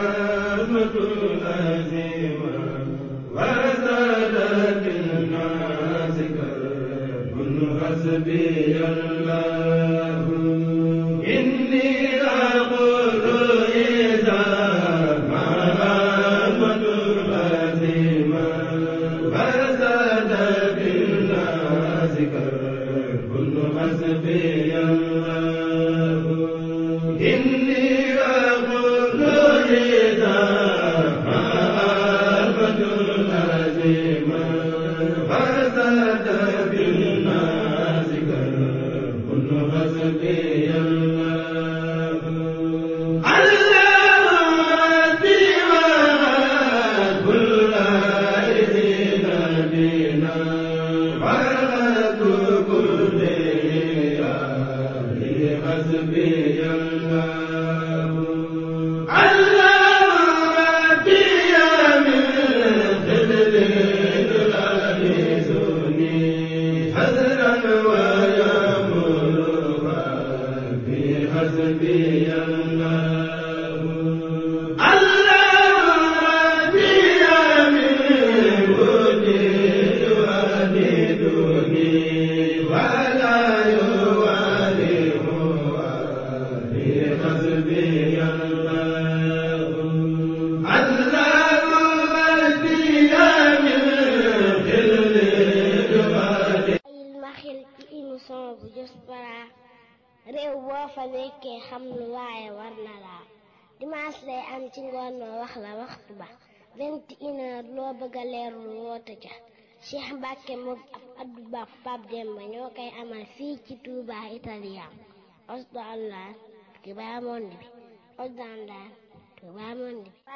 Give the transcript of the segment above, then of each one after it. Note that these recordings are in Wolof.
الرحمة الأزيمة وسادت الناس كرب حسبي الله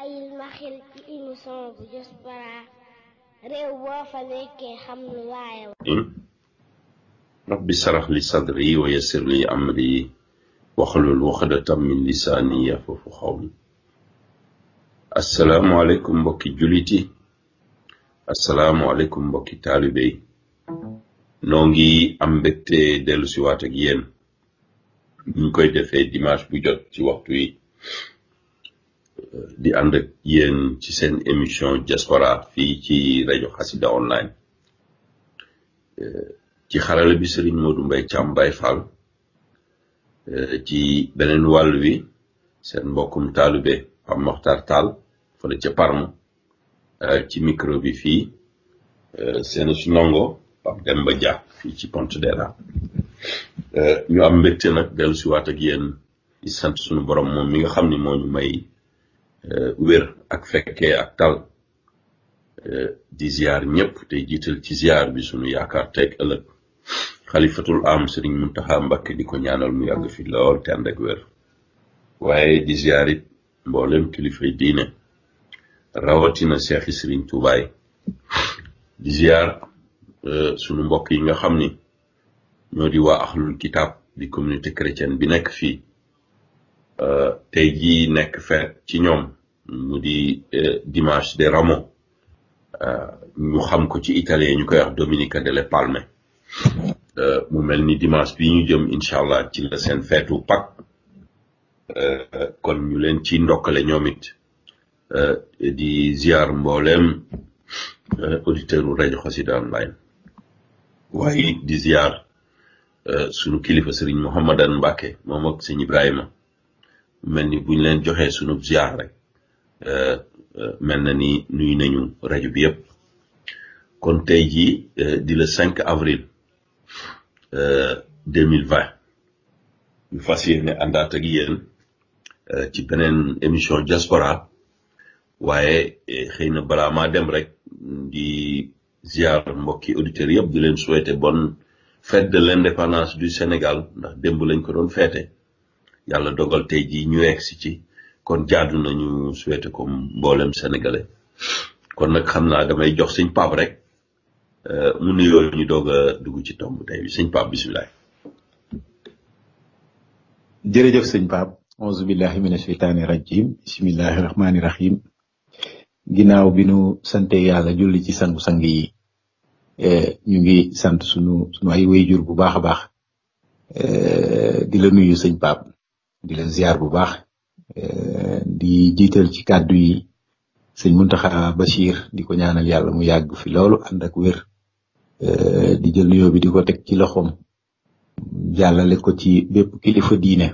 bàyyil ma xel hmm? rabbi sarax li sadri wa yassir li amri waxlul waxdatam min lisaani yafqahu qawli asalaamualeykum mbokki jullit yi asalaamualeykum mbokki taalibe yi noo ngi am mbégte dellu si waat ak yéen koy defee dimanche bu jot ci waxtu wi di ànd ak yéen ci seen émission diaspora fii ci rajo xasida online ci xarala bi sëriñ Modou mbay Thiam Baye Fall eh, ci beneen wàll wi seen mbokkum taalube am Mokhtar tal fële ca Parma eh, ci micro bi fii eh, seen su ndongo dem ba ja fii ci Pontedera ñu am mbégte nag dellu siwaat ak yéen di sant sunu borom moom mi nga xam ni moo ñu may Euh, wér ak fekkee ak tal euh, di ziar ñëpp te jiital ci ziar bi sunu yaakaar teeg ëllëg xalifatul am sëriñ Muntaxa Mbàkke di ko ñaanal mu yàgg fi lool te ànd ak wér waaye di ziar it mboolem kilifay diine rawatina seexi sëriñ tuubaay di ziar euh, sunu mbokk yi nga xam ni ñoo di waa axlul kitaab di communauté chrétienne bi nekk fii tey jii nekk feet ci ñoom mu di eh, Dimanche de Ramos euh, ñu xam ko ci italien ñu koy wax Domenica delle Palme euh, mu mel ni dimanche bi ñu jëm incha allah ci la seen feetu Pâques euh, kon ñu leen ci ndokkale ñoom it di ziar mboolem auditeurs u rajo Xassida online waaye di ziar sunu kilifa Serigne Mouhamadane Mbacke moom ak Ibrahima mu mel ni buñ leen joxe sunu ziar Euh, euh, mel na ni nuyu nañu rajo bi yëpp kon tey jii euh, di le 5 avril 2020 ñu fas yéene àndaat ak yéen ci beneen émission diaspora waaye eh, xëy na balaa maa dem rek di ziar mbokki auditeurs yëpp di leen souhaiter bonne fête de l'indépendance du Sénégal ndax démb lañ ko doon feete yàlla dogal tey ñu egg kon jaadu nañu souhaité comme mboolem sénégalais kon nag xam naa damay jox sëñ Pape rek euh, mu nuyoo ñu doog a dugg ci tomb tey bi sëñ Pape bisimilah. jërëjëf sëñ Pape auzu billahi mina sheytaani rajim bisimilahi rahmaani rahim ginnaaw bi nu yàlla julli ci sangu-sang yi euh, ñu ngi sant sunu sunu ay wayjur bu baax a baax euh, di la nuyu sëñ Pape di la bu baax. Eh, di jiital ci kaddu yi sëñ Muntaxa bashir di ko ñaanal yàlla mu yàgg fi loolu ànd ak wér eh, di jël nuyoo bi di ko teg ci loxoom jàllale ko ci bépp kilifa diine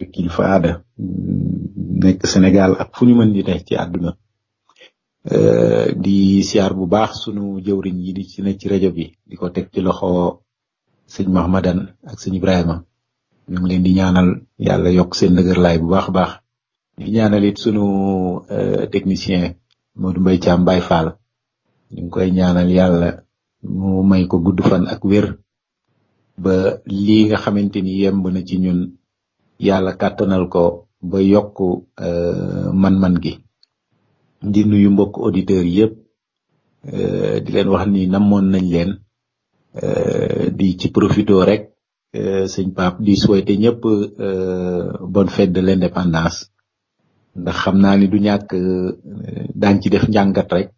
ak kilifa aada mm, nekk Sénégal ak fu ñu mën di ne ci àdduna eh, di siar bu baax sunu jëwriñ yi di ci ne ci rajo bi di ko teg ci loxo sëñ Mahmadan ak sëñ Ibrahima ñu ngi leen di ñaanal yàlla yokk seen dëgër laay bu baax baax ñu ñaanal it sunu eh, technicien Modou Mbaye cham Baye Fall ñu koy ñaanal yalla mu may ko gudd fan ak wër ba li nga xamanteni yemb na ci ñun yalla katanal ko ba yokk eh, man-man gi di nuyu mbokk auditeur yépp eh, di leen wax ni namoon nañ leen di ci profito rek seigne Pape di souhaiter ñëpp bonne fête de l'indépendance ndax xam naa ni du ñàkk euh, daan ci def njàngat rek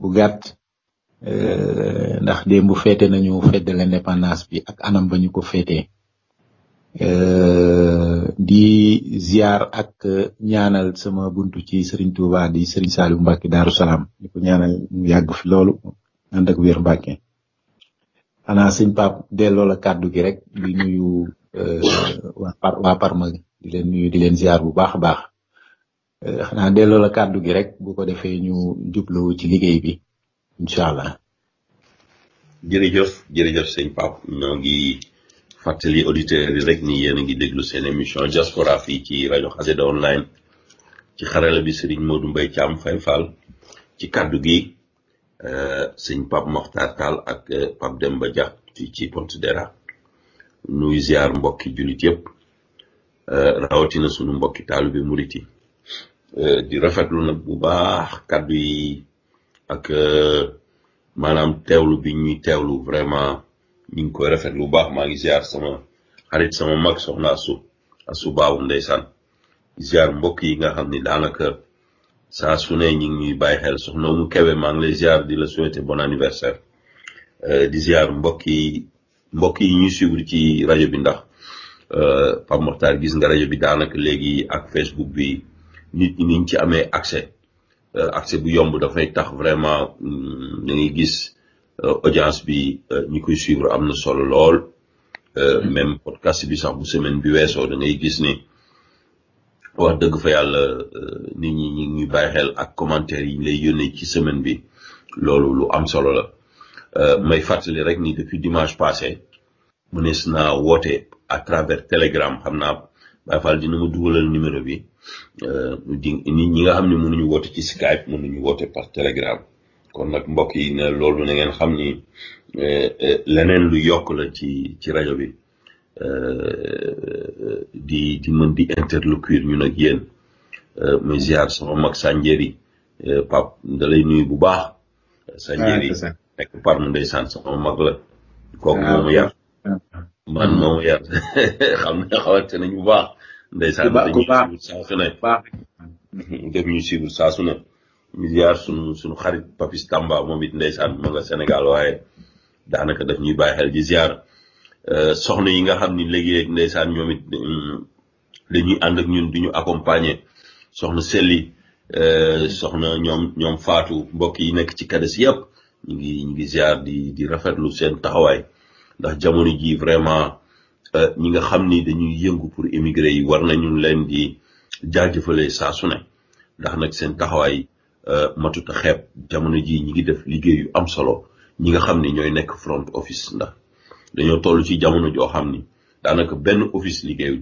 bu gàtt euh, ndax démb féete nañu fête de l'indépendance bi ak anam ba ñu ko féetee euh, di ziar ak ñaanal sama buntu ci Serigne Touba di Serigne Saliou Mbacke Darou Salam di ko ñaanal mu yàgg fi loolu ànd ak wér Mbacke xanaa sëñ Pap delloo la kàddu gi rek di nuyu waa Parma di leen nuyu di leen ziar bu baax a baax Euh, xanaa delloo la kàddu gi rek bu ko defee ñu jublu ci liggéey bi incha allah. jërëjëf jërëjëf sëñ Pape ñoo ngi fàttali auditeurs yi rek ni yéen a ngi déglu seen émission diaspora fii ci rajo Xassida online ci xarala bi Serigne Modou Mbaye Thiam xay Fall ci kàddu gi euh, sëñ Pape Mokhtar Tall ak euh, Pape Demba Dia fii ci Pontedera nuy ziar mbokki jullit yëpp rawatina sunu mbokki taalu bi murit yi Euh, di rafetlu nag bu baax kàddu yi ak euh, maanaam teewlu bi ñuy teewlu vraiment ñu ngi koy rafet bu baax maa ngi ziar sama xarit sama mag soxna asu asu baabu ndeysaan ziar mbokk yi nga xam ni daanaka saa su ne ñu ngi ñuy bàyyi xel soxna mu kewe maa ngi lay ziar di la souhaiter bon anniversaire euh, di ziar mbokk yi mbokk yi ñuy suivre ci rajo bi ndax Pape Mokhtar gis nga rajo bi daanaka léegi ak Facebook bi. nit ñi niñ ci amee accès euh, accès bu yomb dafay tax vraiment mm, dañuy gis euh, audience bi euh, ñi koy suivre am na solo lool mm-hmm. même podcast bi sax bu semaine bi weesoo da ngay gis ni wax dëgg fa yàlla nit ñi bàyyi xel ak commentaires yi lay yónnee ci semaine bi loolu lu am solo la may fàttali rek ni depuis dimanche mu mënees naa woote à travers Telegram xam naa Baye Fall dina ma dugalal numéro bi di nit ñi nga xam ne mënuñu woote ci Skype mënuñu woote par Telegram kon nag mbokk yi ne loolu na ngeen xam ni eh, eh, leneen lu yokk la ci ci rajo bi eh, di di mën di interlocuire ñun ak yéen muy ziar sama mag Sanjeri Pape da lay nuyu bu baax. Ah, Sanjeri nekk Parme ndeysaan sama mag la. kooku ah, moomu yar man moomu yar xam ne xawante nañu bu baax. ndeysaan dañuy suivre saa su ne def ñu suivre saa su ñu ziar sunu sunu xarit papis tamba moom it ndeysaan ma nga sénégal waaye daanaka daf ñuy bàyyi xel di ziar eh, soxna yi nga xam ni léegi rek mm, ndeysaan ñoom it dañuy ànd ak ñun di ñu accompagner soxna selli eh, soxna ñoom ñoom faatu mbokk yi nekk ci kades yépp ñu ngi ñu ziar di di rafetlu seen taxawaay ndax jamono ji vraiment Euh, ñi nga xam ni dañuy yëngu pour émigré yi war nañu leen di jaajëfale saa su ndax nag seen taxawaay euh, matuta xeeb jamono jii ñi ngi def liggéey am solo ñi nga xam ni ñooy nekk front office ndax dañoo toll ci jamono joo xam ni daanaka benn office liggéeyul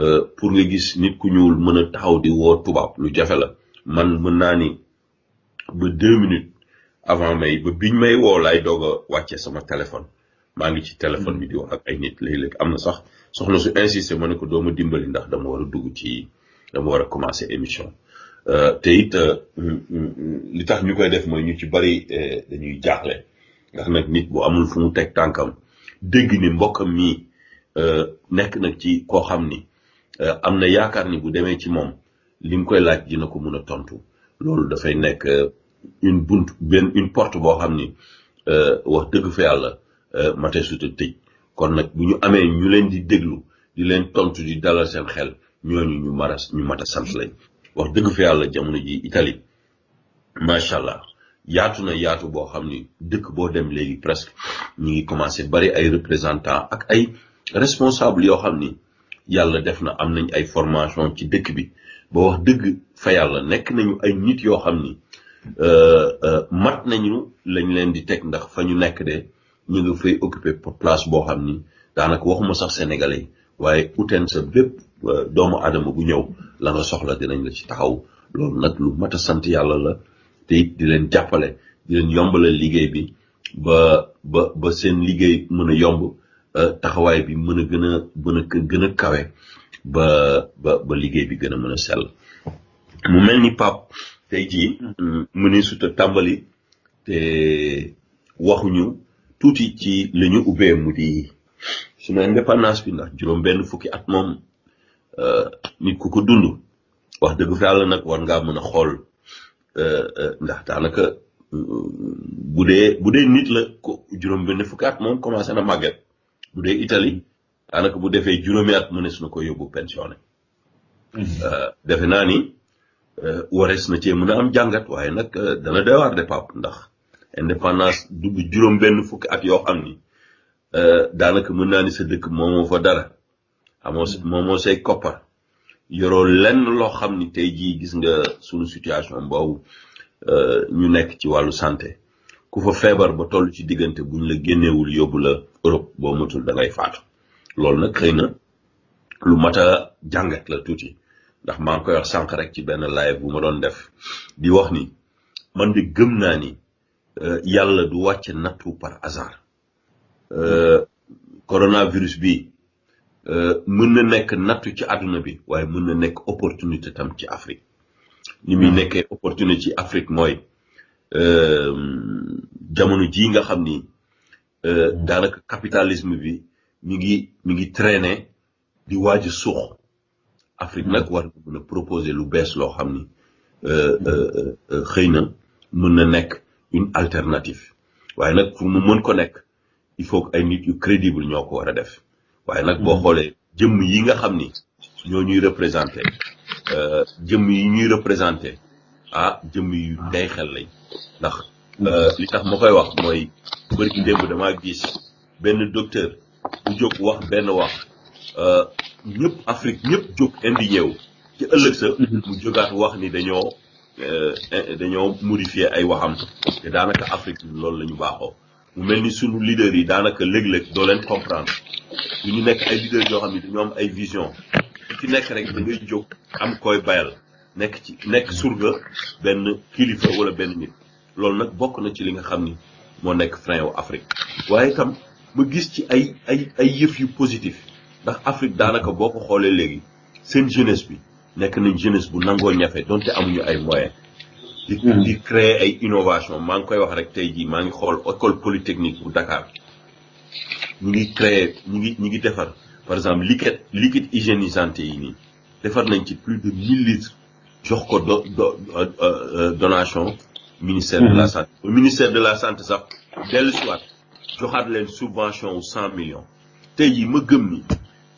euh, pour nga gis nit ku ñuul mën a taxaw di woo tubaab lu jafe la man mën naa ni ba deux minutes avant may ba biñ may woo laay doog a wàcce sama téléphone maa ngi ci téléphone bi di wax ak ay nit léeg-léeg am na sax soxna su insisté ma ne ko dooma dimbali ndax dama war a dugg ci dama war a commencé émission euh, te it euh, li tax ñu koy def mooy ñu ci bari euh, dañuy jaaxle ndax nag nit bu amul fu mu teg tànkam dégg ni mbokkam mi nekk nag ci koo xam ni am na yaakaar ni bu demee ci moom li mu koy laaj dina ko mun a tontu loolu dafay nekk une bunt benn une porte boo xam ni wax dëgg fa yàlla Euh, mate sute tey kon nag bu ñu amee ñu leen di déglu di leen tontu di dalal seen xel ñooñu ñu mara ñu mat sant lañ wax dëgg fa yàlla jamono ji Italie macha allah yaatu na yaatu boo xam ni dëkk boo dem léegi presque ñu ngi commencé bari ay représentants ak ay responsables yoo xam ni yàlla def na am nañ ay formation ci dëkk bi ba wax dëgg fa yàlla nekk nañu ay nit yoo xam ni euh, euh, mat nañu lañ leen di teg ndax fa ñu nekk de. ñu ngi fay occuper place boo xam ni daanaka waxuma sax sénégalais waaye uten sa bépp euh, doomu aadama bu ñëw la soxla dinañ la ci taxaw loolu nag lu mat a sant yàlla la te di leen jàppale di leen yombalal liggéey bi ba ba ba seen liggéey mën a yomb euh, taxawaay bi mën a gën a mën a gën a kawe ba ba liggéey bi gën a mën a sell mu mel ni pap tey jii mm-hmm. mu ne suta tàmbali te waxuñu tuuti ci li ñu ubbee mu di suñu indépendance bi ndax juroom benn fukki at euh nit ku ko dund wax deug fa yalla nak war ngaa mën a euh, euh ndax daanaka euh, bu budé bu nit la juroom juróom benn fukki at mom commencé na màgget budé italie daanaka bu défé juroom at mënees suñu ko mm-hmm. euh, ni na cee mën am jàngat waaye nag dana doy waar de pap ndax indépendance dugg juróom benn fukki at yoo xam ni euh, daanaka mën naa ni sa dëkk moomoo fa dara amoo moomoo say koppar yoroo lenn loo xam ni tey jii gis nga sunu situation boobu euh, ñu nekk ci wàllu santé ku fa feebar ba toll ci diggante buñ la génneewul yóbbu la Europe boo matul da ngay faatu loolu nag xëy na lu mat a jàngat la tuuti ndax maa ngi koy wax sànq rek ci benn live bu ma doon def di wax ni man di gëm naa ni Euh, yàlla du wàcc nattu par hasard euh, coronavirus bi euh, mën na nekk nattu ci àdduna bi waaye mën na nekk opportunité tam ci Afrique ni muy hmm. nekkee opportunité ci Afrique mooy jamono ji nga xam ni hmm. daanaka capitalisme bi mi ngi mi ngi trainé di waaj suux Afrique hmm. nag war na mën a proposer lu bees loo xam ni xëy na mun na nekk. une alternative waaye nag mu mën ko nekk il faut ay nit yu crédible ñoo ko war a def waaye nag boo mm-hmm. xoolee jëmm yi nga xam ni ñoo ñuy représenté euh, jëmm yi ñuy représenté ah jëmm yi tey xel lay ndax euh, li tax moo koy wax mooy bërki démb damaa gis benn docteur bu jóg wax benn wax euh, ñëpp Afrique ñëpp jóg indi ñëw ci ëllëg sa mm-hmm. mu jógaat wax ni dañoo Euh, eh, dañoo modifier ay waxam te daanaka Afrique loolu la ñu baaxoo mu mel ni suñu leaders yi daanaka léeg-léeg doo leen comprendre du ñu nekk ay leaders yoo xam ne dañoo ay vision ci nekk rek da jóg am koy bayal nekk ci nekk surga benn kilifa wala benn nit loolu nag bokk na ci li nga xam ni moo nekk frein wu Afrique waaye tam ma gis ci ay ay ay yëf yu positif ndax Afrique daanaka boo ko xoolee léegi seen jeunesse bi. nekk nañ jeunesse bu nangoo ñafe donte amuñu ay moyens. di hmm. di créer ay innovation maa ngi koy wax rek tey jii maa ngi xool école polytechnique bu Dakar ñu ngi créer ñu ngi ñu ngi defar par exemple liquide liquide hygiénisante yi nii defar nañ ci plus de mille litres jox ko do do euh, euh, donation. ministère de la hmm. santé. ministère de la santé sax dellu si joxaat leen subvention wu cent millions. tey jii ma gëm ni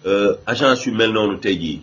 euh, agence yu mel noonu tey jii.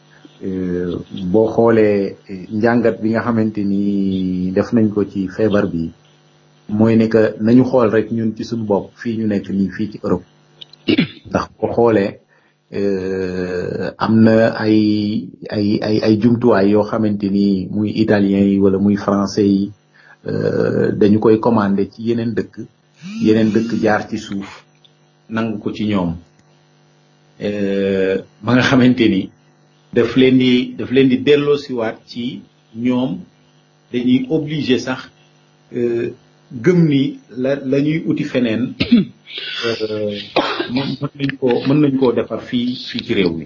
Eh, boo xoolee eh, njàngat bi nga xamante ni def nañ ko ci feebar bi mooy ne que nañu xool rek ñun ci suñu bopp fii ñu nekk nii fii ci Europe ndax boo xoolee eh, am na ay ay ay ay jumtuwaay yoo xamante ni muy italien yi wala muy français yi dañu koy commandé ci yeneen dëkk yeneen dëkk jaar ci suuf nangu ko ci ñoom ba nga xamante ni daf leen di daf leen di delloosiwaat ci ñoom dañuy obligé sax euh, gëm ni la la ñuy uti feneen euh, mën nañ koo mën nañ koo defar fii fii ci réew mi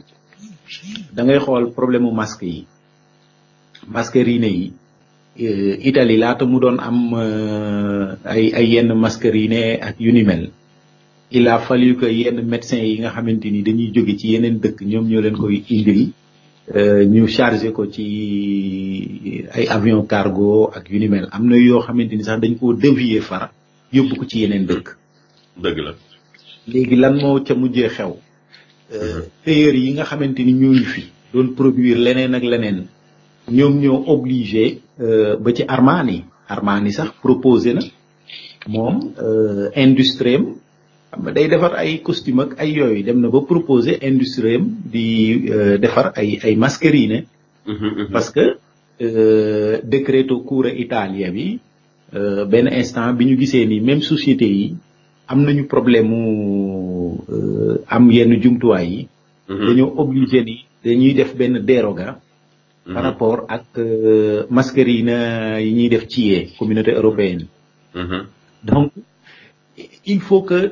da ngay xool problème masque yi yi euh, italie laata mu doon am ay ay yenn mascarine ak yu ni mel il a fallu que yenn médecin yi nga xamante ni dañuy jóge ci yeneen dëkk ñoom ñoo leen koy indil Euh, ñu chargé ko ci ay avion cargo ak yu ni mel am na yoo xamante ni sax dañ koo dévier far yóbbu ko ci yeneen dëkk. dëgg léegi lan moo ca mujjee xew. Euh, mhm. payeurs yi nga xamante ni ñoo fi doon produire leneen ak leneen ñoom ñoo obligé euh, ba ci Armani Armani sax proposé na moom industrie am xam day defar ay costume ak ay yoy dem na ba proposer industrie di euh, defar ay ay masquerine mhm, mhm. parce que euh, decreto cura italien bi ben instant biñu gisé ni même société yi am problème euh am yenn jumtuwaay yi mhm. dañoo obligé ni dañuy def ben déroga par rapport ak masquerine yi ñi def ci communauté européenne donc il faut que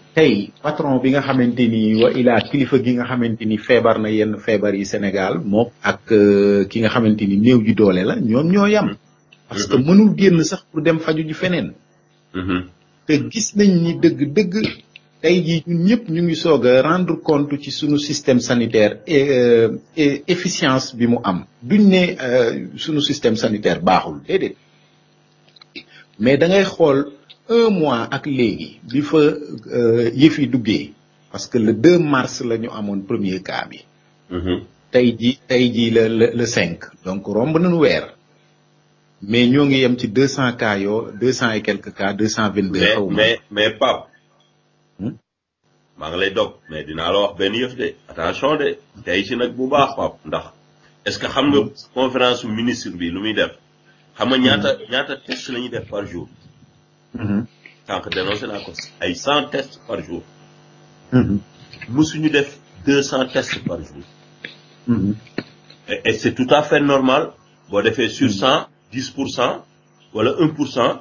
Tay, patron bi nga wa ila kilifa gi nga xamanteni febar na yenn febar yi senegal mo ak euh, ki nga xamanteni new ji doole la ñom ñoo yam parce que mënul genn sax pour dem faju ji hmm te gis nañ ni deug deug tay ji ñun ñep ñu ngi soga rendre compte ci suñu système sanitaire euh, et efficience bi mu am duñ ne euh, suñu système sanitaire baaxul dedet mais da ngay xol un mois ak léegi bi fa euh, yëf yi parce que le 2 mars la ñu mon premier cas bi. hmm jii tey le le cinq donc romb nañu weer. mais ñoo ngi yem ci 200 cas yo et quelques cas 222 mais mais pas. Pape. Hmm? maa mais dina la wax benn attention de tey ci nag bu baax Pape ndax est-ce que xam nga hmm? conférence ministre bi lu muy def. xam nga ñaata hmm. ñaata test def par jour. Mhm. tant que dénoncer la cause, il y a 100 tests par jour. Nous mm 200 tests par jour. Mhm. Et, c'est tout à fait normal. Vous avez fait sur 100, 10%, ou 1%,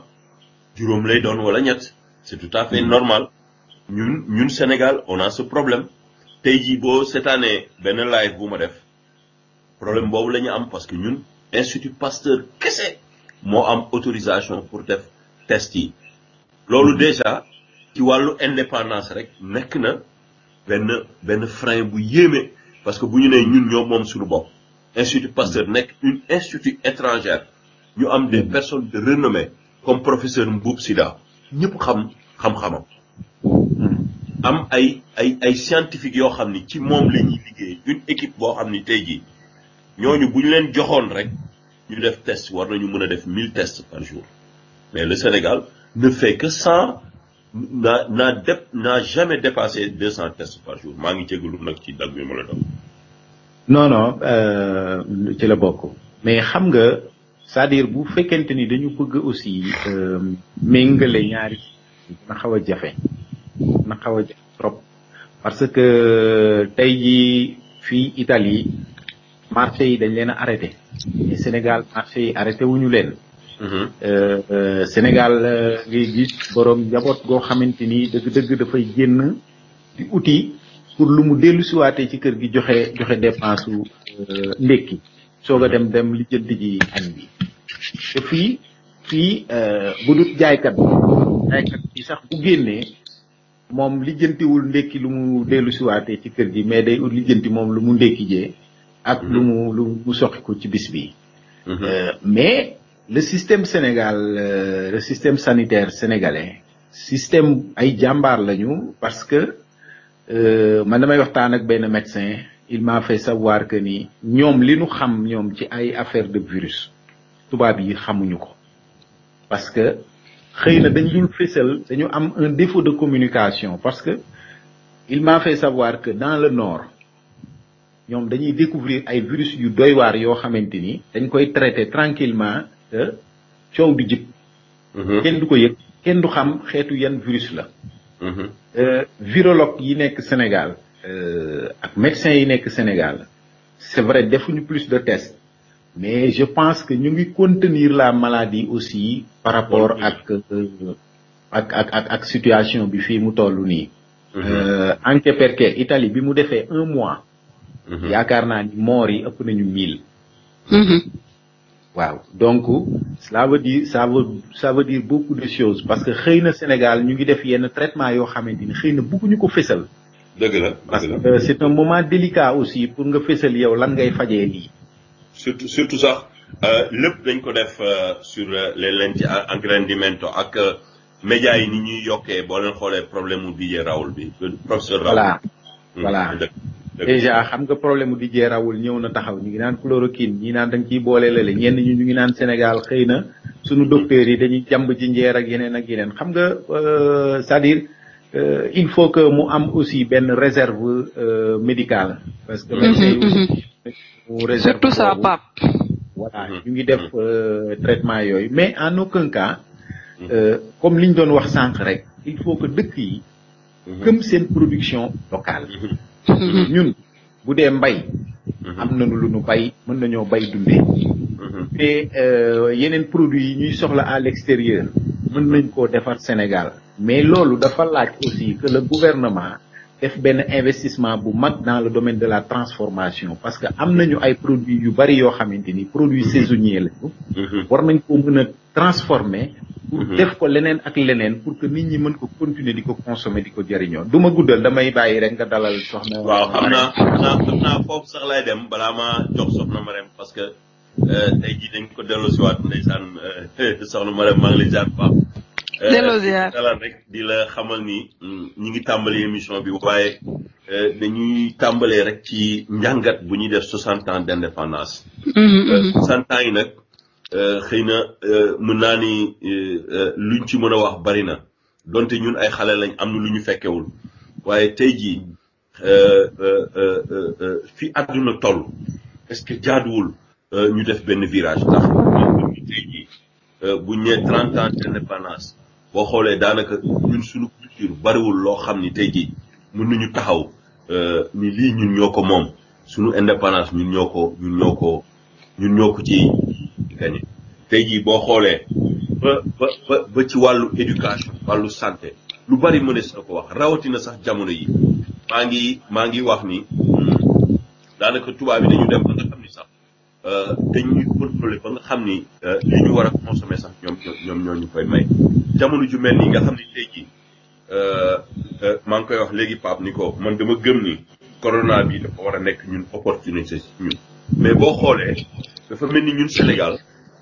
du rhum donne, C'est tout à fait mhm. normal. Nous, nous, Sénégal, on a ce problème. cette année, ben live, vous m'avez Problème, bon, vous l'avez parce que nous, Institut Pasteur, qu'est-ce que c'est? Moi, j'ai autorisation pour tester lolou déjà ci walu indépendance rek nek na ben ben frein bu yéeme parce que buñu né ñun ñoo mom suñu bop institut Pasteur mm. nek une institut étrangère ñu am des mm. personnes de renommée comme professeur Mboub Sida ñëpp xam xam xam mm. am ay ay ay scientifique yo xamni ci mom lañuy liggéey une équipe bo xamni tay nous ñoñu des gens qui leen joxone rek ñu def test war nañu mëna def mille tests par jour mais le Sénégal ne fait que 100 naa naa dép naa jamais dépassé 200 tests par jour maa ngi jégalu nag ci dagg bi ma la doon. Euh, ci la bokk mais xam nga cest bu fekkente ni dañu bëgg aussi euh, méngale ñaari na xaw a jafe na xaw a jafe trop parce que tey jii fii Italie marché yi dañ leen a arrêté Sénégal marché yi arrêté wuñu leen. Mm-hmm. Euh, euh, Sénégal euh, ngi gis borom njaboot goo xamante ni dëgg-dëgg dafay génn di uti pour lu mu dellu ci kër gi joxe joxe dépense su ndékki soog a dem dem li jënd ji añ bi te fii fii bu jaaykat jaaykat bi sax bu génnee moom li jëntiwul ndékki lu mu dellu siwaatee ci kër gi mais day ut li moom lu mu ndékki jee ak lu mm-hmm. mu lu mu soqi ko ci bis bi mm-hmm. mais le système Sénégal euh, le système sanitaire sénégalais système ay été lañu parce que euh, man damay waxtan ak ben médecin il m'a fait savoir que ni ñom li xam ñom ci ay affaire de virus tubaab yi xamuñu ko parce que xeyna y a un défaut de communication parce que il m'a fait savoir que dans le nord ñom dañuy découvrir ay virus yu doy war yo xamanteni dañ koy traiter tranquillement y euh, a jib mm-hmm. kenn ko xam virus la mm-hmm. euh, virologue yi Sénégal euh, ak médecin yi Sénégal c'est vrai defuñu plus de tests mais je pense que ñu ngi contenir la maladie aussi par rapport ak ak ak situation bi fii mu il y a un mois, bi mu un mois yi mille mm-hmm waaw donc cela veut dire ça veut ça veut dire beaucoup de choses parce que xëy na Sénégal ñu ngi def yenn traitement yo, xamante ni xëy na bëgguñu ko fésal. dëgg la parce que euh, c'est un moment délicat aussi pour nga fésal yow lan ngay fajee ni. surtout surtout sax euh, lépp dañ ko def euh, sur les lenti ingrandimento ak médias yi ni ñuy yokkee boo leen xoolee problème mu Didier Raoul bi professeur Raoul. voilà hmm. voilà. déjà xam nga problème di dijee rawul ñëw na taxaw ñu ngi naan chloroquine ñi naan danga ci boole lale ñenn ñu ñu ngi naan Sénégal xëy na suñu docteurs yi dañuy jàmb ji njeer ak yeneen ak yeneen xam nga euh, c'est-à-dire euh, il faut que mu am aussi benn réserve euh, médicale parce que mhm, mhm. réserve surtout ça pap ñu ngi def mhm. traitement yooyu mais en aucun cas comme li ñu doon wax sànq rek il faut que dëkk yi gëm seen production locale Nous, bu dee mbay. Mhm. am nañu lu nu bay mën nañoo bay mhm. euh, produits ñuy à l'extérieur mën nañ Sénégal mais loolu dafa laaj aussi que le gouvernement def un investissement dans le domaine de la transformation parce que nous avons ay produits produits mhm. saisonniers lañu. war nañ ko transformer pour mhm. def ko leneen ak leneen pour que nit ñi mën ko continuer di ko consommer di ko jariñoo du ma guddal damay bàyyi rek nga dalal soxna waaw xam naa xam naa foofu sax lay dem balaa ma jox soxna ma rem parce que euh, tey ji dañ ko delloo si waat ndeysaan euh, soxna ma rem maa ngi lay jaar baax euh, delloo ziar dalal rek di la xamal ni mm, ñi ngi tàmbali émission bi waaye dañuy tàmbalee rek ci njàngat bu ñuy def 60 ans d' indépendance 60 mhm, mhm. ans yi nag Euh, xëy na euh, mën naa ni euh, luñ ci mën a wax bari na donte ñun ay xale lañ am na lu ñu fekkewul waaye tey jii fi adduna toll est-ce que jaaduwul ñu def benn virage ndax tey jii buñ nee trente ans d'indépendance boo xoolee daanaka ñun suñu culture bariwul loo xam ni tey jii mën nañu taxaw ni lii ñun ñoo ko moom sunu indépendance ñun ko ñun ñoo ko ñun ñoo ko ci gagné tey jii boo xoolee ba ba ba ci wàllu éducation wàllu santé lu bari mënees na ko wax rawatina sax jamono yi maa ngi maa ngi wax ni daanaka tubaab yi dañu dem ba nga xam ni sax euh, dañuy contrôlé ba nga xam ni euh, li war a sax ñoom ñoom ñoo ñu koy may jamono ju mel nii nga xam ni tey jii euh, maa ngi koy wax léegi Pape ni ko man dama gëm ni corona bi dafa war a nekk ñun opportunité ñun mais boo xoolee dafa mel ni ñun Sénégal.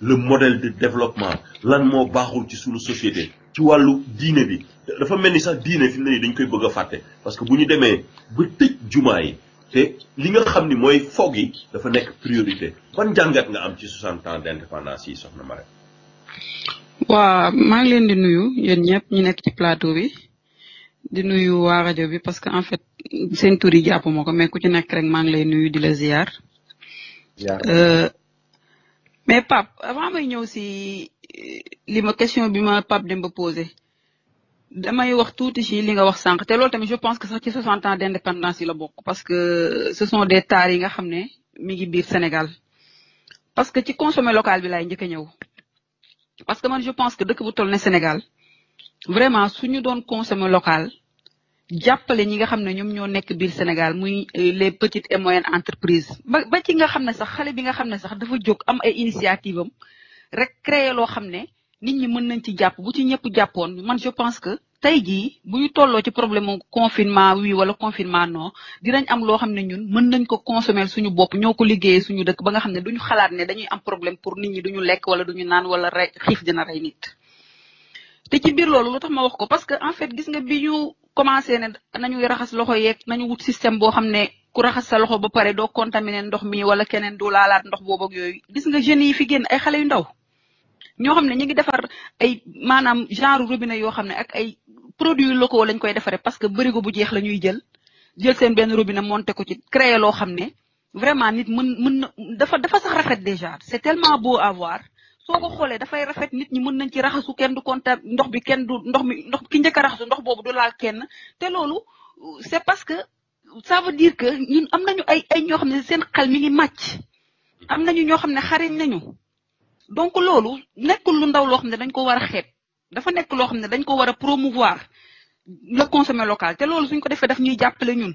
le modèle de développement lan moo baaxul ci suñu société ci wàllu diine bi dafa mel ni sax diine fi mu dañ koy bëgg a fàtte parce que bu ñu demee ba tëj jumaa yi te li nga xam ni mooy foog yi dafa nekk priorité ban jàngat nga am ci 60 ans d'indépendance yi soxna Mare. waaw maa ngi leen di nuyu yéen ñëpp ñu nekk ci plateau bi di nuyu waa rajo bi parce que en fait seen yi jàpp moo ko mais ku ci nekk rek maa ngi lay nuyu di la ziar. mais Pape avant de venir poser li question bi Pape poser je pense que ça c'est 60 ans d'indépendance, yi parce que ce sont des tarifs yi nga xam Sénégal parce que tu consommes local bi laay njëkk a parce que moi je pense que que bu toll au Sénégal vraiment si suñu doon consommé local jàppale ñi nga xam ñom ñoo nekk biir Sénégal muy euh, les petites et moyennes entreprises ba ba ci nga xam sax xalé bi nga xam sax dafa jog am ay initiative am rek créer lo xam nit ñi mën nañ ci japp bu ci ñepp jàppoon man je pense que tay jii bu ñu tollo ci problème confinement wi wala confinement non dinañ am lo xam ñun mën nañ ko consommer suñu bop ñoko liggéey suñu dëkk ba nga xam duñu xalaat ne dañuy am problème pour nit ñi duñu lek wala duñu naan wala xif dina ray nit té ci bir lolu lutax ma wax ko parce que en fait gis nga bi ñu commencé ne nañuy raxas loxo yeeg nañu wut système boo xam ne ku raxas sa loxo ba pare doo contaminé ndox mi wala keneen du laalaat ndox boobu ak yooyu gis nga jeunes yi fi génn ay xale yu ndaw ñoo xam ne ñu ngi defar ay maanaam genre robinet yoo xam ne ak ay produits locaux lañ koy defaree parce que bërigo bu jeex la ñuy jël jël seen benn robinet monté ko ci créé loo xam ne vraiment nit mën mën na dafa dafa sax rafet déjà c'est tellement beau à soo ko xoolee dafay rafet nit ñi mën nañ ci raxasu kenn du konta ndox bi kenn du ndox mi ndox ki njëkk a raxasu ndox boobu du laal kenn te loolu c'est parce que ça veut dire que ñun am nañu ay ay ñoo xam ne seen xel mi ngi màcc am nañu ñoo xam ne xariñ nañu donc loolu nekkul lu ndaw loo xam ne dañ ko war a xeeb dafa nekk loo xam ne dañ ko war a promouvoir le consommer local te loolu suñ ko defee daf ñuy jàppale ñun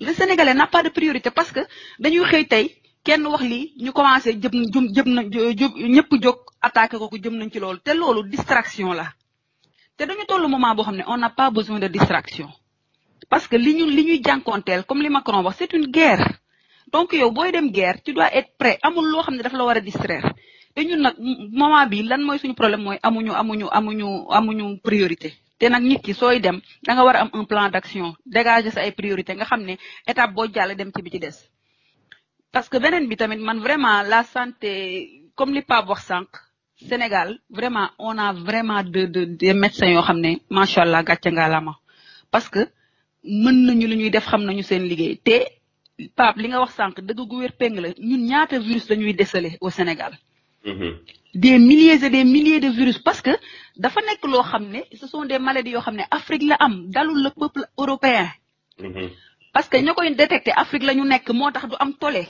le sénégalais n'a pas de priorité parce que dañuy xey tay kenn wax li ñu commencé jëm jëm jëm na ñepp jog attaquer ko ko jëm nañ ci lool té loolu distraction la té dañu tollu moment bo xamné on n'a pas besoin de distraction parce que liñu ñu jankontel comme li Macron wax c'est une guerre donc yow boy dem guerre tu dois être prêt amul lo xamné dafa la wara distraire té ñun nak moment bi lan moy suñu problème moy amuñu amuñu amuñu amuñu priorité té nak nit ki dem un plan d'action dégager sa ay nga étape dem parce que vraiment la santé comme les Pape Sénégal vraiment on a vraiment de des médecins yo xamné machallah parce que nous nañu luñuy def xam nañu Pape li nga wax sank deug gu la ñun ñaata virus au Sénégal mm-hmm des milliers et des milliers de virus parce que dafa nekk loo xam ce sont des maladies yoo xam Afrique la am dalul le peuple européen. Mhm. parce que ña koy détecté Afrique la ñu nekk moo du am tolé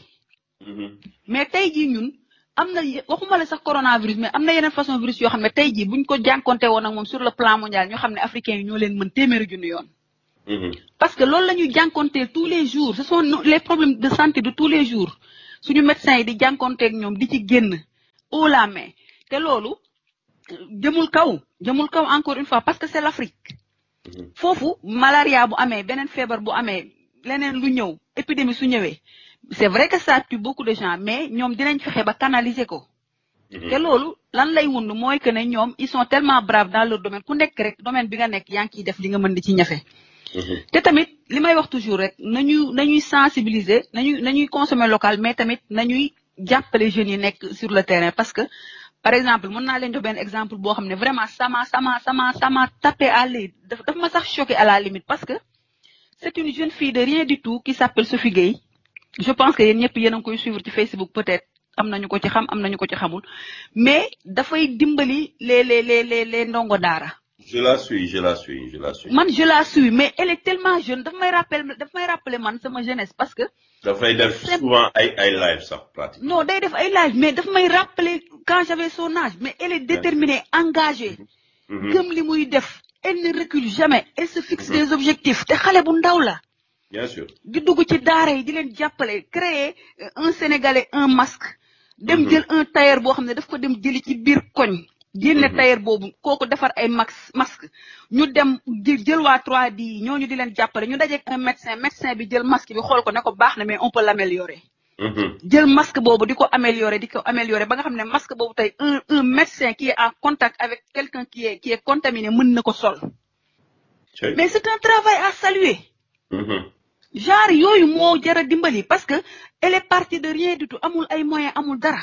mhm. mais tey jii ñun amna waxuma la sax coronavirus mais amna na façon virus yo xamné ne tey buñ ko jankonté won ak mom sur le plan mondial ñu xamné ne africains ñoo leen mën téméré junni yoon. Mhm. parce que loolu lañu jankonté tous les jours ce sont les problèmes de santé de tous les jours suñu médecin yi di jankonté ak ñom di ci génn haut la main te loolu jëmul kaw jëmul kaw encore une fois parce que c'est l'Afrique mhm. Fofu, malaria bu amé, benen fièvre bu amé, lenen lu ñëw épidémie su ñëwee c'est vrai que ça tue beaucoup de gens mais ñom dinañ fexé ba canaliser ko mhm. Té lolu lan lay wund moy que né ñom ils sont tellement braves dans leur domaine ku nek rek domaine bi nga nek yaa ngi def li nga mënd ci ñafé. Mhm. Té tamit limay wax toujours rek nañu nañuy sensibiliser nañuy nañuy consommer local mais tamit nañuy les jeunes yi nek sur le terrain parce que par exemple mon na len do ben exemple bo xamné vraiment sama sama sama sama tapé à l'aide daf daf ma sax choqué à la limite parce que c'est une jeune fille de rien du tout qui s'appelle Sophie Gay je pense que les ñep yéen ngui suivre ci Facebook peut-être amna ñu ko ci xam amna ñu ko ci xamul mais fay dimbali les les les les les ndongo dara je la suis je la suis je la suis. man je la suis mais elle est tellement jeune daf may rappelle, daf may rappeler man ma jeunesse parce que. dafay def souvent ay ay live ça, pratiquement. non day def ay live mais dois-je me rappeler quand j'avais son âge mais elle est déterminée engagée. Comme mhm. les mouy def elle ne recule jamais elle se fixe mhm. des objectifs te xale bu ndaw la. bien sûr Tu dugg ci daara yi di créer euh, un sénégalais un masque. dem mhm. un tailleur boo xam ne daf ko dem génne tailleur bobu koku defar ay masque ñu dem jël wa 3D ñoñu di len jappalé ñu dajeeg un médecin médecin bi jël masque bi xol ko ne ko baax mais on peut l'améliorer mhm. jël masque bobu diko améliorer diko améliorer ba nga xamné masque bobu tay un un médecin qui est en contact avec quelqu'un qui est qui est contaminé mën nako sol mais c'est un travail à saluer mhm. genre yoyu mo jara dimbali parce que elle est partie de rien du tout amul ay moyens amul dara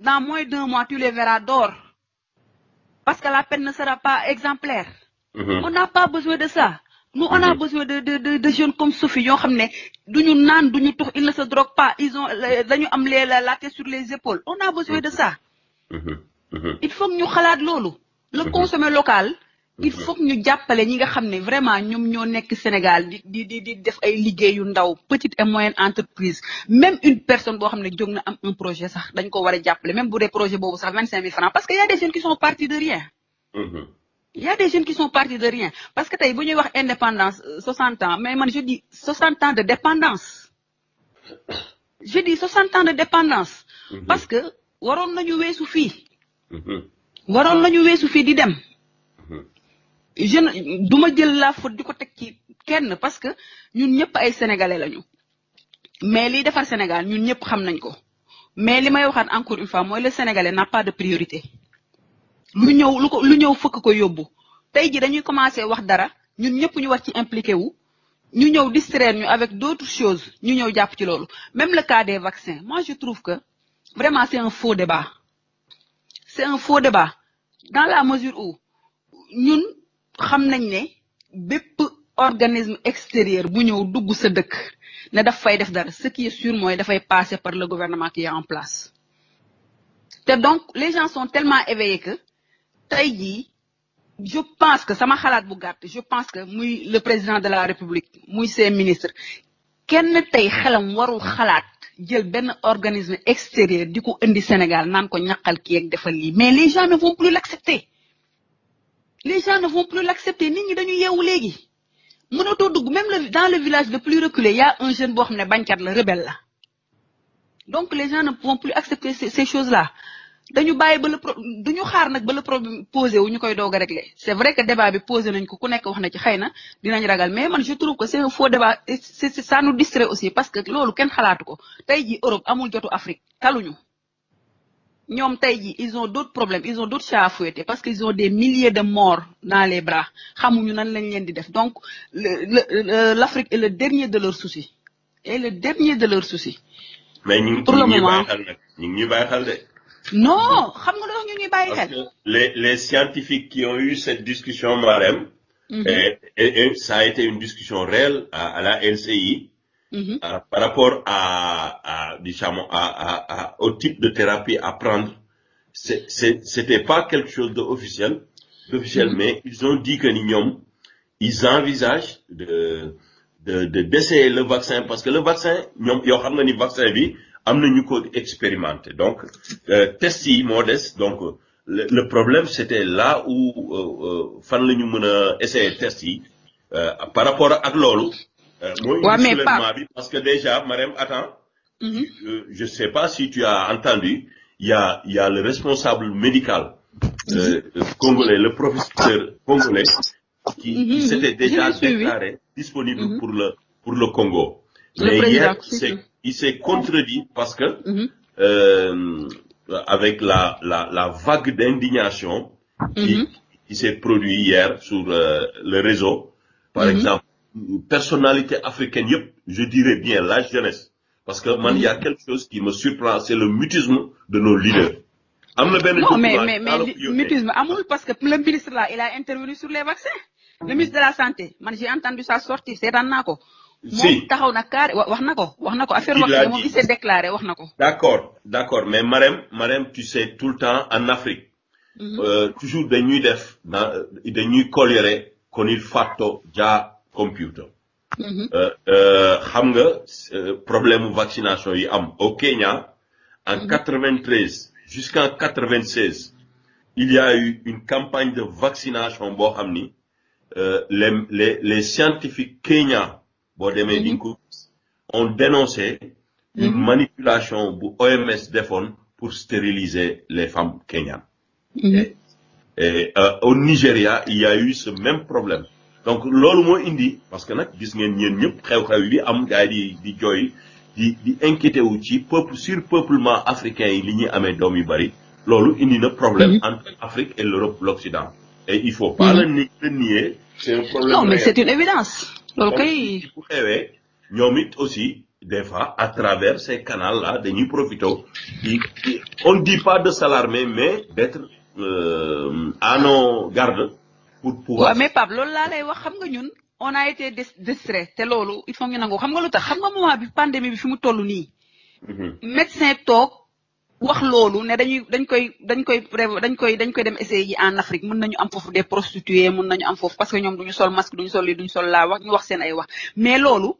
dans moins d'un mois, tu les verras d'or. Parce que la peine ne sera pas exemplaire. Mm-hmm. On n'a pas besoin de ça. Nous, on a mm-hmm. besoin de, de, de, jeunes comme Sophie. Ils ne se droguent pas. Ils ont la, la, la tête sur les épaules. On a besoin de ça. Mm-hmm. Il faut que nous nous Le consommer local, il faut que nous apprenions ñi nga xamné vraiment ñom ñoo nekk Sénégal di di di def ay liggéey ndaw petite et moyenne entreprise même une personne peut xamné un projet sax dañ ko même pour des projets qui sax 25000 francs parce qu'il y a des jeunes qui sont partis de rien Il mm-hmm. y a des jeunes qui sont partis de rien parce que tu bu ñuy wax indépendance 60 euh, ans mais je dis 60 ans de dépendance je dis 60 ans de dépendance mm-hmm. parce que waron nañu weesu suffi. Mm-hmm. waron nañu weesu fi di dem je ne du ma jël la faute di ko teg ci kenn parce que ñun ñëpp ay sénégalais lañu mais liy defar Sénégal ñun ñëpp xam nañ ko mais li may waxaat encore une fois mooy le sénégalais n'a pas de priorité lu ñëw lu ko lu ñëw fëkk ko yóbbu tey ji dañuy commencé wax dara ñun ñëpp ñu wax ci impliqué wu ñu ñëw distraire ñu avec d'autres choses ñu ñëw jàpp ci loolu même le cas des vaccins moi je trouve que vraiment c'est un faux débat c'est un de débat dans la mesure où ñun xamnañ nañ ne bépp organisme extérieur bu ñëw dugg sa dëkk ne daf fay def dara ce qui est sûr mooy dafay passer par le gouvernement qui est en place donc les gens sont tellement éveillés que tay je pense que sama xalaat bu gàtt je pense que muy le président de la république muy ses ministres kenn tey xelam warul xalaat jël benn organisme extérieur di ko indi Sénégal naan ko ñaqal kii ak defal lii mais les gens ne vont plus l'accepter les gens ne vont plus l'accepter nit ñi dañu yeewu léegi mënatoo dugg même dans le village le plus reculé il y a un jeune homme xam ne la rebelle donc les gens ne vont plus accepter ces choses là dañu bàyyi ba le pro duñu xaar nag ba le problème posé wu ñu régler C'est vrai que débat bi posé nañ ko ku nekk wax ci mais man je trouve que c'est un faux débat et ça nous distrait aussi parce que loolu kenn xalaatu ko tey ji Europe amul jotu Afrique taluñu ils ont d'autres problèmes ils ont d'autres choses à fouetter parce qu'ils ont des milliers de morts dans les bras donc l'Afrique est le dernier de leurs soucis est le dernier de leurs soucis mais nous ne pouvons pas non les scientifiques qui ont eu cette discussion mhm. ça a été une discussion réelle à la LCI Mm-hmm. Euh, par rapport à, à, disons, à, au type de thérapie à prendre, c'était pas quelque chose d'officiel, officiel, mm-hmm. mais ils ont dit que ils envisagent de d'essayer de, le vaccin parce que le vaccin, ñom yo xam nga vaccin bi amna donc euh, test donc le, problème c'était là où euh, euh, fan lañu mëna par rapport à lolu euh, moi, pas... parce que déjà, madame attends, mm-hmm. je ne sais pas si tu as entendu, il y a, y a le responsable médical euh, mm-hmm. euh, congolais, le professeur congolais, qui, mm-hmm. s'était déjà déclaré disponible pour, le, pour le Congo. mais hier, il s'est contredit parce que, euh, avec la, la, vague d'indignation qui, qui s'est produite hier sur le réseau, par exemple, personnalité africaine je dirais bien la jeunesse parce que man y a quelque chose qui me surprend c'est le mutisme de nos leaders. non mais mais mutisme parce que le ministre là il a intervenu sur les vaccins. le ministre de la santé j'ai entendu sa sortie, c'est dans Nako. si na il s'est déclaré wax d'accord. mais Marem, tu sais tout le temps en Afrique. Mhm. Euh, toujours des et des nuits colérées qu'on il fatos, déjà computer. Mm-hmm. Euh, euh, xam nga euh, problème vaccination au Kenya en 93 mm-hmm. jusqu'en 96 il y a eu une campagne de vaccination en xamni les les scientifiques kenyans mm-hmm. ont dénoncé une manipulation bu OMS défon pour stériliser les femmes kenyanes. et au Nigeria il y a eu ce même problème donc lolu mo indi parce que nak gis ngeen ñeen ñep xew-xew bi am gars le di di joy di di inquiéter wu ci peuple africain yi li ñuy amé doom yu bari lolu indi na problème entre l'Afrique et l'Europe l'Occident et il faut pas le nier c'est un problème non mais c'est une évidence lolu kay bu xewee aussi des fois à travers ces canaux là dañuy profito di on dit pas de s'alarmer mais d'être euh, à nos gardes pour pouvoir. waaw mais Pape loolu laa lay wax xam nga ñun on a été distrait te loolu il faut ñu nangu xam nga lu tax xam nga moment bi pandémie bi fi mu toll nii. Mhm. médecin toog wax loolu ne dañuy dañ koy dañ koy dañ koy dañ koy dem essayer yi en Afrique mën nañu am foofu des prostituées mën nañu am foofu parce que ñoom duñu sol masque duñu sol lii duñu sol la. wax ñu wax sen ay wax mais loolu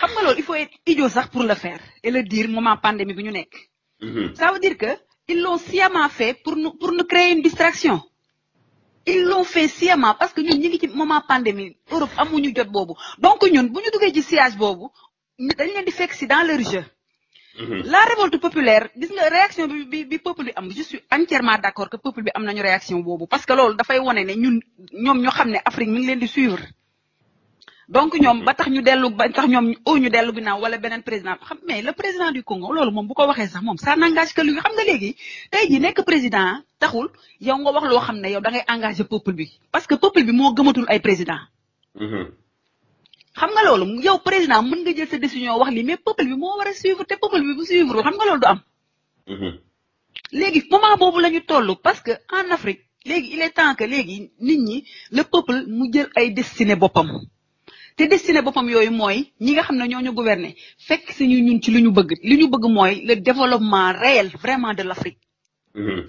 xam nga loolu il faut être idiot sax pour le faire et le dire moment pandémie bi ñu nekk. Mhm. ça veut dire que ils l'ont sciemment fait pour nous pour nous créer une distraction ils l'ont fait sciemment parce que nous nous ngi ci moment pandémie Europe donc si nous sommes dans leur jeu mhm. la révolte populaire réaction je suis entièrement d'accord que peuple bi une réaction parce que loolu nous ñun nous, nous, nous suivre donc ñoom ba tax ñu dellu ba tax ñoom au ñu dellu ginnaaw wala beneen président mais le président du Congo loolu moom bu ko waxee sax moom ça n'engage que lui xam nga léegi tey ji nekk président taxul yow nga wax loo xam ne yow da ngay engagé peuple bi parce que peuple bi moo gëmatul ay président mhm. xam nga loolu yow président mën nga jël sa décision wax lii mais peuple bi moo war a suivre te peuple bi bu suivre xam nga loolu du am mhm. léegi moment boobu la ñu toll parce que en Afrique léegi il est temps que léegi nit ñi le peuple mu jël ay destiné boppam té destiné bopam yoy moy ñi nga xam ne gouverner fekk ñun ci luñu bëgg luñu bëgg le développement réel vraiment de l'Afrique mm-hmm.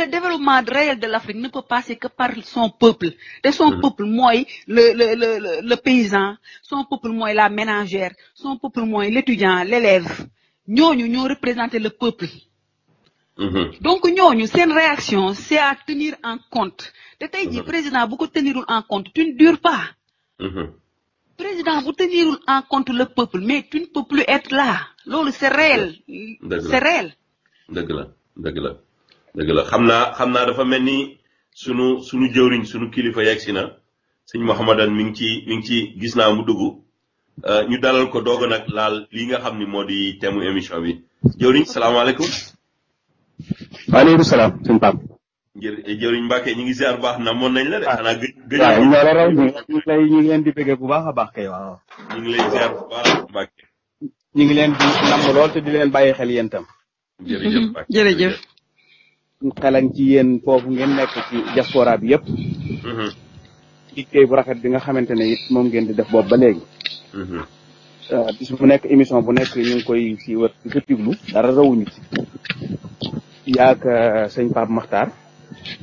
le développement réel de l'Afrique ne peut passer que par son peuple son mm-hmm. peuple moyen, le le le le paysan son peuple moy la ménagère son peuple moy l'étudiant l'élève ñoñu ñoo représenter le peuple mm-hmm. donc ñoñu une réaction c'est à tenir en compte té tay ji président bu ko tenirul en compte tu ne dures pas président bu tenirul en compte le peuple mais tu ne peux là loolu c'est réel. c'est réel. dëgg la dëgg la xam naa xam naa dafa mel ni sunu sunu jëwriñ sunu kilifa yegg si na sëñ Mouhamadan mi ngi ci mi ngi ci gis naa mu dugg euh, ñu dalal ko doog nag laal lii nga xam ni moo di thème émission bi jëwriñ salaamaaleykum. waaleykum salaam sëñ Pape. jërëjëf eh, jëriñ Mbacke ñu ngi ziar bu baax na moon nañ la de. Ah. xanaa ñu ngi lay ñu leen di bëggee bu baax a baax kay waaw. ñu ngi lay bu baax Mbacke. ñu ngi leen di namm lool te di leen bàyyi xel yéen tam. jërëjëf mhm, Mbacke jërëjëf. xelan ci yéen foofu ngeen nekk ci diaspora bi yëpp. Mhm. bu rafet bi nga xamante ne it moom ngeen di def boobu ba léegi. Mhm. Euh, bu nekk émission bu nekk ñu ngi koy ci wër di ko déglu dara rawuñu ci. yaak euh, sëñ Pape Makhtar.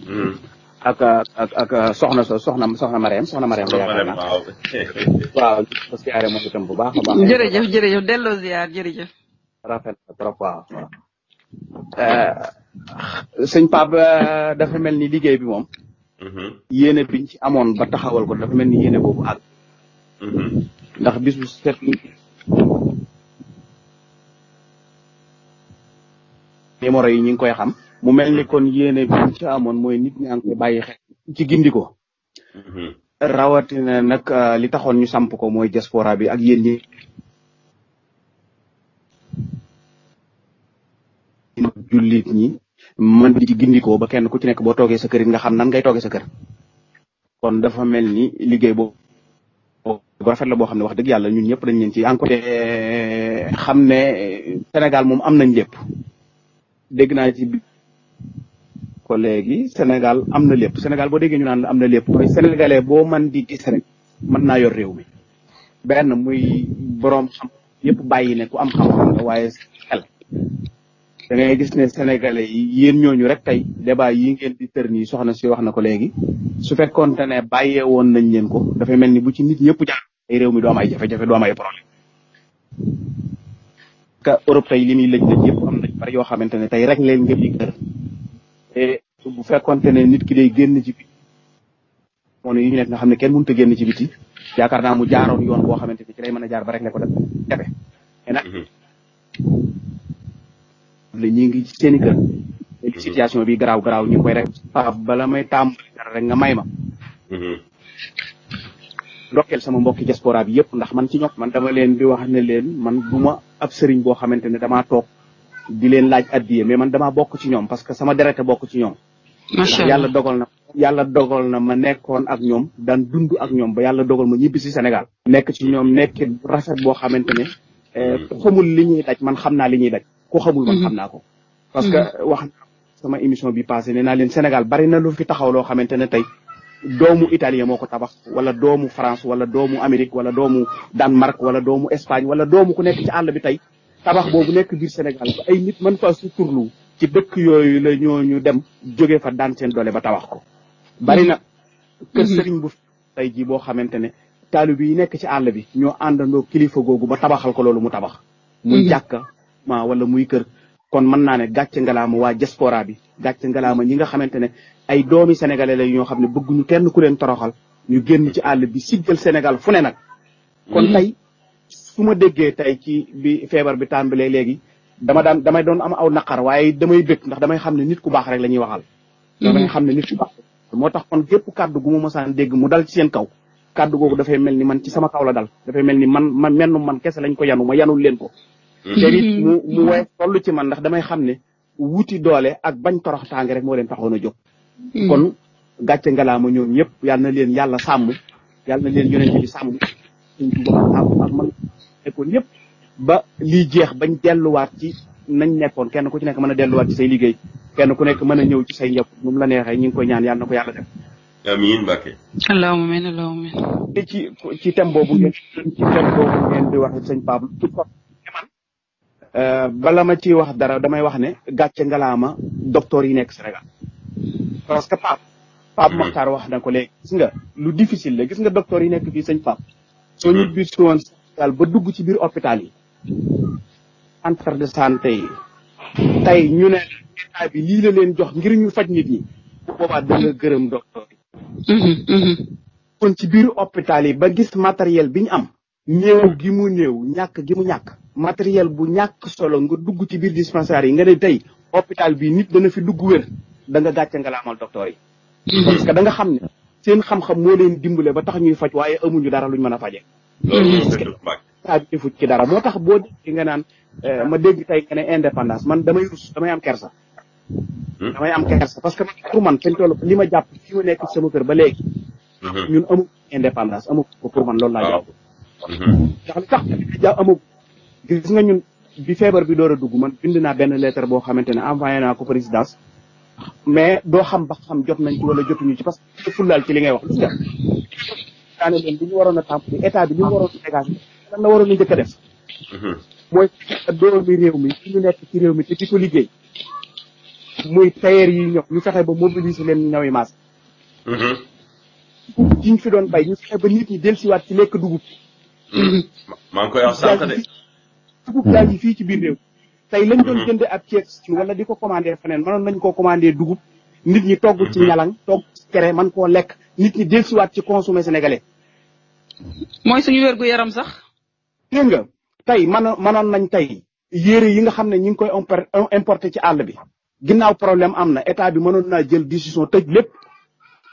Hmm. ak ak ak soxna so soxna soxna Mariam soxna Mariam. soxna waaw parce que aare moom itam bu baax a baax. jërëjëf jërëjëf delloo ziar jërëjëf. rafet na trop waaw waaw. Eh, sëñ eh, dafa mel ni liggéey bi moom. Mm-hmm. yéene biñ ci amoon ba taxawal ko dafa mel ni yéene boobu àgg. Mm-hmm. ndax bis bu set. numéro yi ñu ngi koy xam. mu mel ni kon yéene bi ñu ci amoon mooy nit ñi a koy bàyyi xel ci gindi ko mm-hmm. rawatina nag euh, li taxoon ñu samp ko mooy diaspora bi ak yéen ñi jullit ñi mën di ci gindikoo ba kenn ku ci nekk boo toogee sa kër nga xam nan ngay toogee sa kër kon dafa mel ni liggéey boobu rafet la boo xam ne wax dëgg yàlla ñun ñëpp dañ leen ci encouragé xam ne senegal moom am nañ lépp dégg naa ci ko léegi Sénégal am na lépp Sénégal bo déggee ñu naan am na lépp mooy boo man di gis rek mën naa yor réew mi benn muy boroom yëpp bàyyi ne ku am waaye xel gis ne sénégalais yi yéen ñooñu rek tey débat yi ngeen di tër soxna si wax na ko léegi su fekkoonte ne bàyyee woon nañ leen ko dafay mel ni bu ci nit ñëpp jaar ay réew mi doo am ay jafe-jafe doo am ay problème ka Europe tey yoo xamante ne tey rek leen ngeen te bu fekkonte ne nit ki day génn ci biti mono yi ñu nga xam kenn mënut génn ci biti yaakaar naa mu jaaroon yoon boo ci lay jaar ba rek ne ko mhm. ñi ngi seen kër mhm. situation bi garaaw garaaw ñu koy rek paa ah, bala may dara rek nga may ma mhm. ndokkel sama mbokki diaspora bi yépp ndax man ci ñoom man dama leen di wax ne leen man duma ab sëriñ ne di leen laaj addiye mais man damaa bokk ci ñoom parce que sama derete bokk ci ñoom yàlla dogal na yàlla dogal na ma nekkoon ak ñoom daan dund ak ñoom ba yàlla dogal ma ñibbi si Sénégal nekk ci ñoom nekk rafet boo xamante ne eh, ku xamul li ñuy daj man xam naa li ñuy daj ku xamul man xam mm-hmm. naa ko parce que mm-hmm. wax sama émission bi passé ne naa leen Sénégal bari na lu fi taxaw loo xamante ne tey doomu italien moo ko tabax wala doomu France wala doomu Amérique wala doomu Danemark wala doomu Espagne wala doomu ku nekk ci àll bi tey tabax boobu nekk biir Sénégal ba ay nit mën faa suturlu ci dëkk yooyu la ñu dem jóge fa daan doole ba tabax ko bari na kër mhm. sëriñ bu tey jii boo xamante ne taalib yi nekk ci àll bi ñoo àndandoo kilifa googu ba tabaxal ko loolu mu tabax muy mhm. jàkka ma wala muy kër kon mën naa ne gàcce ngalaama waa diaspora bi gàcce ngalaama ñi nga xamante ne ay doomi sénégalais la ñoo xam ne bëgguñu kenn ku leen toroxal ñu génn ci àll bi siggal Sénégal fu ne nag kon mhm. tey fu ma déggee tey ci bi feebar bi tàmbalee léegi dama daan damay doon am aw naqar waaye damay bëgg ndax damay xam ne nit ku baax rek la ñuy waxal. Mhm. damay xam ne nit moo tax kon gépp kàddu gu mu mosaan dégg mu dal ci seen kaw. kàddu googu dafay mel ni man ci sama kaw la dal mel ni man man mennu man kese lañ ko yanu ma yanul leen ko. Mhm. te it mu wees toll ci man ndax damay xam ne wuti doole ak bañ toroxtaange rek moo leen taxoon a jóg. Mhm. kon gàcce ngalaama ñoom ñëpp yal na leen yàlla sàmm. yal na leen yonent bi sàmm. nekkoon yépp ba lii jeex bañ delluwaat ci nañ nekkoon kenn ku ci nekk mën a delluwaat ci say liggéey kenn ku nekk mën a ñëw ci say njab moom la neexee ñu ngi koy ñaan yàlla na ko yàlla def amiin Mbacke allahumma min allahumma min ci ci thème boobu ngeen ci thème boobu ngeen di wax sëñ Pablo tout ko man euh, bala ma ciy wax dara damay wax ne gàcce ngalaama docteur yi nekk Sénégal parce que Pape Pape Mokhtar mm-hmm. wax na ko léegi gis nga lu difficile la gis nga docteur yi nekk fii sëñ Pape soo mm-hmm. ñu bisu woon hôpital ba dugg ci biir hôpital yi centre de santé yi tey ñu ne état bi lii la leen jox ngir ñu faj nit ñi bu boobaa da nga gërëm docteur yi mhm, mhm. kon ci biir hôpital yi ba gis matériel bi ñu am néew gi mu néew ñàkk gi mu ñàkk matériel bu ñàkk solo nga dugg ci biir dispensaire yi nga ne tey hôpital bi nit dana fi dugg wér da nga gàcce nga laamal docteur yi mhm. parce que da nga xam ne seen xam-xam moo leen dimbale ba tax ñuy faj waaye amuñu dara luñ mën a loolu loolu mm-hmm. defut ki dara moo tax boo dégg nga naan eh, ma dégg tey nga ne indépendance man damay rus damay am kersa. Hmm? damay am kersa parce que man pour man fi toll li ma jàpp fi nekk sama kër ba léegi. Hmm. ñun amul indépendance amul ko pour man loolu laa jàpp. Hmm. ndax li tax ja amul gis nga ñun bi feebar bi door a dugg man bind naa benn lettre boo xamante ne envoyé naa ko présidence. mais doo xam ba xam jot nañ ci wala jotuñu ci parce que fullaal ci li ngay wax gis nga. waxtaane leen li ñu waroon a tàmp bi bi li mu waroon a dégagé bi la waroon mm-hmm. ñu nekk ci réew mi te ko liggéey muy tailleur yi ñu fexe ba mobiliser leen mm-hmm. ñu ñawi maas fi doon bay ñu nit ñi dellusiwaat ci lekk dugub mm-hmm. maa koy wax sànq fii ci biir réew tey lañ doon jënde ab ceeb wala di ko commandé feneen mënoon nañ koo commandé dugub nit ñi togg ci ñalang togg ci kere man koo lekk nit ñi dellusiwaat ci consommé sénégalais. mooy suñu wér gu yaram sax. dégg nga tey mën mënoon nañ tey yére yi nga xam ne ñu ngi koy importé ci àll bi ginnaaw problème am na état bi mënoon naa jël décision tëj lépp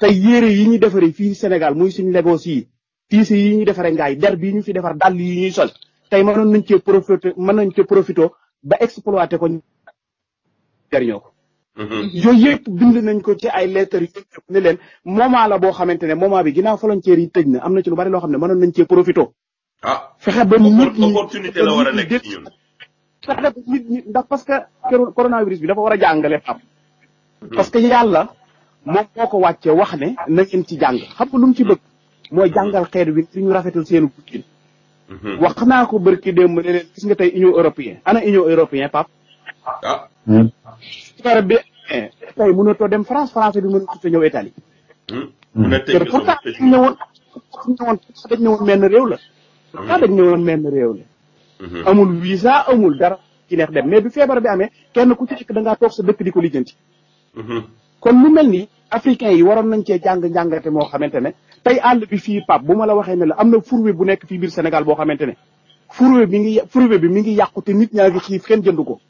tey yére yi ñuy defaree fii Sénégal mooy suñu négoce yi tiise yi ñuy defaree yi der bi ñu fi defar dàll yi ñuy sol tey mënoon nañ cee profité mën nañ cee profité ba exploité ko jariñoo ko. Mm-hmm. Mm-hmm. yooyu yëpp bind nañ ko ci ay lettres yu yëpp ne leen moment la boo xamante ne moment bi ginnaaw frontières yi tëj na am na ci lu bari loo xam ne mënoon nañ cee profito. ah fexe ba nit ñi opportunité la a nekk ndax parce que coronavirus bi dafa war a jàngale am. Mm-hmm. parce que yàlla moom koo ko wàccee wax ne na ngeen ci jàng xam nga lu ci bëgg. mooy jàngal xeet bi suñu rafetal seenu guddi. wax naa ko barki dem ne leen gis nga tey union européen ana union européen Pape. Ah. feebar hmm. bi amee eh, tey dem France français bi mënatoo te ñëw Italie. mu ne tey pourtant dañ ne woon dañ ne woon menn réew la. Hmm. pourtant dañ ne woon menn réew la. Hmm. amul visa amul dara ci neex dem mais bi feebar bi amee kenn ku ci nekk da ngaa toog sa dëkk di ko lijjanti. kon lu mel nii africain yi waroon nañ cee jàng jàngate moo xamante ne tey àll bi fii Pape bu ma la waxee ne la am na fourbe bu nekk fii biir Sénégal boo xamante ne fourbe bi ngi fourbe bi mi ngi yàqu te nit ñaa ngi xiif kenn jënd ko.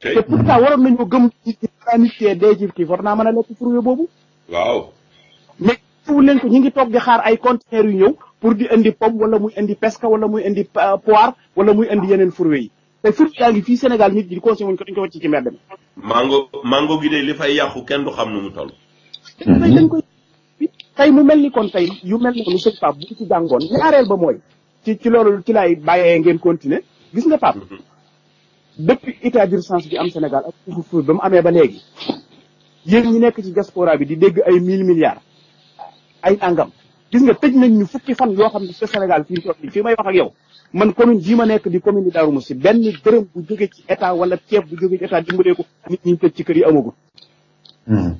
te pourtant waroon nañoo gëm daa nit kee dee ci kii war naa mën a lekk fruit boobu. waaw. mais fu leen ko ñu ngi toog di xaar ay conteneur yu ñëw pour di indi pomme wala muy indi pesca wala muy indi euh, poire wala muy indi yeneen fruit yi te fruit yaa ngi fii Sénégal nit ñi di consommé ko dañ ko wàcc ci mbedd mi. mango mango gi de li fay yàqu kenn du xam nu mu toll. dañ koy mu mel ni kon tey yu mel noonu sëñ Pape bu ci jàngoon ñaareel ba mooy ci ci loolu ci laay bàyyee ngeen continuer gis nga Pape. Mhm. depuis état d'urgence bi am Sénégal ak couvre-feu ba mu amee ba léegi yéen ñi nekk ci diaspora bi di dégg ay mille milliards ay àngam gis nga tëj nañ ñu fukki fan yoo xam ne ci Sénégal fi toog may wax ak yow man commune bii ma nekk di commune di Darou si benn dërëm bu jóge ci état wala ceeb bu jóge ci état dimbalee ko nit ñi tëj ci kër yi amagul. Hmm.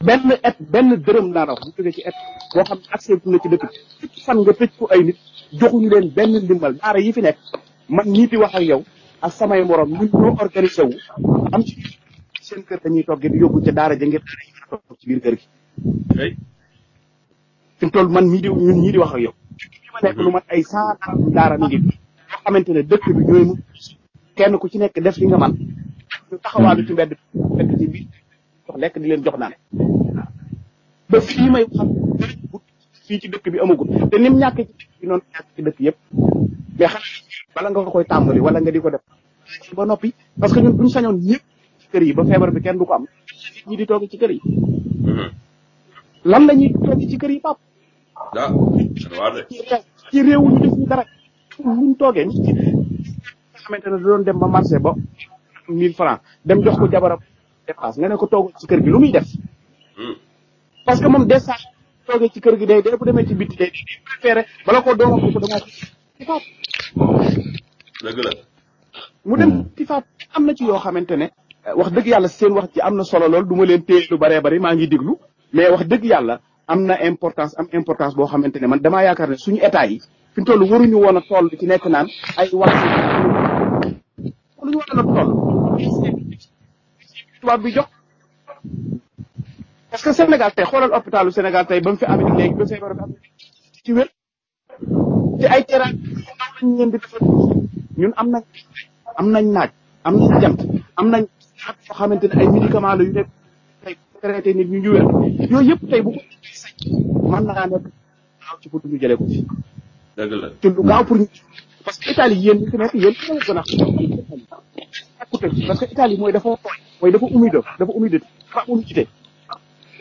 benn et benn dërëm naa la bu jóge ci et boo xam ne accès na ci dëkk fukki fan nga tëj ko ay nit joxuñu leen benn ndimbal daara yi fi nekk man ñii di wax ak yow. ak samay morom ñun ñoo organisé am ci seen kër dañuy toggee di yóbbu ca daara ja ngir daara yi mën toog ci biir kër gi. fi mu man ñii di ñun ñii di wax ak yow. fi ay cent daara mi ne dëkk bi kenn ku ci nekk def li nga man ñu taxawaalu ci mbedd fekk ci lekk di leen jox naan. ba fii may xam fii ci dëkk bi amagul te nim ñàkk ci dëkk bi mais xana bala nga koy tambali wala nga di ko def ba noppi parce que ñun buñ sañoon ñëpp ci kër yi ba feebar bi kenn du ko am ñi di toog ci kër yi hmm. lan la ñuy toog ci kër yi pap ah, ci réew ñu def dara luñ toogee xamante ne da doon dem ba marché ba 1000 francs dem jox ko jabaram dépasse nga ne ko toog ci kër gi lu muy def hmm. parce que moom dessa saa ci kër gi day dee bu demee ci bitti day préféré bala ko doomam ko dama tifaat la mu dem tifaat hmm. am na ci yoo xamante ne eh, wax dëgg yàlla seen wax ci am na solo lool du leen téye lu baree bari maa ngi déglu mais wax dëgg yàlla am na importance am importance boo xamante ne man damaa yaakaar ne suñu état yi fi mu toll waruñu woon a ci nekk naan ay wax waruñu woon tubaab bi jox parce que Sénégal tey xoolal hôpitalu Sénégal tey ba fi amee léegi ba feebar bi ci ay teraanga am nañ leen am nañ am nañ naaj am nañ jant am xamante ne ay médicament la yu nekk tey traité nit ñu ñu wér yooyu yëpp tey bu pour lu gaaw pour ñu parce que Italie yéen ñi fi nekk a parce que Italie mooy dafa mooy dafa humide dafa humide dafa am humidité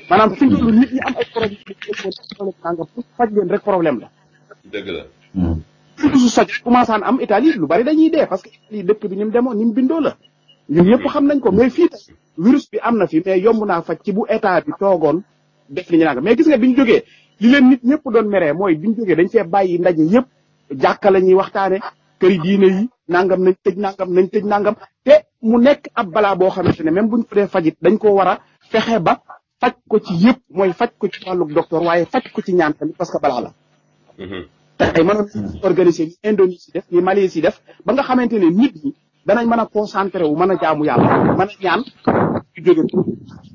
maanaam fi ñu am ay problème nangam pour faj leen rek problème la. su soj rek am Italie lu bari dañuy parce que Italie dëkk bi ni mu demoon ni mu bindoo la ñun yëpp xam nañ ko mais fii tey virus bi am na fi mais yomb naa faj ci bu état bi toogoon def li ñu naan mais gis nga bi ñu jógee li leen nit ñëpp doon mere mooy bi ñu dañ fee bàyyi ndaje yëpp jàkka la ñuy waxtaane këri diine yi nangam nañ tëj nangam nañ tëj nangam te mu nekk ab balaa boo xamante ne même buñ ko dee fajit dañ ko war a fexe ba faj ko ci yëpp mooy faj ko ci wàllug docteur waaye faj ko ci ñaan tamit parce que balaa la mm-hmm. tay mën hmm. organiser indonesie def ni malaisie def ba nga xamante nit ñi danañ mën a concentré wu mëna jaamu yalla mëna ñaan ci jëgë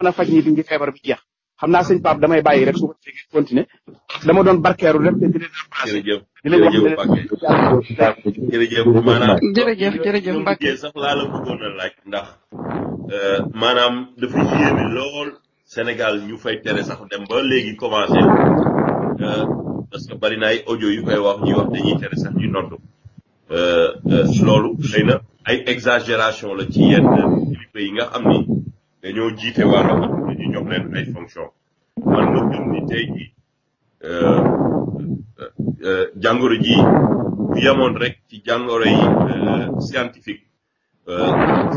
mën a faj ñi di ngi feebar bi jeex xamna seigne pap damay bayyi rek su ko tegee continuer dama don barkeru rek te dina jërëjëf jërëjëf maanaam jërëjëf jërëjëf Mbacke sax la la bëggoon a laaj ndax euh manam dafa yéeme lool Sénégal ñu fay téré sax dem ba léegi commencé euh, parce que bari na ay audio yu koy wax ñuy wax dañuy tere sax ñu noddu euh, euh, loolu xëy na ay exagération la ci yenn kilifa yi nga xam ni dañoo jiite wàllu adduna ñu jox leen ay fonction man ma gëm ni tey jii euh, jàngoro ji bu yemoon rek ci jàngoro yi scientifique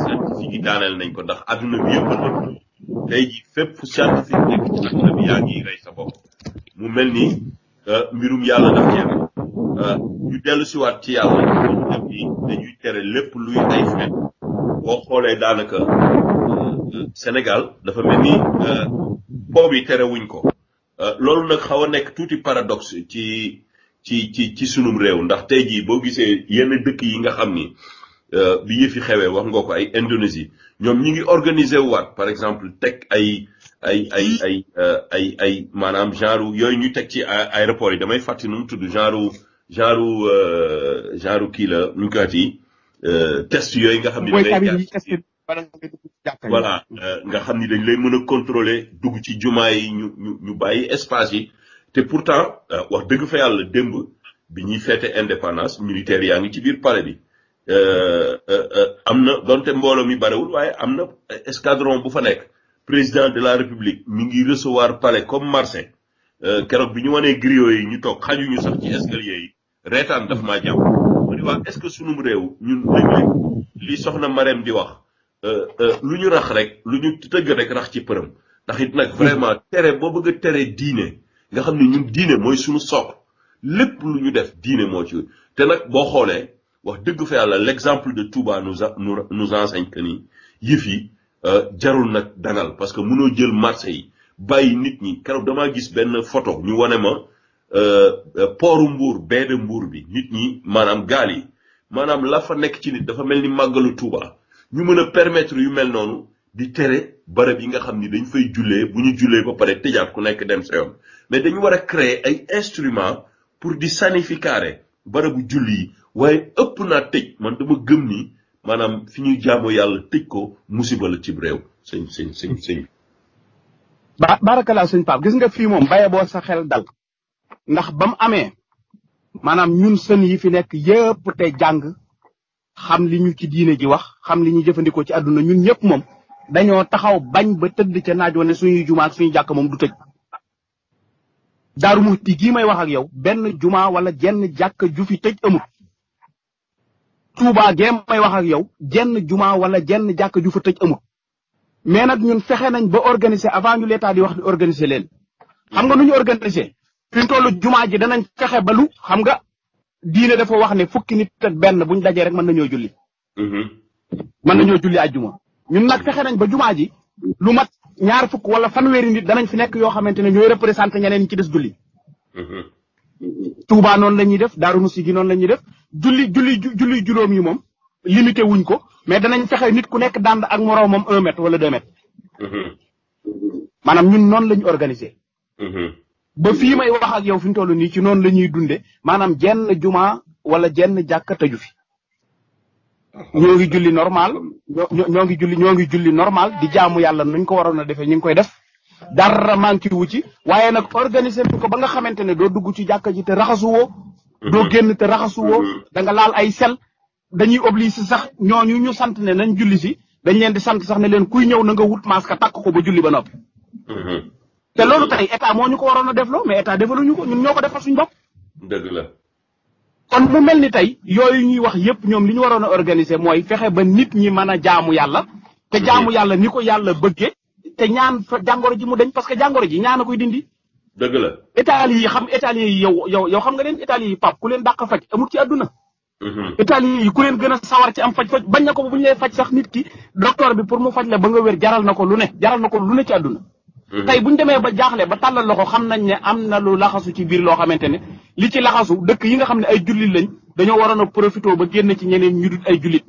scientifique yi daaneel nañ ko ndax adduna bi yëpp la tey jii fépp fu scientifique nekk ci adduna bi yaa ngi rey sa mu mel ni. Euh, mbirum yàlla daf ceeb euh, ñu dellu siwaat ci yàlla ñoom yi dañuy tere lépp luy ay fen boo xoolee daanaka euh, Sénégal dafa mel ni boobu yi tere wuñ ko loolu nag xaw a nekk tuuti paradox ci ci ci ci sunum réew ndax tey jii boo gisee yenn dëkk yi nga xam ni bi yëfi xewee wax nga ko ay Indonésie ñoom ñi ngi organiser waat par exemple teg ay ay ay ay eh, ay ay maanaam genre yooyu ñu teg ci aéroport yi damay fàttali nu mu tudd genre genre eh, genre kii la nu ñu koy waxati eh, test yooyu nga xam ne voilà nga xam ni dañ lay mën a contrôler dugg ci jumaa yi ñu ñu ñu bàyyi espace yi te pourtant wax dëgg fa yàlla démb bi ñuy feete indépendance militaire yaa ngi ci biir pare bi am na donte mbooloo mi barewul waaye am na escadron bu fa nekk président de la république mingi recevoir palais comme Marseille euh, keroog bi ñu wanee griot yi ñu tok xaju ñu sax ci escalier yi reetaan daf ma jàpp ma di wax est-ce que suñu réew ñun léeg-léeg li soxna Marème di wax euh euh luñu rax rek luñu ñu tëgg rek rax ci përëm ndax it nak vraiment téré bo bëgg téré diiné, nga xamni ñun diiné moy suñu sook lépp luñu def diiné mo ci te nak bo xolé wax dëgg fa Yalla l'exemple de Touba nous nous nous enseigne que ni yëf Euh, jarul nag dangal parce que mënoo jël marché yi bàyyi nit ñi keroog damaa gis benn photo ñu wane ma euh, pooru mbuur beede mbuur bi nit ñi maanaam gaal yi maanaam laa fa nekk ci nit dafa mel ni màggalu Tuuba ñu mën a permettre yu mel noonu di tere barab yi nga xam ni dañ fay jullee bu ñu jullee ba pare tëjaat ku nekk dem sa yoon mais dañu war a créer ay instruments pour di sanificare barabu julli yi waaye ëpp naa tëj man dama gëm ni. maanaam fi ñuy jaamu yàlla tëj ko musiba la cib réew sëñ sëñ sëñ sëñ. ba barakalaa sëñ Pape gis nga fii moom baye boo sa xel dal ndax ba mu amee maanaam ñun sën yi fi nekk yépp te jàng xam li ñu ci diine ji wax xam li ñuy jëfandikoo ci àdduna ñun ñëpp moom dañoo taxaw bañ ba tëdd ca naaj wane suñuy jumaa ak suñuy jàkk moom du tëj. daaru muxti gii may wax ak yow benn juma wala jenn jàkk ju fi tëj amut touba gem may wax ak yow jenn juma wala jenn jàkk ju fa tej amul mais nak ñun fexé nañ ba organiser avant ñu l'état di wax di organiser len xam nga nu ñu organiser fi tollu juma ji danañ fexé ba lu xam nga diine dafa wax ne fukki nit ak ben buñ dajé rek man nañu julli man mm-hmm. nañu julli aljuma ñun nak fexé nañ ba juma ji lu mat ñaar fukk wala fanweeri nit danañ fi nek yo xamante ñoy représenter ñeneen ci dess julli mm-hmm. touba non lañuy def darou musi gi def julli julli julli juróom yi moom limité wuñ ko mais danañ fexe nit ku nekk dànd ak moroomam un mètre wala deux mètres. Mm-hmm. maanaam ñun noonu la organiser organisé. Mm-hmm. ba fii may wax ak yow fi ñu toll nii ci noonu la ñuy dunde maanaam jenn jumaa wala jenn jàkka tëju fi. ñoo ngi julli normal ñoo ngi julli ñoo ngi julli normal di jaamu yàlla nuñ ko waroon a defee ñu ngi koy def. a manqué wu ci waaye nag organiser ko ba nga xamante ne doo dugg ci jàkka ji te raxasuwoo do mhm. genn te wo mhm. da nga laal ay sel dañuy obligé sax ñooñu ñu sant ne nañ julli si dañ leen di sant sax ne leen kuy ñëw na nga wut masque takk ko ba julli ba noppi mhm. te loolu tey état moo ñu ko waroon a def lo mais état defaluñu ko ñun ñoo ko defal suñ bopp dëgg la kon mu mel ni tey yooyu ñuy wax yépp ñoom li ñu waroon a organiser mooy fexe ba nit ñi mën a jaamu yàlla te jaamu yàlla ni ko yàlla bëggee te ñaan jàngoro ji mu dañ parce que jàngoro ji ñaan dindi dëgg la Italiens yi xam Italiens yi yow yow yow xam nga leen Italiens yi pap ku leen dàq faj amul ci àdduna. Mhm. Italiens yi ku leen gën a sawar ci am faj-faj bañ na ko bu ñu lay faj sax nit ki docteur bi pour mu faj la ba nga wér jaral na ko lu ne jaral na ko lu ne ci àdduna. Mhm. tey bu ñu demee ba jaaxle ba tàllal loxo xam nañ ne am na lu laxasu ci biir loo xamante ne li ci laxasu dëkk yi nga xam ne ay jullit lañ dañoo waroon a profité ba génn ci ñeneen ñu dul ay jullit.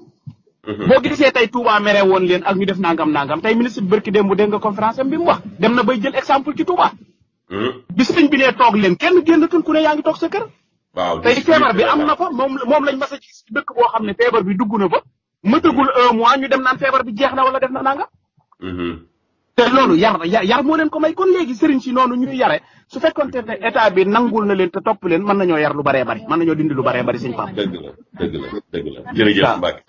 Mhm. boo gisee tey Touba mere woon leen ak ñu def nangam nangam tey ministre bi barki démb dégg nga conférence am bi mu wax dem na bay jël exemple ci Touba Hmm? bis sëñ bi ne toog leen kenn génnatul ku ne yaa ngi toog sa kër. waaw tey feebar bi am na fa moom moom lañ mas a dëkk boo xam ne feebar bi dugg na fa. mëtagul un mois ñu dem naan feebar bi jeex na wala def na nanga. Hmm. te loolu yar yar moo leen ko may kon léegi sëriñ si noonu ñuy yare su fekkonte ne état bi nangul na leen te topp leen mën nañoo yar lu baree bari mën ñoo dindi lu baree bari sëñ Pape. dëgg la dëgg la dëgg la jërëjëf Mbacke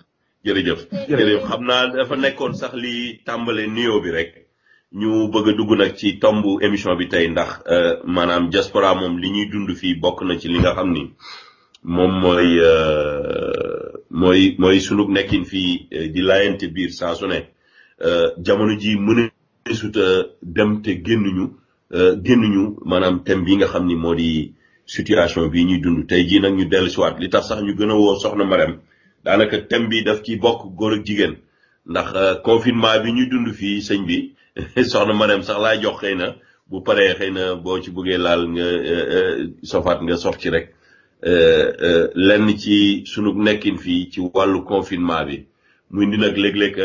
jërëjëf jërëjëf xam naa dafa nekkoon sax li tàmbale nuyoo bi rek ñu bëgg a dugg nag ci tomb émission bi tey ndax euh, maanaam diaspora moom li ñuy dund fii bokk na ci li nga xam ni moom mooy euh, mooy mooy sunu nekkin fii euh, di laayante biir saa su jamono ji mën a suta dem te génnuñu génnuñu maanaam thème bi nga xam ni moo di situation bii ñuy dund tey jii nag ñu dellu siwaat li tax sax ñu gën a woo soxna Marème daanaka thème bi daf ci bokk góor ak jigéen ndax confinement bi ñuy dund fii sëñ bi soxna Marème sax laay jox xëy na bu paree xëy na boo ci bëggee laal nga euh, euh, sofaat nga sof ci rek euh, lenn ci sunu nekkin fii ci wàllu confinement bi muy ndi nag léeg-léeg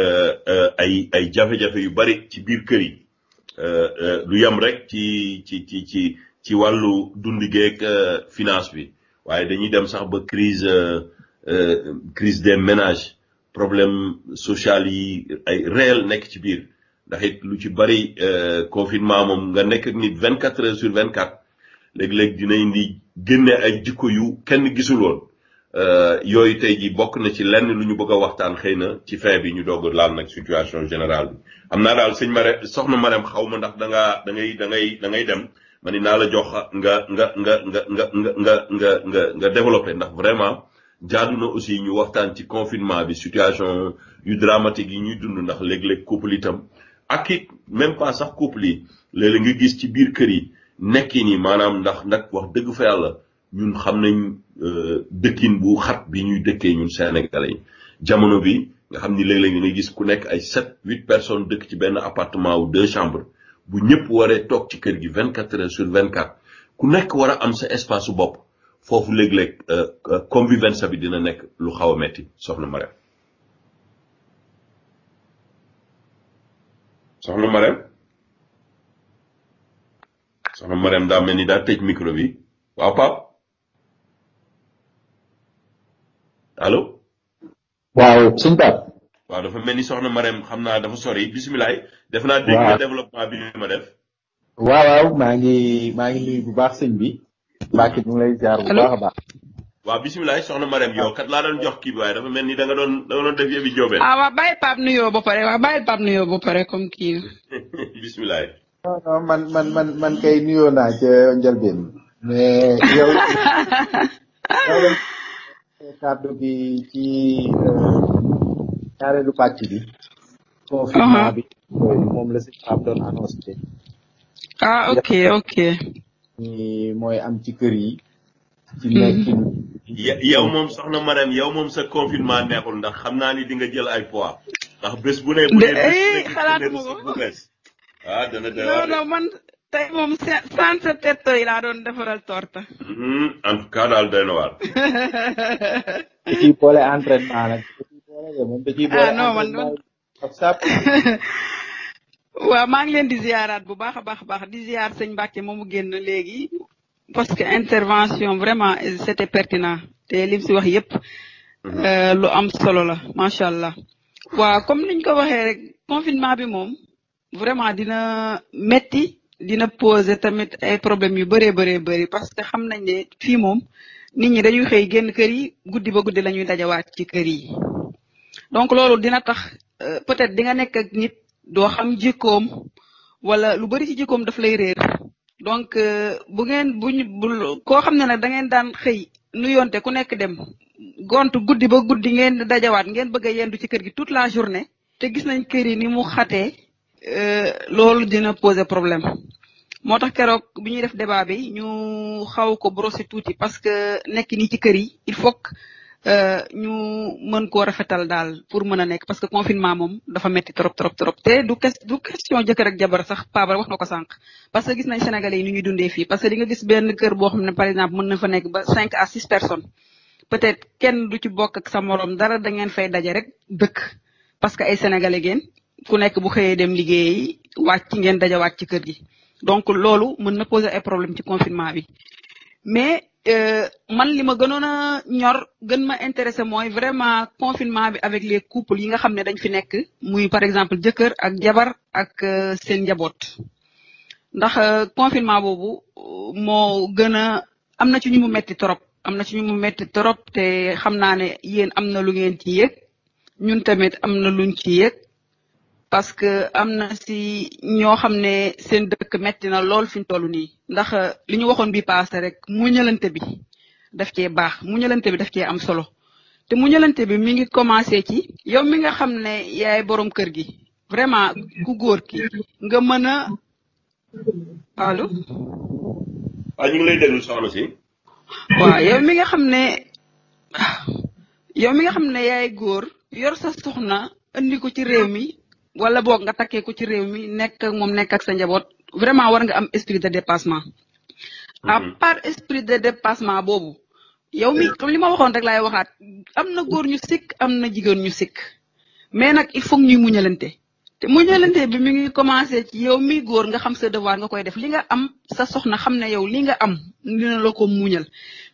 ay ay jafe-jafe yu bari ci biir kër yi lu yem rek ci ci ci ci ci wàllu dundi geeg finance bi waaye dañuy dem sax ba crise crise des ménages problème social yi ay réel nekk ci biir ndax it lu ci bëri euh, confinement moom nga nekk ak nit vingt quatre heures sur vingt quatre léeg-léeg dina indi génne ay jikko yu kenn gisul woon euh, yooyu tey ji bokk na ci lenn lu ñu bëgg a waxtaan xëy na ci fin bi ñu dogg laal nag situation général bi am naa daal sëñ Marème soxna Marème xaw ma ndax da ngaa da ngay da ngay dem ma ni naa la jox nga nga nga nga nga nga nga nga nga développé ndax vraiment jaadu na aussi ñu waxtaan ci confinement bi situation yu dramatique yi ñuy dund ndax léeg-léeg couple ak même pas sax couple yi léeg nga gis ci biir kër yi nekkin ni maanaam ndax nag wax dëgg fa yàlla ñun xam nañ euh, dëkkin bu xat bi ñuy dëkkee ñun sénégalais yi jamono bi nga xam ni léeg-léeg nga gis ku nekk ay sept huit personnes dëkk ci benn appartement wu deux chambres bu ñëpp waree toog ci kër gi vingt quatre heures sur vingt quatre ku nekk war a am sa espace su bopp foofu léeg-léeg euh, euh, convivence bi dina nekk lu xaw a metti soxna Mariam soxna Marème soxna Marème daa mel ni daa tëj micro bi waaw Pape allo. waaw sëñ Pape. waaw dafa mel ni soxna Marème xam naa dafa sori bisimilah. def naa dégg nga développement bi ma def. waaw waaw maa ngi maa bu baax sëñ bi. Mbacke mu lay ziar bu baax a baax. wa bismillah soxna maram yo kat la don jox ki way dafa melni da nga don da nga doon def yebi jobe ah wa baye pap nuyo bo pare wa baye pap nuyo bo pare comme ki bismillah non non man man man man kay nuyoo naa ca njëlbeen. mais yow. kàddu bi ci euh, ñaareelu pàcc bi. Uh-huh. ma bi. mom la ci Pape don annoncer ah ok ok. ni moy am ci keur yi. ci mm-hmm. yow moom soxna Marème yow moom sa confinement neexul ndax xam naa ni di nga jël ay poids ndax bés bu ne. bu dee eh, xalaatuma ko ah dana non non man tey moom sans laa doon defaral torta. Mm-hmm. en tout cas daal doy na waar. Ah, maa ngi leen di ziaraat bu baax a baax a baax di ziar sëñ Mbacke moomu génn léegi. parce que intervention vraiment c'était pertinent te lim ci wax yépp euh, lu am solo la machallah allah comme niñ ko waxé rek confinement bi mom vraiment dina metti dina poser tamit ay problème yu béré béré béré parce que xam nañ né fi mom nit ñi dañuy xey genn kër yi guddi ba guddi ci kër yi donc lolu dina tax euh, peut être di nga nekk ak nit do xam jikom wala lu bari ci jikom daf lay reer donc euh, bu ngeen buñ bu koo xam ne nag da ngeen daan xëy nuyonte ku nekk dem gont guddi ba guddi ngeen dajawaat ngeen bëgg a yendu ci kër gi tout la journée te gis nañ kër yi ni mu xatee euh, loolu dina poser problème moo tax keroog bi ñuy def débat bi ñu xaw ko brosser tuuti parce que nekk nii ci kër yi il faut Euh, ñu mën koo rafetal daal pour mën a nekk parce que confinement moom dafa metti trop trop trop te du du question jëkkër ak jabar sax paabar wax na ko sànq parce que gis nañ sénégalais yi ni ñuy dundee fii parce que di gis benn ker boo xam ne par exemple mën na fa nekk ba cinq à six personnes peut-être kenn du ci bokk ak sa morom dara da ngeen fay daje rek dëkk parce que ay sénégalais ngeen ku nekk bu xëyee dem liggéey wàcc ngeen dajawaat ci kër gi donc loolu mën na poser ay problème ci confinement bi Euh, man li ma gënoon a ñor gën ma intéressé mooy vraiment confinement bi avec les couples yinga nga xam ne dañ fi nekk muy par exemple jëkkër ak jabar ak euh, seen njaboot ndax euh, confinement boobu moo gën a am na ci ñu mu metti trop am na ci ñu metti trop te xam naa ne yéen am na lu ngeen ci yëg ñun tamit am na luñ ci yëg parce que am na si ñoo xam ne seen dëkk metti na lool fi ñu toll nii ndax euh, li ñu waxoon bi paase rek mu ñëlante bi daf cee baax mu ñëlante bi daf cee am solo te mu ñëlante bi mi ngi commencé ci yow mi nga xam ne yaay borom kër gi vraiment ku góor ki nga mën a allo. waaw yow mi nga xam ne yow mi nga xam ne yaay góor yor sa soxna andi ko ci réew mi. wala bok nga takke ko ci rew mi nek ak mom nek ak sa njabot vraiment war nga am esprit de dépassement a mhm. part esprit de dépassement bobu yow mi comme lima ma rek lay waxat am na ñu sik am na ñu sik mais nak il faut ñuy muñalante te muñalante bi mi ngi commencé ci yow mi gor nga xam sa devoir nga koy def li nga am sa soxna xam yow li nga am dina la ko muñal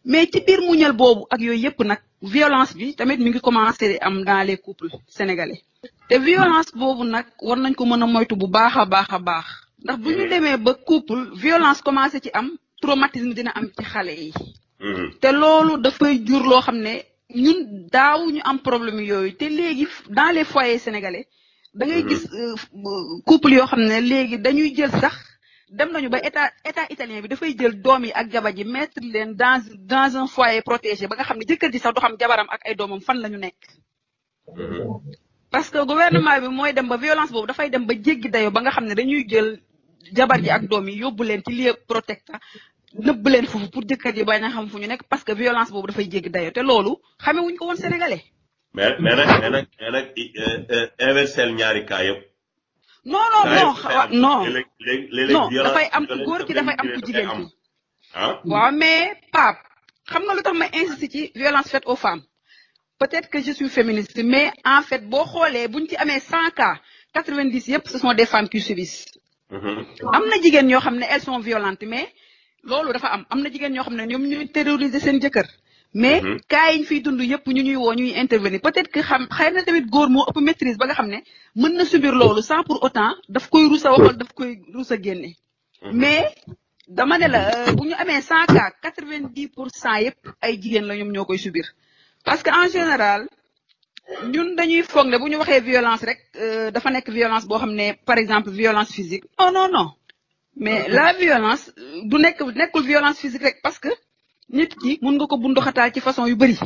mais ci bir muñal bobu ak yoy yep nak violence bi tamit mu ngi commencé am dans les couples sénégalais te violence boobu nag war nañ ko mën a moytu bu baax a baax a baax ndax bu ñu mm-hmm. demee ba couple violence commencé ci am traumatisme dina am ci xale yi mm-hmm. te loolu dafay jur loo xam ne ñun daaw ñu am problème yooyu te léegi dans les foyers sénégalais da ngay mm-hmm. gis euh, couple yoo xam ne léegi dañuy jël sax dem nañu ba état état italien bi da fay jël domi ak jabar ji mettre len dans dans un foyer protégé ba nga xamni ne ji sax du xam jabaram ak ay domam fan lañu ñu nekk mm-hmm. parce que gouvernement bi moy dem ba violence bobu da fay dem ba jéggi dayo ba nga xamni dañuy jël jabar ji ak domi yobul len ci lieu protecteur neub len fofu pour jëkkër ji bañ a xam fu ñu nekk parce que violence bobu da fay jéggi dayo té lolu xamé wuñ ko won sénégalais mais mais nak mais nak mais nag euh, euh, inversel ñaari kayep non non non non non dafay am ku ah, ki dafay am ku jigéen ki hein? waaw mais Pape xam nga lu tax ma insisté ci violence faite aux femmes peut-être que je suis féministe mais en fait boo xoolee buñ ci amee 100 cas 90 yëpp ce sont des femmes qui subissent mm-hmm. am na jigéen ñoo xam ne elles sont violentes mais loolu dafa am am na jigéen ñoo xam ne ñoom ñooy terroriser seen jëkkër mais quand une fille donne lieu pour ñu ñuy woo ñuy intervenir peut-être que xam xëy na tamit góor moo ëpp maîtrise ba nga xam ne mën subir loolu sans pour autant daf koy rusa waxal daf koy rusa génne mhm. mais dama ne la euh, bu ñu amee cent cas quatre-vingt-dix pour cent yëpp ay jigéen la ñoom ñoo subir parce que en général ñun dañuy foog ne bu ñu waxee violence rek euh, dafa violence boo xam ne par exemple violence physique non non non mais mhm. la violence euh, du nekk que violence physique rek parce que nit ki mun nga ko bunduxataal ci façon yu bëri.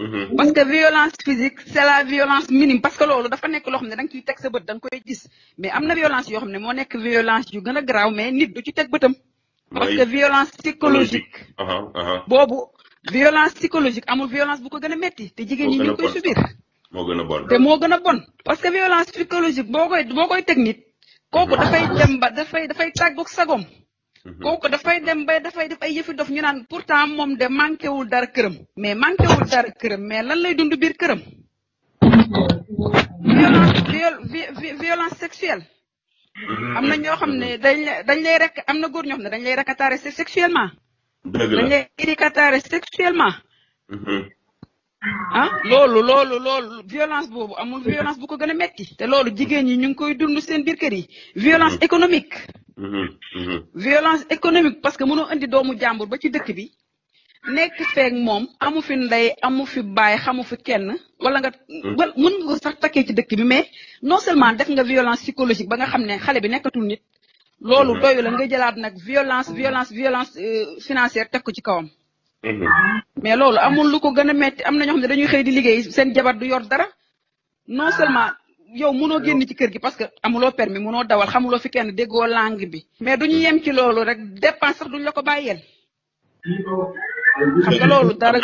Mm-hmm. parce que violence physique c' est la violence minime parce que loolu dafa nekk loo xam ne da nga ciy teg sa bët da nga koy gis mais am na violence yoo xam ne moo nekk violence yu gën a garaaw mais nit du ci teg bëtam. parce que violence psychologique. Uh-huh, uh-huh. boobu violence psychologique amul violence bu ko gën a metti te jigéen ñi ñu ngi koy subir. moo gën a bon te moo gën a bon. parce que violence psychologique boo koy boo koy teg nit. kooku dafay dem ba dafay dafay tàggoog sagoom. Mhm. kooku dafay dem bay dafay def ay yëfi dof ñu naan pourtant moom de manqué wul dara këram. mais manqué wul dara këram mais lan lay dund biir këram. violence violence sexuelle. Mhm. am na ñoo xam ne dañ lay dañ lay rek am na góor ñoo ne dañ lay récatare sexuellement. dëgg la dañ lay récatare sexuellement. Mhm. ah loolu loolu loolu violence boobu amul violence bu ko gën a metti te loolu jigéen ñi ñu ngi koy dund seen biir kër yi violence économique. Mhm, mhm. violence économique parce que mënoo indi doomu jàmbur ba ci dëkk bi nekk feeg moom amu fi ndey amu fi baay xamu fi kenn wala nga mhm. wala mën nga ko takkee ci dëkk bi mais non seulement def nga violence psychologique ba nga xam ne xale bi nekkatul nit loolu doyu nga jëlaat nag violence violence violence euh, financière teg ko ci kawam mais loolu amul lu ko gën a metti am na ñoo xam ne dañuy xëy di liggéey seen jabar du yor dara non seulement yow mënoo génn ci kër gi parce que amuloo permis mënoo dawal xamuloo fi kenn déggoo langue bi. mais du ñu yem ci loolu rek dépense sax duñ la ko bàyyeel. xam nga loolu dara.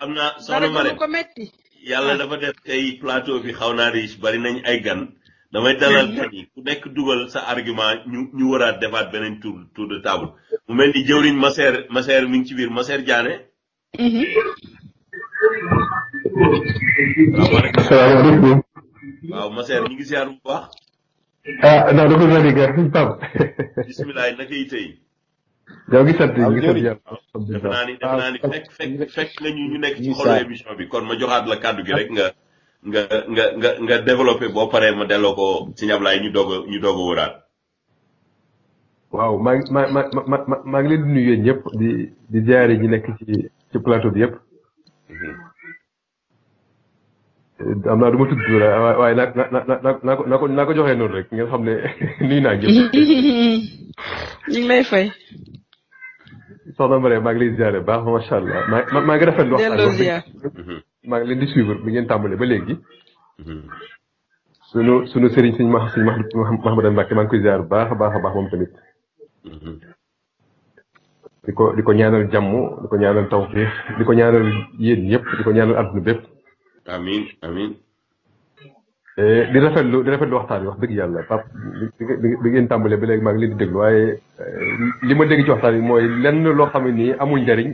am na am ma ne ko metti yàlla ah. dafa def tey plateau bi xaw naa riche bari nañ ay gan. damay dalal tey ku nekk dugal sa argument ñu ñu waraat defaat beneen tour tour de table. mu mel ni jëwriñ Masseer Masseer mi ngi ci biir Masseer Diané. Mhm. salaamaaleykum. waaw ma seer ñu ngi ziar bu baax ah non dafa la diga suñ tam bismillah naka yi tey yow gi sant gi sant yàlla def naa ni def naa ni ah, fekk fekk fekk nga ñu ñu nekk ci xolu émission bi kon ma joxaat la kàddu gi rek nga nga nga nga nga développé boo paree ma delloo ko ci ñablaay ñu doog ñu doog a wëraat waaw maa ngi maa maa maa maa ngi leen di nuyu yéen ñëpp di di jaare ñi nekk ci ci plateau bi yëpp mhm. am naa du ma tudd tur waaye naa naa naa ko naa ko joxee noonu rek ngeen xam ne nuyu naa ngeen. ñu lay fay. soxna Marème maa ngi lay ziare baax macha allah maa ngi rafetlu waxtaan. maa ngi leen di suivre bi ngeen tàmbalee ba léegi. Mhm. sunu sunu sëriñ sëñ Max ma Mahamadan Mbàkke maa ngi koy ziar baax a baax a baax moom tamit. Mhm. di ko di ko ñaanal jàmm di ko ñaanal tawfiix di ko ñaanal yéen ñëpp di ko ñaanal àdduna bépp. amiin amiin. Eh, di rafetlu di rafetlu waxtaan bi wax dëgg yàlla pap bi ngeen tàmbalee ba léegi maa ngi leen di déglu waaye eh, li ma dégg ci waxtaan bi mooy lenn loo xam ne nii amul njariñ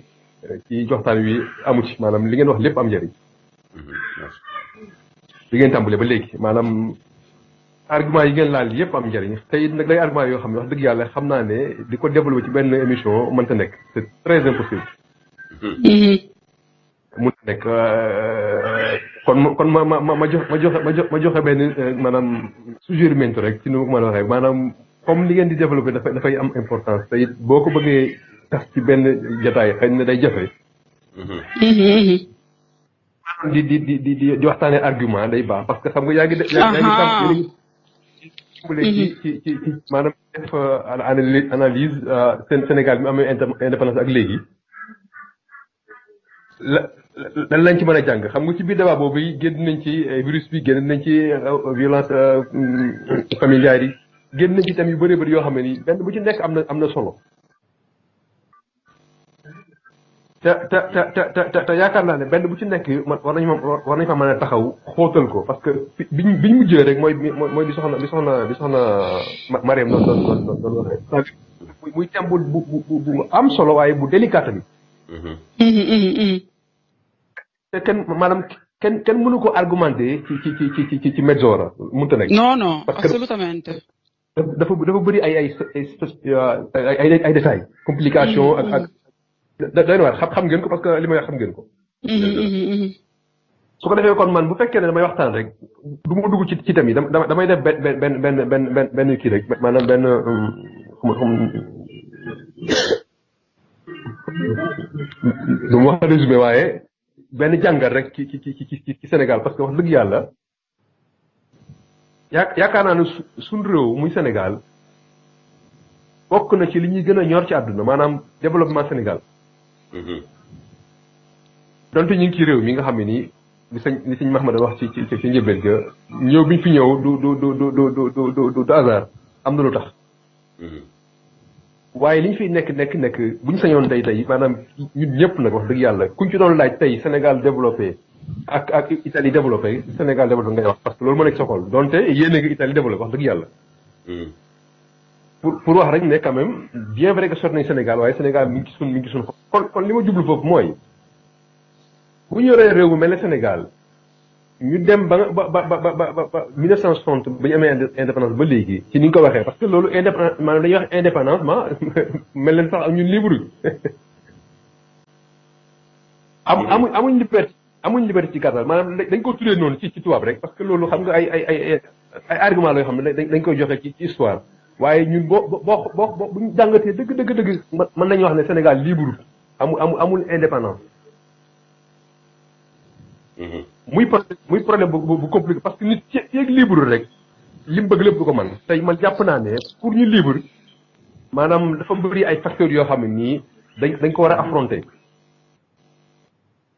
eh, ci waxtaan wi amu ci maanaam li ngeen wax lépp am njariñ. bi mm-hmm. ngeen tàmbalee ba léegi maanaam argument yi ngeen laal yëpp am njariñ te it nag day argument yoo xam ne wax dëgg yàlla xam naa ne di ko développé ci benn émission mënta nekk c'est très impossible. Mm-hmm. mu nek eh, kon kon ma ma ma jox ma jox ma jox ma joxe benn eh, maanaam suggériment rek ci nu ma la waxee maanaam comme li ngeen di développer dafay dafay am importance te it boo ko bëggee tas ci benn jataay xëy na day jafe mm-hmm. di di di di di di waxtaanee argument day baax parce que xam nga yaa ngi yaa ngi yaa ngi ci ci ci ci maanaam def euh, analyse euh, seen Sénégal bi amee indépendance ak léegi la lan lañ ci mën a jàng xam nga ci biir débat boobu yi génn nañ ci eh, virus bi génn nañ ci eh, violence eh, mm, familiale yi génn nañ ci tam yu bëree bëri yoo xam ne nii benn bu ci nekk am na am na solo te te te te te yaakaar naa ne benn bu ci nekk man war nañu war nañu fa mën a taxaw xóotal ko parce que biñ biñ mujjee rek mooy mooy bi soxna bi soxna bi soxna Mariam noonu noonu noonu noonu waxee muy muy thème bu bu bu am solo waaye bu délicat bi te kenn maanaam kenn kenn mënu ko argumenté ci ci ci ci ci ci Mezzora mënta nekk. non non absolument. dafa dafa bëri ay ay ay ay complication ak ak doy na waar xam xam ngeen ko parce que li may xam ngeen ko. Mm-hmm, mm-hmm, mm-hmm. su ko defee kon man bu fekkee ne damay waxtaan rek du ma dugg ci ci yi dama damay def benn benn benn benn benn benn kii rek ma wax résumé waaye. benn jàngat rek ci ci ci ci Sénégal parce que wax dëgg yàlla yaa yaakaar naa ne suñ réew muy Sénégal bokk na ci li ñuy gën a ñor ci àdduna maanaam développement Sénégal. Mm-hmm. donte ñu ngi ci réew mi nga xam ne nii li sëñ li sëñ Mahmada wax ci ci ci njëbbeel ga ñëw bi fi ñëw du du du du du hasard am na lu tax. Mm-hmm. waaye li ñu fiy nekk nekk nekk bu ñu sañoon tey tey maanaam ñun ñëpp nag wax dëgg yàlla kuñ ci doon laaj tey Sénégal développé ak ak Italie développé Sénégal développé ngay wax parce que loolu moo nekk sa xol donte yéen a ngi Italie développé wax dëgg yàlla. Hmm. pour pour wax rek ne quand même bien vrai que sot nañ Sénégal waaye Sénégal mi ngi ci kon kon li ma jublu foofu mooy bu ñu yoree réew mi mel ne Sénégal. ñu dem ba ba ba ba ba ba ñu amee indépendance ba léegi ci ni nga ko waxee parce que loolu indépendance maanaam dañuy wax indépendance mel leen sax ak ñun libre am amuñ amuñ liberté amuñ liberté ci gàttal maanaam dañ ko tuddee noonu ci ci tubaab rek parce que loolu xam nga ay ay ay ay argument la xam ne dañ koy joxe ci ci histoire waaye ñun boo boo boo boo bu ñu jàngatee dëgg dëgg man mën nañu wax ne Sénégal libre amul amul amul indépendance. Mm-hmm. muy pro muy problème bu bu compliqué parce que nit ci yeeg libre rek li bëgg lépp du ko man tey man jàpp naa ne pour ñu libre maanaam dafa bëri ay facteurs yoo xam ne nii dañ dañ ko war a affronter.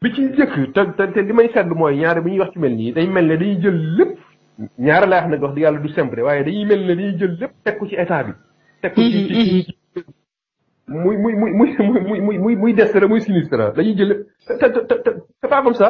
bi ci njëkk te te li may seetlu mooy ñaare bi ñuy wax ci mel nii day mel ne dañuy jël lépp ñaare laa wax nag wax di yàlla du simple waaye dañuy mel ne dañuy jël lépp teg ko ci état bi. teg ko ci ci muy muy muy muy muy muy muy muy destre muy sinistre dañuy jël lépp te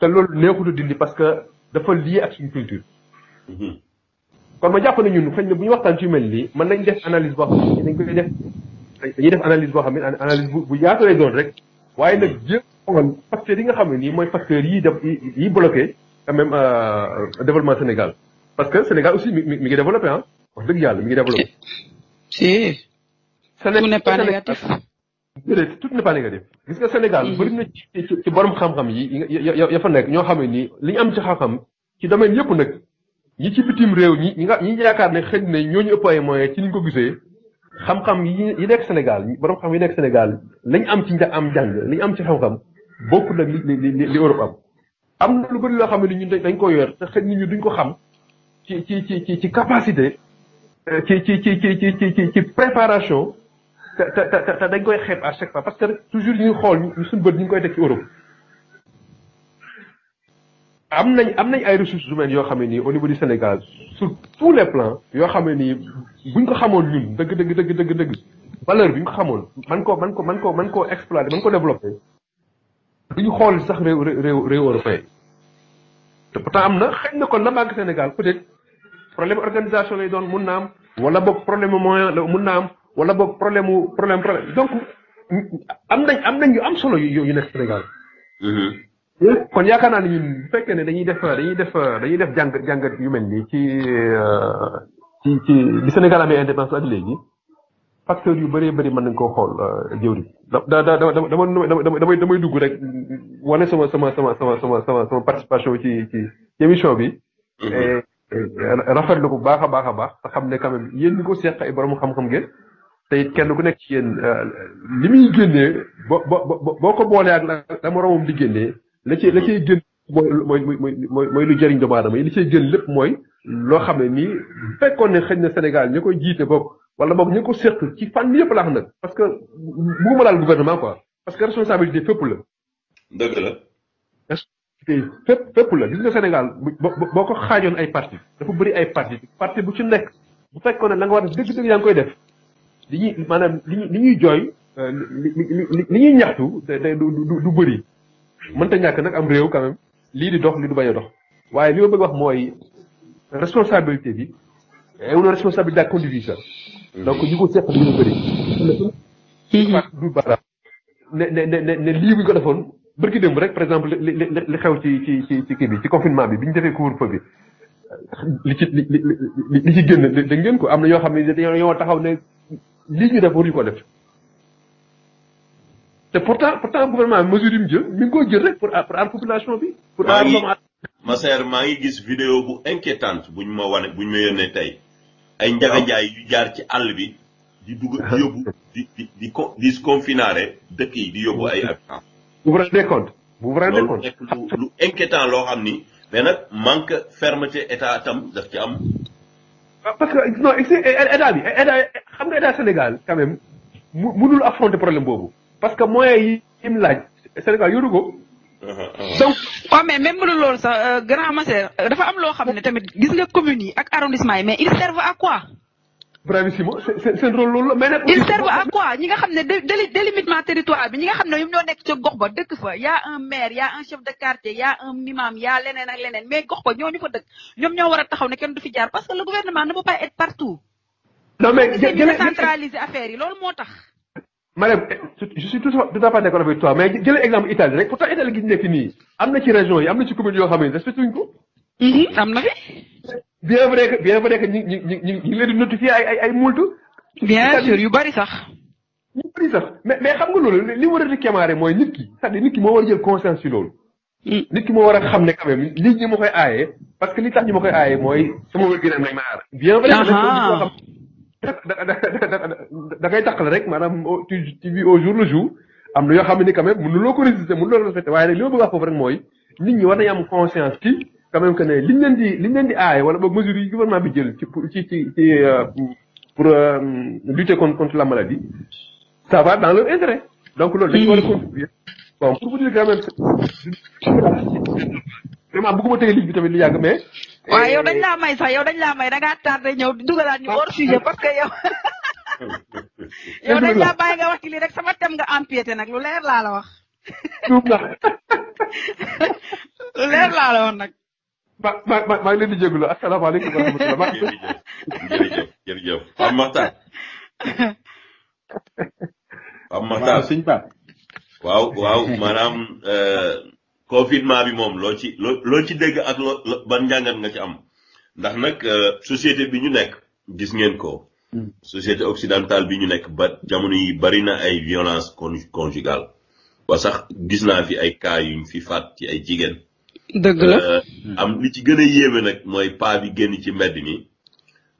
te loolu neexut a dindi parce que dafa lié ak suñu culture. Mhm. kon ma jàpp ne ñun xëy na bu ñu waxtaan ci mel nii mën nañ def analyse boo xam ne dañ koy def dañuy def analyse boo xam ne analyse bu bu yaatu lay doon rek waaye nag jéem xool yi nga xam ne nii mooy facteurs yi def yi bloqué quand même euh, développement Sénégal parce que Sénégal aussi mi mi ngi développé ah wax dëgg yàlla mi ngi développé. si. Sénégal tout n'est pas négatif. déedéet tout n'est pas négatif nga Sénégal mhm. borom xam-xam yi ya fa am ci xam-xam ci ci bitim ne na ñu ci ko xam-xam yi Sénégal borom xam yi nekk Sénégal ñu am ci am jàng li ñu am ci xam-xam li li li Europe am. am na lu bëri loo xam ne ñun dañ ko te duñ ko xam capacité euh, ci ci ci ci ci préparation. te dañ koy xeeb à chaque fois parce que rek toujours li xool ñu suñu bët ñu ngi koy teg ci Europe. am nañ am nañ ay ressources humaines yoo xam ne nii au niveau du Sénégal sur tous les plans yoo xam ne nii buñ ko xamoon ñun dëgg dëgg dëgg dëgg dëgg valeur bi ñu ko xamoon man ko man ko man ko man koo exploité man ko développé. duñu xool sax réew réew réew européen te pourtant am na xëy na kon la màgg Sénégal peut-être problème organisation lay doon mun na am. wala boog problème moyen la mun na am. wala bok problème problème problème donc am nañ am nañ yu am solo yu yu nek Sénégal. hmm kon yaakaar naa ne ñun ne dañuy def dañuy def dañuy def jang jang yu melni euh, ci ci ci bi Sénégal amee indépendance ak légui facteur yu bari bari man nañ ko xol euh, jëwri da da da dama damay damay dugg rek woné sama sama sama sama sama sama sama participation ci ci émission bi. Mm-hmm. rafetlu bu baax a baax a baax te xam ne quand même yéen ñi ko seq ay borom xam-xam ngeen. te it kenn ku nekk ci yéen euh, li muy génnee bo bo boo ko boolee ak la moroomam di génnee la ci la ciy génn mooy mooy mooy mooy lu jëriñ doomu aadama yi li ciy génn lépp mooy loo xam ne nii bu fekkoon ne xëy na Sénégal ñu koy jiite boog wala boog ñu ko séq ci fànn yëpp laax nag parce que bugguma laal gouvernement quoi parce que responsabilité fépp la. dëgg la. responsabilité fépp fépp la gis nga Sénégal boo ko xaajoon ay parti dafa bëri ay parti parti bu ci nekk bu fekkoon ne la nga war a dëgg-dëgg yaa ngi koy def. li ñuy maanaam li li ñuy jooy euh, li ñuy ñaxtu te te du du du bëri mënta ñàkk nag am réew quand lii di dox lii du bañ a dox waaye li ma bëgg wax mooy responsabilité bi est une responsabilité à condivision donc ñu ko seq dañu bëri. du bara ne ne ne ne lii bu ñu ko defoon bërki démb rek par exemple li li xew ci ci ci ci kii bi ci confinement bi bi ñu defee couvre li ci li li li ci génn da ngeen ko am na ñoo xam ne dañoo taxaw ne. lii ñu def yi ko def te pourtant pourtant gouvernement mesure yi mu jël mi ngi jël rek pour pour population bi. pour aar doomu maa ngi gis vidéo bu inquiétante buñ ma wane buñ ma yónnee tey ay njaganjaay yu jaar ci àll bi di dugg di yóbbu di di di dëkk yi di yóbbu ay habitants. vous vous rendez compte vous vous lu lu inquiétant loo xam ni mais nag manque fermeté état tam daf ci am. parce que non état bi état xam nga état Sénégal quand même mu mënul affronter problème boobu parce que moyens yi im Sénégal yoru ko. donc waaw mais même bu dul loolu sax euh, grand master dafa am loo xam ne tamit gis nga commune yi ak arrondissement yi mais ils servent à quoi. bravissimo seen rôle lolu mais nag. il servent à quoi ñi nga xamné ne délimitement territoire bi ñi nga xamné ñu ñoo nekk ci gox ba dëkk fa y' a un maire il y' a un chef de quartier il y' a un imam il y' a leneen ak leneen mais gox ba ñu fa dëkk ñom ñoo wara taxaw ne kenn du fi jaar parce que le gouvernement ne peut pas être partout. non mais jëlee centraliser affaire yi lolu motax tax. je suis tout à fait d'accord avec toi mais jëlee l'exemple Italie rek pourtant Italie gi fini. nekk nii am na ci région yi am na ci commune yoo xam ne ko. Mhm, am na bien vrai que bien vrai que ñu ñu ñu ñu ngi leen di notifié ay ay ay multu. bien sûr yu bari sax. yu bari sax mais mais xam nga loolu li war a kéemaare mooy nit ki cest à nit ki moo war a jël conscience ci loolu. Hmm. nit ki moo war a xam ne quand même lii ñu ma koy aaye parce que li tax ñi ma koy aaye mooy sama wér gu yaram nañ ma aar. bien vrai que da ngay taqale rek maanaam oh, tu tu vis au jour le jour am na yoo xam ne ni quand même mënuloo ko résister mënuloo ko respecté waaye nag li ma bëgg a wax foofu rek mooy nit ñi war nañu am conscience ci. quand même que ne liñ leen di liñ leen di aaye wala boog mesures yi gouvernement bi jël ci ci ci ci euh, pour euh, lutter contre contre la maladie ça va dans leur intérêt donc loolu dañ war a hmm. contribuer bon pour vous dire quand même vraiment bëgguma tey ligne bi tamit lu yàgg mais waaw yow dañ laa may sax yow dañ laa may da ngaa tardé ñëw dugalaat ñu hors sujet parce que yow yow dañ laa bàyyi nga wax ci lii rek sama tem nga empiété nag lu leer laa la wax lu leer laa la wax nag ma ma ma maa ngi leen di jégalu asalaamaaleykum wa rahmatulah. jërëjëf jërëjëf jërëjëf Pape Makhtar. Pape Makhtar waaw sëñ Ba. waaw waaw maanaam eh, confinement bi moom ci loo ci dégg ak loo ban njàngat nga ci am ndax nak, eh, société bi ñu nekk gis ngeen ko. Hmm. société occidentale bi ñu nekk ba jamono yi bari na ay violence conjugale ba sax gis naa fi ay cas yuñ fi faat ci ay jigéen. dëgg la euh, am li ci gën a yéeme nag mooy paa bi génn ci mbedd mi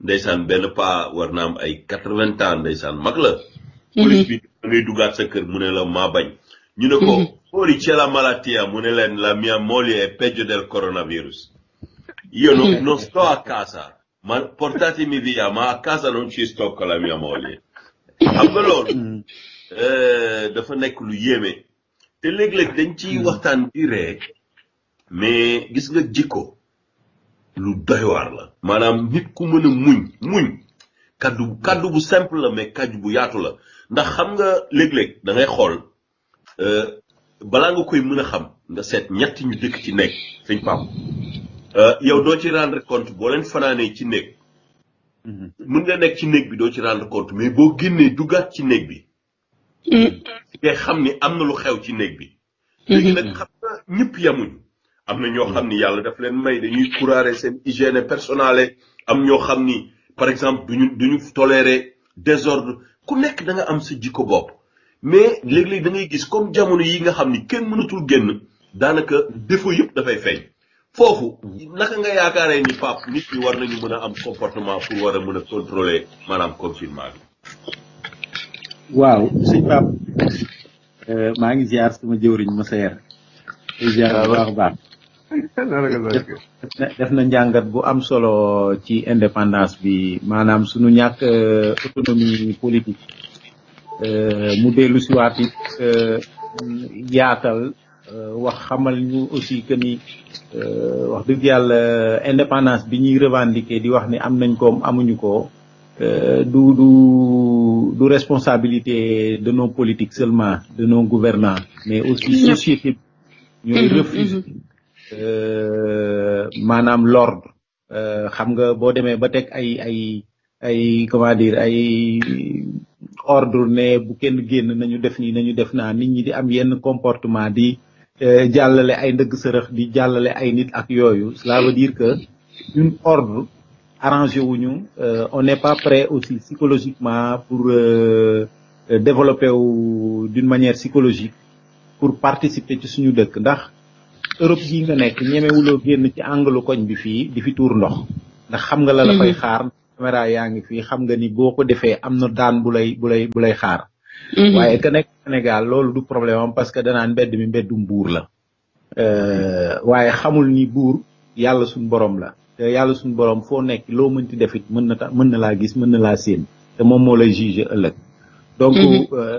ndeysaan benn paa war na am ay quatre-vingts ans ndeysaan mag la. Mhm. police bi da ngay duggaat sa kër mu ne la maa bañ. ñu ne ko fuori mhm. c'è la malattia mu ne leen la mia moglie è peggio del coronavirus. io mhm. non sto a casa ma portatemi via ma a casa non ci sto con la mia moglie. xam nga loolu. Eh, dafa nekk lu yéeme. te léeg-léeg dañ ci waxtaan di ree mais gis nga jikko lu doy la. maanaam nit ku mën a muñ muñ kàddu kaddu bu simple la mais kaddu bu yaatu la ndax xam nga léeg-léeg da ngay xool euh, balaa nga koy mën a xam nga seet ñett ñu dëkk ci nekk sëñ Pape euh, yow doo ci rendre compte boo leen fanaanee ci néeg mm-hmm. mën nga nekk ci néeg bi doo ci rendre compte mais boo génnee duggaat ci néeg bi. Mm-hmm. ngay xam ni am na lu xew ci néeg bi. Mm-hmm. léegi nag xam nga ñëpp yamuñu. am na ñoo xam ni hmm. yàlla daf leen may dañuy kuraare seen hygiène personnelle am ñoo xam ni par exemple duñu duñu tolérer désordre ku nekk da nga am sa jikko bopp mais léeg-léeg da ngay gis comme jamono yi nga xam ni kenn mënatul génn daanaka défaut yëpp dafay feeñ foofu naka nga yaakaaree ni pap nit ñi war nañu mën a am comportement pour war a mën a contrôler maanaam confinement bi waaw sëñ pap euh, maa ngi ziar suma jëwriñ ma seer ziar baax baax def na njàngat bu am solo ci indépendance bi maanaam sunu ñàkk eh, autonomie politique eh, mu dellu siwaat it eh, yaatal wax xamal ñu aussi que ni wax dëgg yàlla indépendance bi ñuy revendiquer di wax ni am nañ ko amuñu ko du du du responsabilité de nos politiques seulement de nos gouvernants mais aussi société ñooy mm-hmm. refuse mm-hmm. Euh, manam l'ordre euh, xam nga bo démé ba teg ay ay ay comment dire ay ordre né bu kenn génn nañu def ni nañu def na nit ñi di am yenn comportement di euh, jallalé ay ndëgg sërëx di jallalé ay nit ak yoyu cela veut dire que une ordre arrangé wuñu on n'est pas prêt aussi psychologiquement pour développer d'une manière psychologique pour participer ci suñu dëkk ndax Europe gii nga nekk ñemewuloo génn ci angalu koñ bi fii di fi tuur ndox ndax xam nga la la fay mhm. xaar caméra yaa ngi fii xam nga ni boo ko defee am na daan bu lay bu lay xaar mhm. waaye que nekk Sénégal loolu du problème parce que danaan mbedd mi mbeddum buur la euh, waaye xamul ni buur yàlla suñ borom la te yàlla suñ borom foo nekk loo mënti defit mën na tax mën na laa gis mën na laa séen te moom moo lay juge ëllëg donc mhm. euh,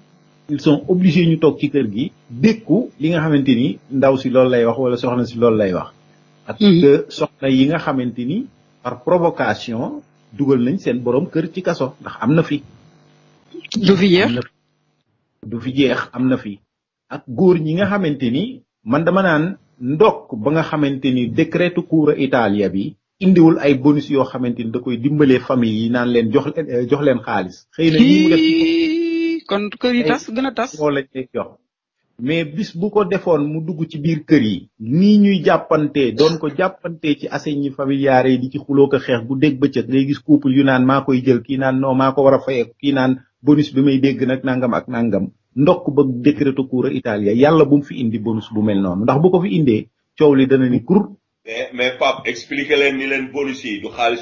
ils sont obligés ñu tok ci kër gi dékku li nga xamanteni ndaw si lool lay wax wala soxna si lool lay wax ak mhm. que soxna yi nga xamanteni par provocation dugal nañ seen borom kër ci kasso ndax amna fi du fi jeex du fi jeex amna fi ak goor ñi nga xamanteni man dama naan ndok ba nga xamanteni décret cour italia bi wul ay bonus yo xamanteni da koy dimbalé famille yi naan leen jox jox leen xaalis ñi mu def kon kër yi tas gën a tas. lañ lay jox mais bis bu ko defoon mu dugg ci biir kër yi. nii ñuy jàppante doon ko jàppante ci assegni familiaire yi di ci xuloo ko xeex bu dégg bëccëg lay gis couple yu naan maa koy jël kii naan no maa ko war a fayeeku kii naan bonus bi may dégg nag nangam ak nangam ndokk ba décréto cour Italia yàlla bu mu fi indi bonus bu mel noonu ndax bu ko fi indee coow li dana ni kur. mais mais Pape expliqué leen ni leen bonus yi du xaalis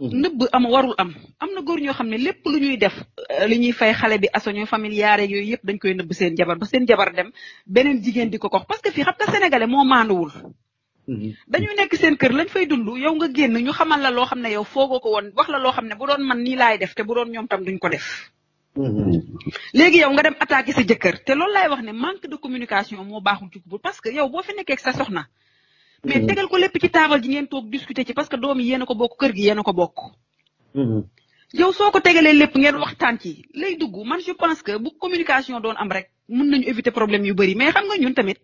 Mm-hmm. nëbb am warul am am na góor ñoo xam ne lépp lu ñuy def euh, li ñuy fay xale bi asoño familiare yooyu yëpp dañ koy nëbb seen jabar ba seen jabar dem beneen jigéen di ko kox parce que fii xam nga sénégalais moo maanduwul mm-hmm. dañuy nekk seen kër lañ fay dund yow nga génn ñu xamal la loo xam ne yow foogoo ko woon wax la loo xam ne bu doon man nii laay def te bu doon ñoom tam duñ ko def mm-hmm. léegi yow nga dem attaqué sa jëkkër te loolu laay wax ne manque de communication moo baaxul ci couple parce que yow boo fi sa soxna mais mm-hmm. tegal ko lépp ci taabal ji ngeen toog discuter ci parce que doom yi yéen a ko bokk kër gi yéen ko bokk. Mm-hmm. yow soo ko tegalee lépp ngeen waxtaan ci lay dugg man je pense que bu communication doon am rek mun nañu éviter problème yu bëri mais xam nga ñun tamit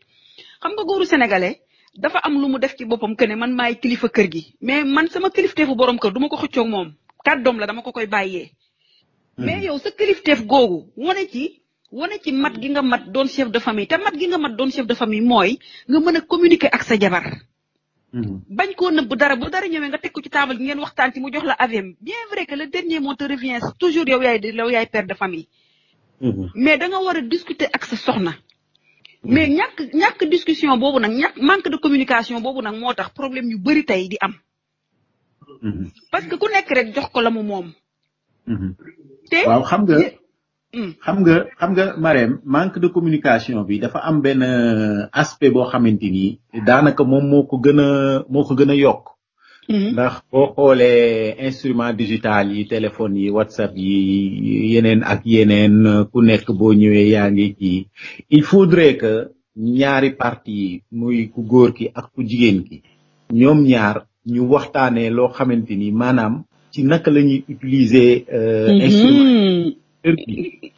xam nga gooru sénégalais dafa am lu mu def ci boppam que ne man maay kilifa kër gi mais man sama kilifteefu boroom kër duma ko xëccoog moom kàddoom la dama ko koy bàyyee. Mm-hmm. mais yow sa kilifteef googu wane ci mat gi nga mat doon chef de famille te mat gi nga mat doon chef de famille mooy nga mën a communiquer ak sa jabar. Mhm. bañ koo nëbb dara bu dara ñëwee nga teg ko ci taabal gi ngeen waxtaan ci mu jox la avem bien vrai que le dernier mot te revient toujours yow yaay yow yaay père de famille. Mhm. mais da nga war a discuter ak sa soxna. Mhm. mais ñàkk ñàkk discussion boobu nag ñàkk manque de communication boobu nag moo tax problème yu bari tey di am. parce que ku nekk rek jox ko la mu moom. te xam nga. Mm. xam nga xam nga Marème manque de communication bi dafa am benn euh, aspect boo xamante ni daanaka moom moo ko gën a moo ko gën a yokk. Mm-hmm. ndax boo xoolee instrument digital yi téléphone yi whatsapp yi yeneen ak yeneen ku nekk boo ñëwee yaa ngi kii il faudrait que ñaari parti yi muy ku góor ki ak ku jigéen ki ñoom ñaar ñu waxtaanee loo xamante ni maanaam ci naka la ñuy utiliser. Euh, mm-hmm. instrument heure bii.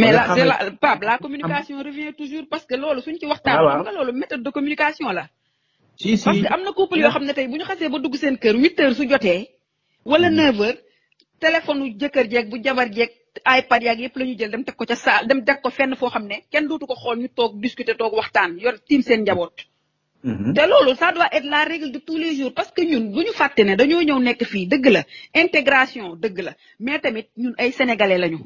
mais la de la Pape la communication revient toujours parce que loolu suñ ci ah waxtaan. waaw nga loolu méthode de communication la. si parce que am na couple yoo xam ne tey bu ñu xasee ba dugg seen kër huit heures su jotee. wala hmm. neuf heures téléphone jëkkër jeek bu jabar jeeg iPad yaag yëpp la ñu jël dem teg ko ca saal dem teg ko fenn foo xam ne kenn dootu ko xool ñu toog discuter toog waxtaan yor tiim seen njaboot. Hmm. te loolu ça doit être la règle de tous les jours parce que ñun bu ñu fàtte ne dañoo ñëw nekk fii dëgg la intégration dëgg la mais tamit ñun ay sénégalais lañu.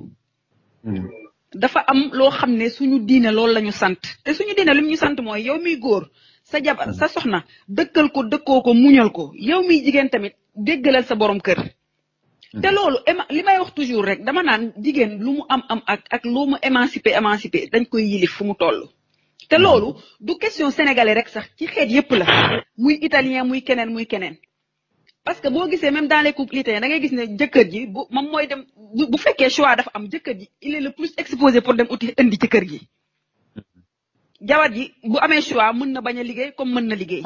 dafa am loo xam ne suñu diine loolu la ñu sant te suñu diine lim ñu sant mooy yow miy góor sa jabar mm. sa soxna dëkkal ko dëkkoo ko muñal ko yow miy jigéen tamit déggalal sa borom kër. Mm. te loolu li may wax toujours rek dama naan jigéen lu mu am am ak ak lu mu émancipé émancipé dañ koy yilif fu mu toll. te mm. loolu du question sénégalais rek sax ci xeet yépp la muy italien muy keneen muy keneen. parce que boo gisee même dans les couples italiens da ngay gis né jëkkër ji bu moom dem bu fekkee choix dafa am ji il est le plus exposé pour dem outil indi ci kër gi. Mm-hmm. jawat ji bu amé choix mën na baña liggéey comme mën na liggéey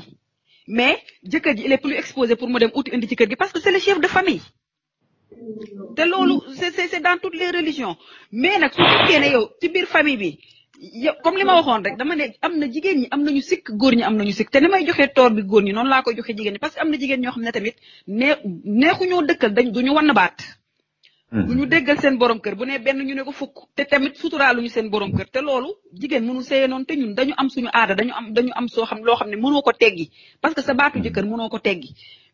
mais jëkkër ji il est plus exposé pour mo dem outil indi ci kër gi parce que c'est le chef de famille. té lolu c'est c'est dans toutes les religions mais nak su fekkee ne yow ci biir famille bi. yow comme li ma waxoon rek dama ne am na jigéen ñi am nañu sikk góor ñi am nañu sikk te ni may joxee toor bi góor ñi noonu laa koy joxe jigéen ñi parce que am na jigéen ñoo xam ne tamit nee neexuñoo dëkkal dañ duñu wann baat bu hmm. ñu déggal seen borom kër bu ne benn ñu ne ko fukk te tamit suturaalu ñu seen borom kër te loolu jigéen mënu sëye noonu te ñun dañu am suñu aada dañu am dañu am soo xam loo xam ne mënoo ko teggi parce que sa baatu hmm. jëkkër mënoo ko teggi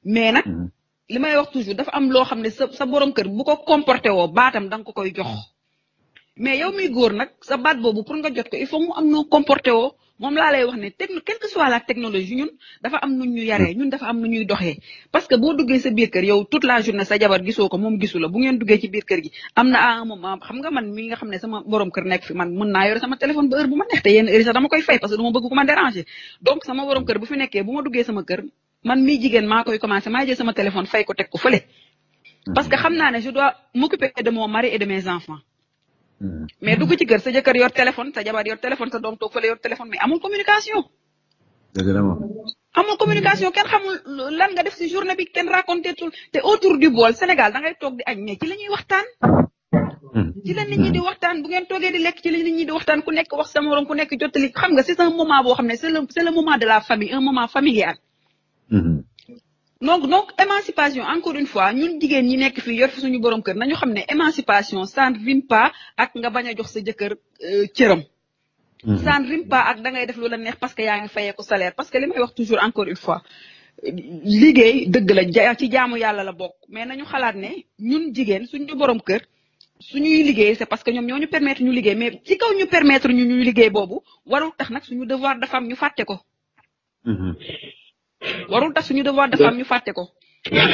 mais nag hmm. li may wax toujours dafa am loo xam ne sa sa borom kër bu ko comporté woo baatam da nga ko koy jox mais yow mi goor nak sa baat bobu pour nga jot ko il faut mu am no comporté wo mom la lay wax ne techno quelle que soit la technologie ñun dafa am nu ñu yaree ñun dafa am nu ñuy doxé parce que bo duggé sa biir kër yow toute la journée sa jabar gisoko mom gisula bu ngeen duggé ci biir kër gi am na à un moment xam nga man mi nga xamné sama borom kër nek fi man mën naa yore sama téléphone ba heure bu ma neex te yenn heure sax dama koy fay parce que dama bëgg ko ma déranger donc sama borom kër bu fi nekkee bu ma duggee sama kër man mi jigen ma koy commencé ma jël sama téléphone fay ko teg ko fële parce que xamna né je dois m'occuper de mon mari et de mes enfants Mm-hmm. mais dugg ci kër sa jëkkër yor téléphone sa jabar yor téléphone sa doom toog fële yor téléphone mais amul communication. dëgg xamul lan nga def si journée bi kenn raconté tul te autour du bool Sénégal da ngay toog di añ mais ci la ñuy waxtaan. Mm-hmm. ci la nit ñi di waxtaan bu ngeen toogee di lekk ci la nit waxtaan ku nekk wax sa morom ku nekk jottali xam nga c'est un moment boo xam ne c'est le c'est moment de la famille un moment familial. Mm-hmm. donc donc émancipation encore une fois ñun jigéen ñi nekk fii yor fi suñu borom kër nañu xam ne émancipation ça ne rime pas ak nga bañ a jox sa jëkkër euh, cëram. Mhm. ça ne rime pas ak da ngay def lu la neex parce que yaa ngi fayee ko salaire parce que li may wax toujours encore une fois liggéey deug la ci jaamu yalla la bok mais nañu xalaat ne ñun jigéen suñu borom kër suñuy liggéey c'est parce que ñom ñoñu permettre ñu liggéey mais ci kaw ñu permettre ñu ñuy liggéey bobu warul tax nak suñu devoir dafa am ñu fatte ko. Mhm. warul tax suñu devoir dafa am ñu fàtte ko.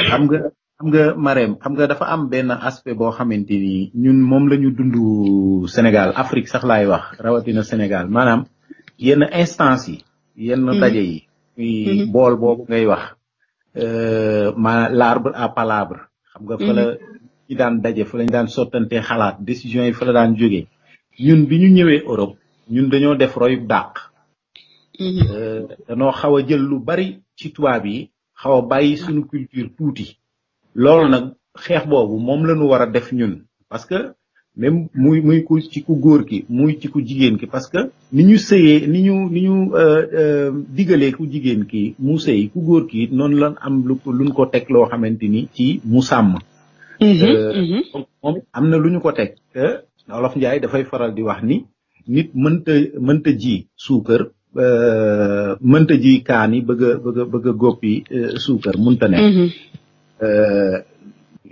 xam nga xam nga Marème xam nga dafa am benn aspect boo xamante ni ñun moom lañu ñu dund Sénégal Afrique sax laay wax rawatina Sénégal maanaam yenn instance yi. yenn mhm. daje yi. muy mhm. bool boobu ngay wax. Euh, ma l'arbre à palabre. xam nga fa mhm. ñi daan daje fa lañ daan sottante xalaat décision yi fa la daan jóge ñun bi ñu ñëwee Europe ñun dañoo def royub dàq. Euh, danoo xaw a lu bari. ci tubaab yi xaw a bàyyi suñu culture tuuti loolu nag xeex boobu moom la ñu war a def ñun parce que même muy muy ku ci ku góor ki muy ci ku jigéen ki parce que ni ñu sëyee ni ñu ni ñu euh, euh, digalee ku jigéen ki mu sëy ku góor ki noonu lan am lu luñ ko teg loo xamante ni ci mu sàmm mm-hmm, euh, mm-hmm. am na lu ñu ko teg te Olof Njaay dafay faral di wax ni nit mënta mënta ji suukar Euh, mënta ji kaani bëgg a bëgg a bëgg a góppi euh, suukar mënta ne mm-hmm. euh,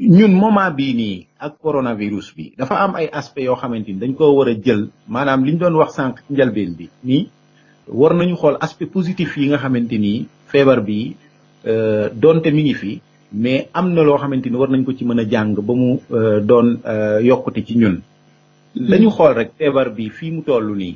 ñun moment bii nii ak coronavirus bi dafa am ay aspects yoo xamante ni dañ ko war a jël maanaam li ñu doon wax sànq ci njëlbeen bi nii war nañu xool aspect positif yi nga xamante ni feebar bi doonte mi ngi fi mais am na loo xamante ni war nañ ko ci mën a jàng ba mu doon yokkute ci ñun mm-hmm. dañu xool rek feebar bi fii mu toll nii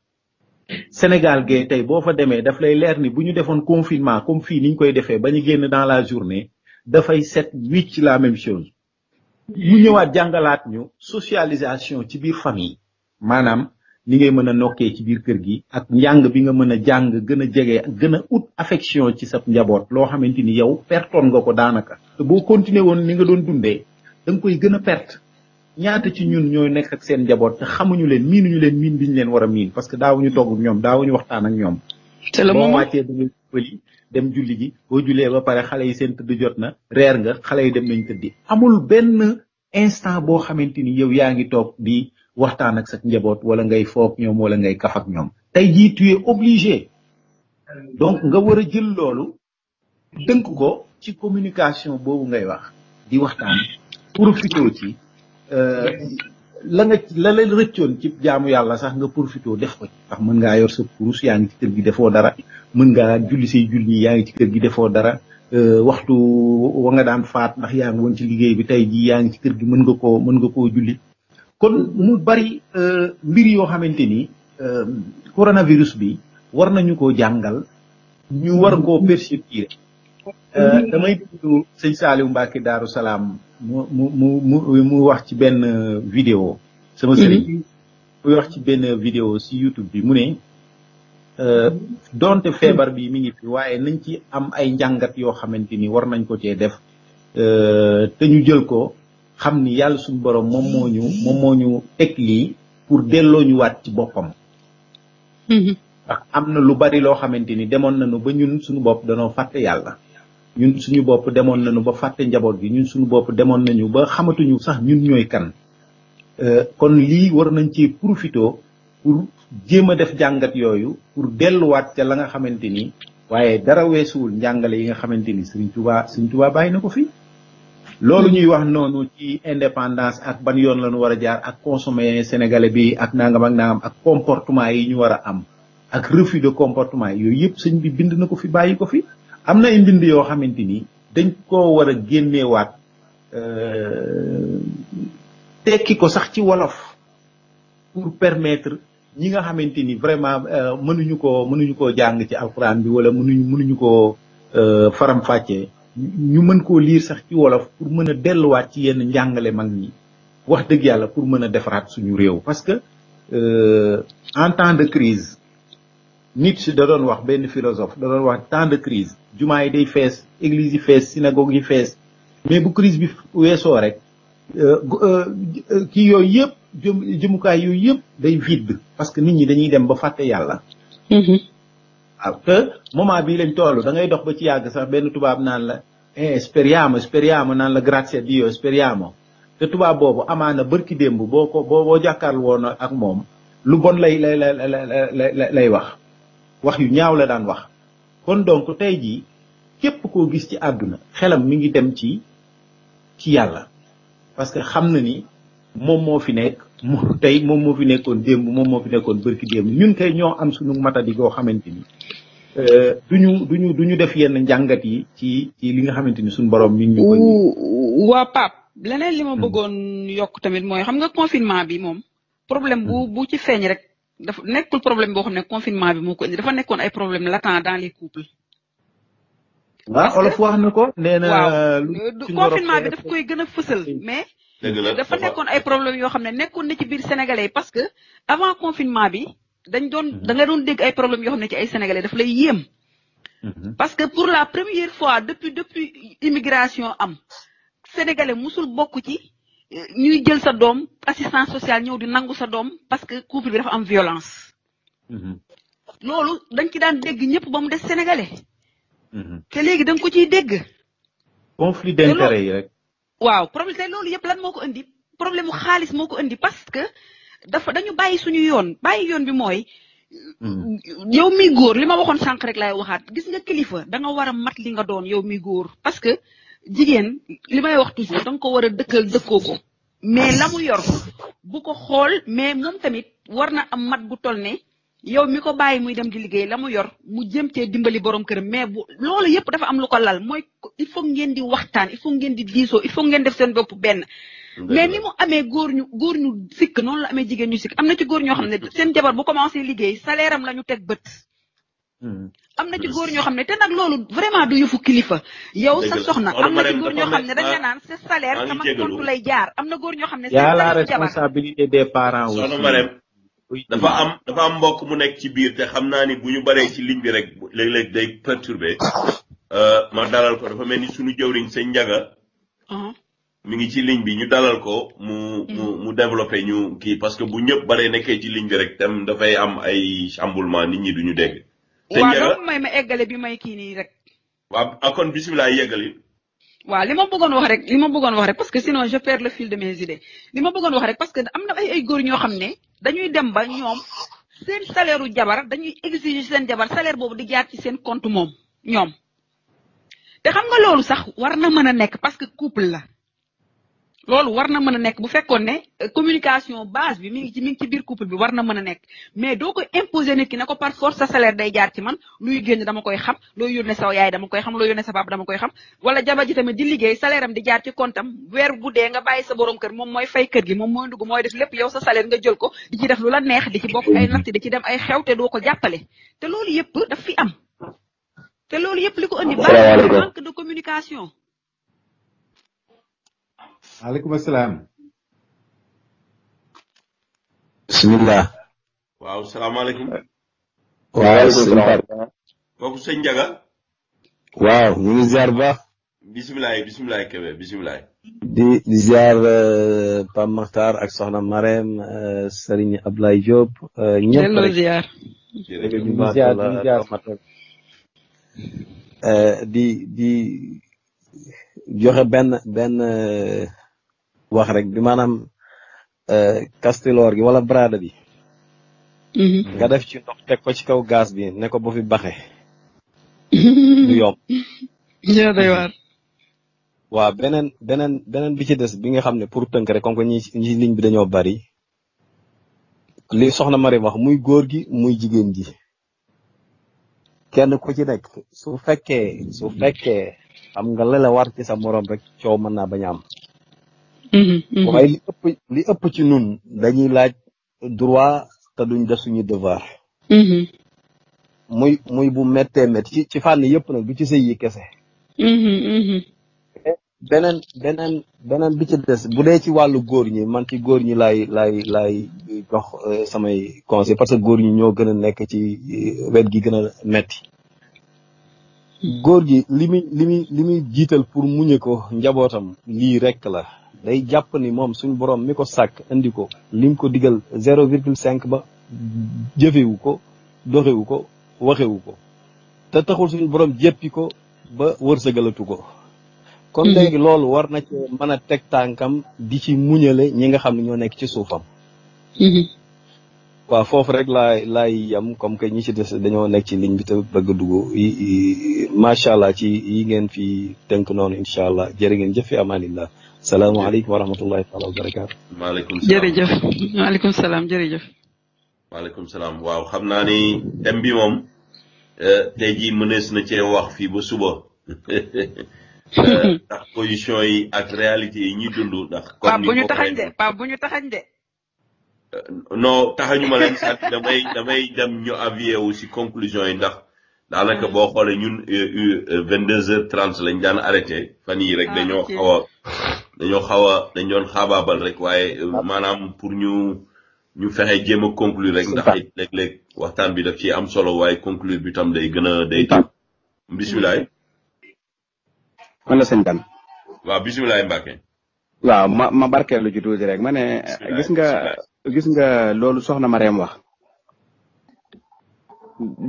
Sénégal gee tey boo fa demee daf lay leer ni bu ñu defoon confinement comme fii ni ñu koy defee ba ñu génn dans la journée dafay set wicc la même chose yu ñëwaat jàngalaat ñu socialisation ci biir famille maanaam ni ngay mën a nokkee ci biir kër gi ak njàng bi nga mën a jàng gën a jege gën a ut affection ci sa njaboot loo xamante ni yow pertoon nga ko daanaka te boo continuer woon ni nga doon dundee da koy gën a perte ñaata ci ñun ñooy nekk ak seen njaboot te xamuñu leen miinuñu leen miin bi ñu leen war a miin parce que daawuñu togg ñoom daawuñu waxtaan ak ñoom. te la moom wàccee da ngay dem julli ji boo jullee ba pare xale yi seen tëdd jot na reer nga xale yi dem nañ tëddi amul benn instant boo xamante ni yow yaa ngi toog di waxtaan ak sa njaboot wala ngay foog ñoom wala ngay kaf ak ñoom. tey jii tu es obligé donc nga war a jël loolu dënk ko ci communication boobu ngay wax di waxtaan profité ci. Euh, la nga la la rëccoon ci jaamu yàlla sax nga profité def ko ci ndax mën ngaa yor sa kurus yaa ngi ci kër gi defoo dara mën ngaa julli say julli yaa ngi ci kër gi defoo dara euh, waxtu wa nga daan faat ndax yaa ngi woon ci liggéey bi tey jii yaa ngi ci kër gi mën nga koo mën nga koo julli kon mu bari euh, mbir yoo xamante ni coronavirus bi war nañu ko jàngal ñu war koo persévérer Eh, damay dund sëñ Saliou Mbacke Daaru salam mu mu mu mu wax ci semu vidéo sama sëriñ video mhm. wax ci vidéo si YouTube bi mu ne eh, donte feebar bi mi ngi fi waaye nañ ci am ay njàngat yoo xamante ni war nañ ko cee def eh, te ñu jël ko xam ni yàlla sun borom moom moo ñu moom moo ñu pour ñu ci mhm. am na lu bari loo xamante ni demoon nañu ba ñun suñu bopp danoo ñun suñu bopp demoon nañu ba fàtte njaboot gi ñun suñu bopp demoon nañu ba xamatuñu sax ñun ñooy kan euh, kon lii war nañ ci profito pour jéem a def jàngat yooyu pour delluwaat ca la nga xamante ni waaye dara weesuwul njàngale yi nga xamante ni sëriñ tuba sëriñ tuba bàyyi na ko fi loolu ñuy wax noonu ci indépendance ak ban yoon lañu war jaar ak consommé sénégalais bi ak nangam ak nangam ak comportement yi ñu war am ak refus de comportement yooyu yëpp sëñ bi bind na ko fi bàyyi fi amna ay mbind yo xamanteni ni dañ koo war a génneewaat euh, tekki ko sax ci wolof pour permettre ñi nga xamanteni vraiment euh, mënuñu ko mënuñu ko jàng ci alquran bi wala mënuñu mënuñu koo euh, faram fàccee ñu mën ko liir sax ci wolof pour mën a delluwaat ci yenn njàngale mag ñi wax dëgg yàlla pour mën a defaraat suñu réew parce que en temps de crise Nietzsche da doon wax benn philosophe da doon wax temps de crise jumaa yi day fees église yi fees synagogue yi fees mais bu crise bi weesoo rek euh, euh, kii yooyu yëpp jëm jëmukaay yooyu yëpp day vide parce que nit ñi dañuy dem ba fàtte yàlla waaw mm-hmm. te moment bii lañ toll da ngay dox ba ci yàgg sax benn tubaab naan la eh, speriamo speriamo naan la grazie a Dio speriamo te tubaab boobu amaana bërki démb boo ko boo boo jàkkaarloo woon ak moom lu bon lay lay lay lay wax wax yu ñaaw la daan wax kon donc tey jii képp koo gis ci àdduna xelam mi ngi dem ci ci yàlla parce que xam na ni moom moo fi nekk tey moom moo fi nekkoon démb moom moo fi nekkoon bërki démb ñun kay ñoo am suñu matadi goo xamante ni euh, duñu duñu duñu def yenn njàngat yi ci ci li nga xamante ni suñu borom mi ñu ko pap leneen li ma hmm. bëggoon yokk tamit mooy xam nga confinement bi moom problème bu hmm. bu ci feeñ rek dafa nekkul problème bo xamné confinement bi moko ko indi dafa nekkoon ay problème latent dans les couples. wa ah, olof wax na néna confinement bi daf koy gëna a mais. dafa nekkoon ay problème yo xamné ne na ci biir sénégalais parce que avant confinement bi dañ doon mhm. da nga doon dégg ay problème yo xamné ci ay sénégalais daf lay yem mhm. parce que pour la première fois depuis depuis immigration am sénégalais musul bokku ci. ñuy jël sa doom assistance sociale ñëw di nangu sa doom parce que couple bi dafa am violence. Mm-hmm. loolu dañ ci daan dégg ñëpp ba mu des sénégalais. Mm-hmm. te léegi da ko ciy dégg. conflit d'intérêt yi rek. waaw problème tey loolu yëpp lan moo ko indi problème mu xaalis moo ko indi parce que dafa dañu bàyyi suñu yoon bàyyi yoon bi mooy. Mm-hmm. yow mi góor li ma waxoon sànq rek laay waxaat gis nga kilifa danga nga war a mat li nga doon yow mi góor parce que. jigéen li may wax toujours da ko war a dëkkal dëkkoo ko mais la mu yor bu ko xool mais moom tamit war na am mat bu toll ne yow mi ko bàyyi muy dem di liggéey la mu yor mu jëm cee dimbali borom këram mais bu loolu yëpp dafa am lu ko lal mooy il faut ngeen di waxtaan il faut ngeen di diisoo il faut ngeen def seen bopp benn. mais ni mu amee góor ñu góor ñu sikk noonu la amee jigéen ñu sikk am na ci góor ñoo xam ne seen jabar bu commencé liggéey salaire am la ñu teg bët. Hmm. am na ci góor ñoo xam ne te nag loolu vraiment du yëfu kilifa yow sa soxna am na ci góor ñoo xam ne dañ la ah, naan sa salaire sama compte lay jaar am na góor ñoo xam ne yaa la responsabilité des parents soxna Marème dafa am dafa am mbokk mu nekk ci biir te xam naa ni bu ñu baree ci ligne bi rek léeg-léeg day perturbé euh, ma dalal ko dafa mel suñu jëwriñ sëñ Njaga uh-huh. ngi ci ligne bi ñu dalal ko mu mm-hmm. mu développe ñu kii parce que bu ñëpp baree nekkee ci ligne bi rek tam dafay am ay chamboulement nit ñi duñu dégg waaw doo may ma eggale bi may kii nii rek. waaw ah, kon bisimilah yeggali. waaw li ma bëggoon wax rek li ma bëggoon wax rek parce que sinon je perds le fil de mes idées li ma bëggoon wax rek parce que am na ay ay góor ñoo xam ne dañuy dem ba ñoom seen salaire u jabar dañuy exiger seen jabar salaire boobu di jaar ci seen compte moom ñoom. te xam nga loolu sax war na mën a nekk parce que couple la loolu war na mën a nekk bu fekkoon ne euh, communication base bi mi ngi ci mi ngi ci biir couple bi war na mën a nekk mais doo ko imposer nit ki ne ko par force sa salaire day jaar ci man luy génn dama koy xam looy yónnee sa yaay dama koy xam looy yónnee sa papa dama koy xam wala jabar ji tamit di liggéey salaire am di jaar ci compte am weer bu dee nga bàyyi sa borom kër moom mooy fay kër gi moom mooy dugg mooy def lépp yow sa salaire nga jël ko di ci def lu la neex di ci bokk ay natt di ci dem ay te doo ko jàppale te loolu yëpp daf fi am te loolu yëpp li ko indi baax manque de communication maaleykum asalaam. bisimilah. waaw salaamaaleykum. waaleykum salaam. kooku sëñ Ndiaga. waaw ñu ziar ba. bisimilah bisimilah Kébé bisimilah. di ziar euh, Pape Makhtar ak Soxna Marème euh, Serigne Ablaye Diop. Euh, ñëpp rek ziar. jërëjëf ñu di di joxe benn benn. wax rek bi maanaam euh, castilor gi wala brada bi mm-hmm. nga def ci ndox teg ko ci kaw gaz bi ne ko bu fi baxe du yomb ñoo waaw beneen beneen beneen bi ci des bi nga xam ne pour tënk rek comme que ñi ñi ligne bi dañoo bari li soxna Mari wax muy góor gi muy jigéen gi kenn ku ci nekk su fekkee su fekkee xam nga la war ci sa morom rek coow mën naa bañ a am Mm-hmm, mm-hmm. waaye li ëpp li ëpp ci nun dañuy laaj droit te duñ def suñu devoir mm-hmm. muy muy bu méttee métti ci ci fànn yëpp nag du ci sëy kese beneen beneen bi ci des bu dee ci wàllu góor ñi man ci góor ñi laay lay laay jox euh, samay conseil parce que góor ñi ñoo gën a nekk ci euh, wet gi gën a metti góor gi li muy li muy li muy jiital pour muñe ko njabootam lii rekk la day jàpp ni moom suñ borom mi ko sàkk indi ko liñ ko digal zéro virgule cinq ba jëfewu ko doxewu ko waxewu ko te taxul suñ borom jéppi ko ba wër wërsëgalatu ko kon mm-hmm. léegi loolu war na ci mën a teg tànkam di ci muñale ñi nga xam ne ñoo nekk ci suufam mm-hmm. waaw foofu rek laay laay yam comme que ñi ci des dañoo nekk ci ligne bi te bëgg a dugg macha allah ci yi ngeen fi tënk noonu incha allah jërë ngeen jëfe amaanillah salaamaaleykum wa rahmatullahi taala wa barakaatu. maaleykum salaam jërëjëf maaleykum salaam jërëjëf. maaleykum salaam waaw xam naa ni thème bi moom tey jii mënees na cee wax fii ba suba. ndax position yi ak réalité yi ñuy dund ndax. comme ni bu ñu taxañ de Pape bu ñu taxañ de. non taxañu ma leen sax damay damay dem ñu avié wu si conclusion yi ndax daanaka boo xoolee ñun vingt deux heures trente lañ daan arrêté fan yii rek dañoo xaw a. dañoo xaw a dañ doon xaabaabal rek waaye euh, ah. maanaam pour ñu ñu fexe jéem a conclure rek ndax léeg-léeg waxtaan bi daf ci am solo waaye conclure bi tam day gën a day tax bisimilah. man la sëñ Kan. waaw bisimilah waaw ma ma barkeelu ci rek ma ne. gis nga gis nga loolu soxna Mariam wax.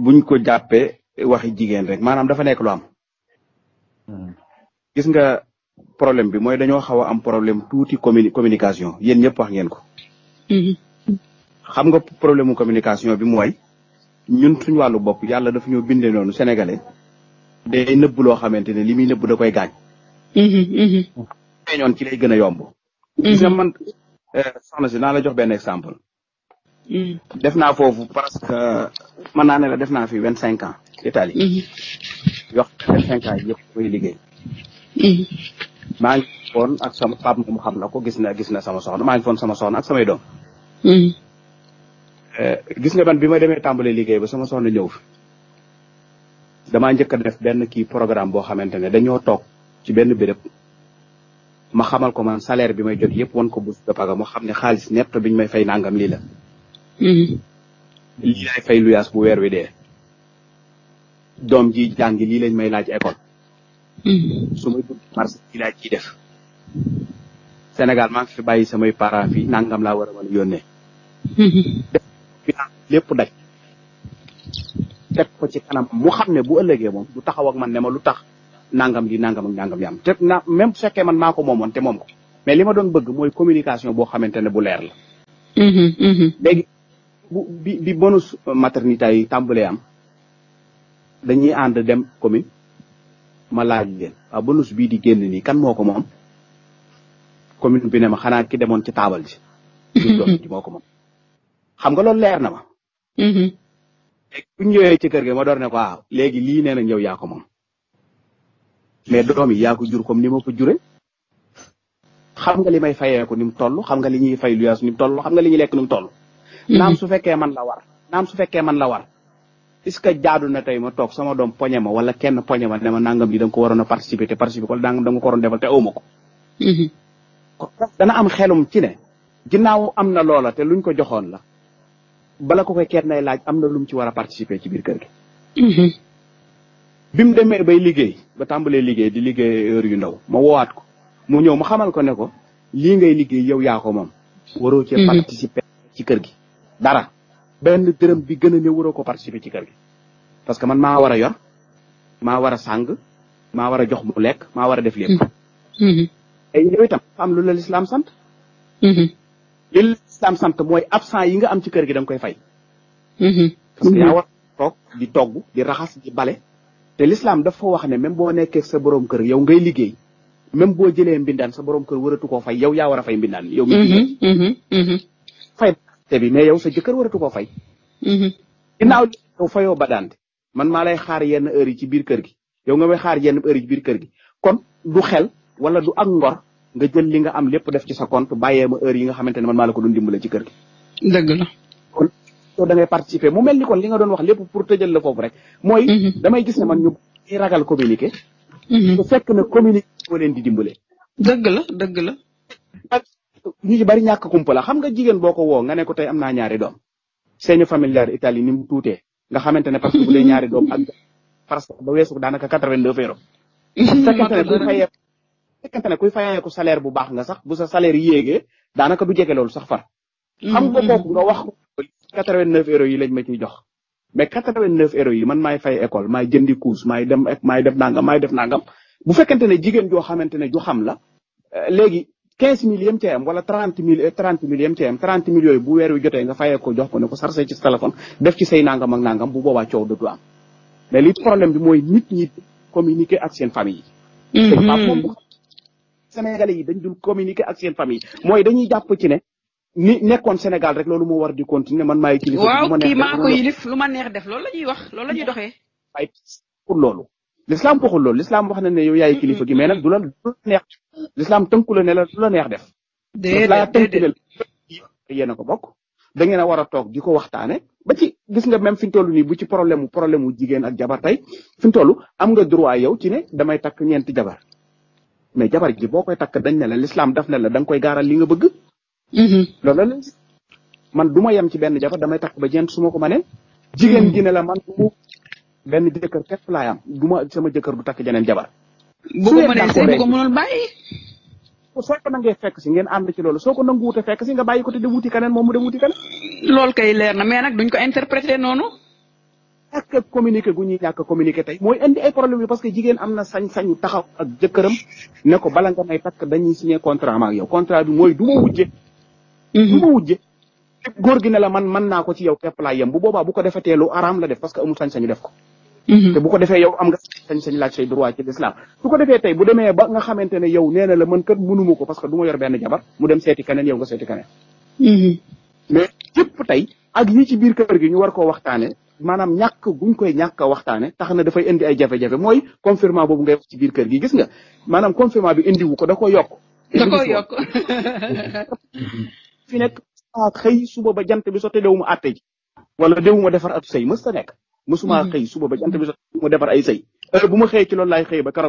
buñ ko jàppee waxi jigéen rek maanaam dafa nekk lu am. Hmm. problème bi mooy dañoo xaw am problème tuuti communi communication yéen ñëpp wax ngeen ko. Mm-hmm. xam nga problème mu communication bi mooy ñun suñu wàllu bopp yàlla dafa ñoo bindee noonu sénégalais day nëbb loo xamante ne li muy nëbb da koy gaañ. Mm-hmm, mm-hmm. feeñoon ci lay gën a yomb. man eh, soxna si la jox benn exemple. def naa foofu parce que mën naa ne def naa fi vingt cinq ans Italie. yoo xam ne vingt cinq ans yëpp koy liggéey. maa ngi ak sama pap mu xam na gis na gis na sama soxna maa ngi sama soxna ak samay doom hmm. eh, gis nga man bi ma liggéey ba sama soxna ñëw fi damaa njëkk def benn kii programme boo xamante dañoo toog ci benn béréb ma xamal ko man salaire bi may jot yépp won ko bus de paga biñ may fay nangam la hmm. fay Hmm. sumay dugg mars ci laa ciy def sénégal ma fi bàyyi samay parents fi nangam la wara a yone a yónnee daj tek ko ci kanam mu xamne bu ëllëgee mom du taxaw ak man néma nangam di nangam ak nangam yam tek na même fekkee man mako momon té mom ko mais lima doon bëgg moy communication bo xamantene bu lèr la hmm hmm, hmm. bi bi bonus maternité yi tàmbalee am dañuy and dem commune ma laaj leen waaw bonus bii di génn nii kan moo ko moom commune bi ne ma xanaa ki demoon ci taabal ji. Mhm. ji moo ko moom. xam nga loolu leer na ma. u mhm. bu ñu ñëwee ci kër gi ma door ne ko waaw léegi lii nee na ñëw yaa ko moom. mais doom yi jur comme ni ma ko jure xam nga li may fayeeku ni mu toll xam nga li ñuy fay lu yaas ni mu toll xam nga li ñuy lekk ni mu toll. Mhm. naam su fekkee man la war naam su fekkee man la war. est-ce que jaadu na tey ma toog sama doom poñe ma wala kenn poñe ma ne nangam li da ko waroon a participer te participer ko ko waroon defal te aw ma mm-hmm. dana am xelum ci ne. ginnaaw am na loola te luñ ko joxoon la. bala ko koy kenn nay laaj am na lu mu ci war a participer ci biir kër gi. Mm-hmm. bi mu demee bay liggéey ba tàmbalee liggéey di liggéey heure yu ndaw ma woowaat ko mu ñëw mu xamal ko ne ko lii ngay liggéey yow yaa ko moom. waroo cee mm-hmm. participer ci kër gi dara. benn dërëm bi gën a néew waroo ko participer ci kër gi parce que man maa war a yor maa war a sàng maa war a jox mu lekk maa war a def lépp. ay mm-hmm. mm-hmm. itam am lu la lislaam sant. Mm-hmm. li lislaam sant mooy absent yi nga am ci kër gi da koy fay. parce que yaa war a toog di togg di raxas di bale. te daf dafa wax ne même boo nekkee sa borom kër yow ngay liggéey même boo jëlee mbindaan sa borom kër waratu koo fay yow yaa war a fay mbindaan yow. mi fay te bi mais yow sa jëkkër waratu koo fay. Mhm. ginnaaw yow fayoo ba daante man maa lay xaar yenn heure yi ci biir kër gi yow nga may xaar yenn heure yi ci biir kër gi kon du xel wala du ag ngor nga jël li nga am lépp def ci sa compte bàyyee ma heure yi nga xamante ne man maa la ko doon dimbale ci kër gi. dëgg la. kon yow da ngay participer mu mel ni kon li nga doon wax lépp pour tëjal la foofu rek. mooy mhm. damay gis ne man ñu ragal communiquer. Mhm. su fekk ne communiquer moo leen di dimbale. dëgg la dëgg la. ñu ci bari ñàkk kumpa la xam nga jigéen boo ko woo nga ne ko tey am na ñaari doom seenu familiar Italie ni mu tuutee nga xamante ne parce que bu dee ñaari doom ak parce que ba weesu daanaka quatre-vingt-deux euros fekkente ne kuy fayeeku salaire bu baax nga sax bu sa salaire yéegee daanaka du jege loolu sax far xam nga mm-hmm. kooku nga wax quatre-vingt-neuf euros yi lañ ma ciy jox mais quatre-vingt-neuf euros yi man maay fay école maay jëndi course maay dem maay def nangam maay def nangam bu fekkente ne jigéen joo xamante ne ju xam la euh, léegi quinze mille yem cee am wala trente mille eh, trente mille yem cee am trente mille yooyu bu weer wi jotee nga fayee ko jox ko ne ko sarse ci téléphone def ci say nangam a nangam bu boobaa coow dootu am mais li problème bi mooy nit ñi communiquer ak seen famille yi sëñ Pape moom bu yi dañ dul communiquer ak seen famille mooy dañuy jàpp ci ne ni nekkoon Sénégal rek loolu moo war di continuer man maay kilifa waaw kii maa ko yilif lu ma neex def loolu la ñuy wax loolu la ñuy doxee ay pour loolu l'islam waxul loolu l'islam wax na ne yow yaay kilifa gi me na du la du la neex l'islam tënku la ne la du la neex def. déedéet la tënku yéen a ko bokk. da ngeen a war a toog di ko waxtaane ba ci gis nga même fi ñu toll nii bu ci problème mu problème mu jigéen ak jabar tey fi toll am nga droit yow ci ne damay takk ñeenti jabar mais jabar ji boo koy takk dañ ne la l'islam daf ne la da koy gaaral li nga bëgg. Mm-hmm. loolu la man du ma yem ci benn jabar damay takk ba ñeent su ma ko mënee. jigéen gi ne la man du ben jëkkër képp la yam du ma sama jëkkër du tak jenen jabar. bu ko mëne sëy bu ko mënul ko soo na nangee fekk ci ngeen and ci lolu soko nangu wuté fekk ci nga bayyi ko te de wuti kanen momu de wuti kanen lolu kay leer na mais nak duñ ko interpréter nonu ak communiquer guñu ñak communiquer tay moy mooy indi ay problème yi parce que jigen amna sañ sañ taxaw ak jëkkëram ne ko bala nga may tak dañuy signé contrat ma ak yow contrat bi moy duma wujje duma wujje gor gi ne la man man naa ko ci yow kep la yem bu boba bu ko defete lu aram la def parce que amu sañ-sañu def ko Mm-hmm. te bu ko defee yow am nga sañ-sañ laaj say droit ci l'islam su ko defee tey bu demee ba nga xamante ne yow nee na la man kat mënuma ko parce que du ma yor benn jabar mu dem seeti keneen yow nga seeti keneen mm-hmm. mais yëpp tey ak yi ci biir kër gi ñu war koo waxtaane maanaam ñàkk guñ koy ñàkk a waxtaane tax na dafay indi ay jafe-jafe mooy confirment boobu ngay ci biir kër gi gis nga maanaam confinement bi indi wu ko da ko yokk da ko yokk fi nekk xëy suba ba jant bi sotte déwuma àtte ji wala déwuma defar atu sëy mës ta nekk musuma mhm. xëy suba ba jant bi so mu defar ay sëy heure bu ma xëyee ci loolu laay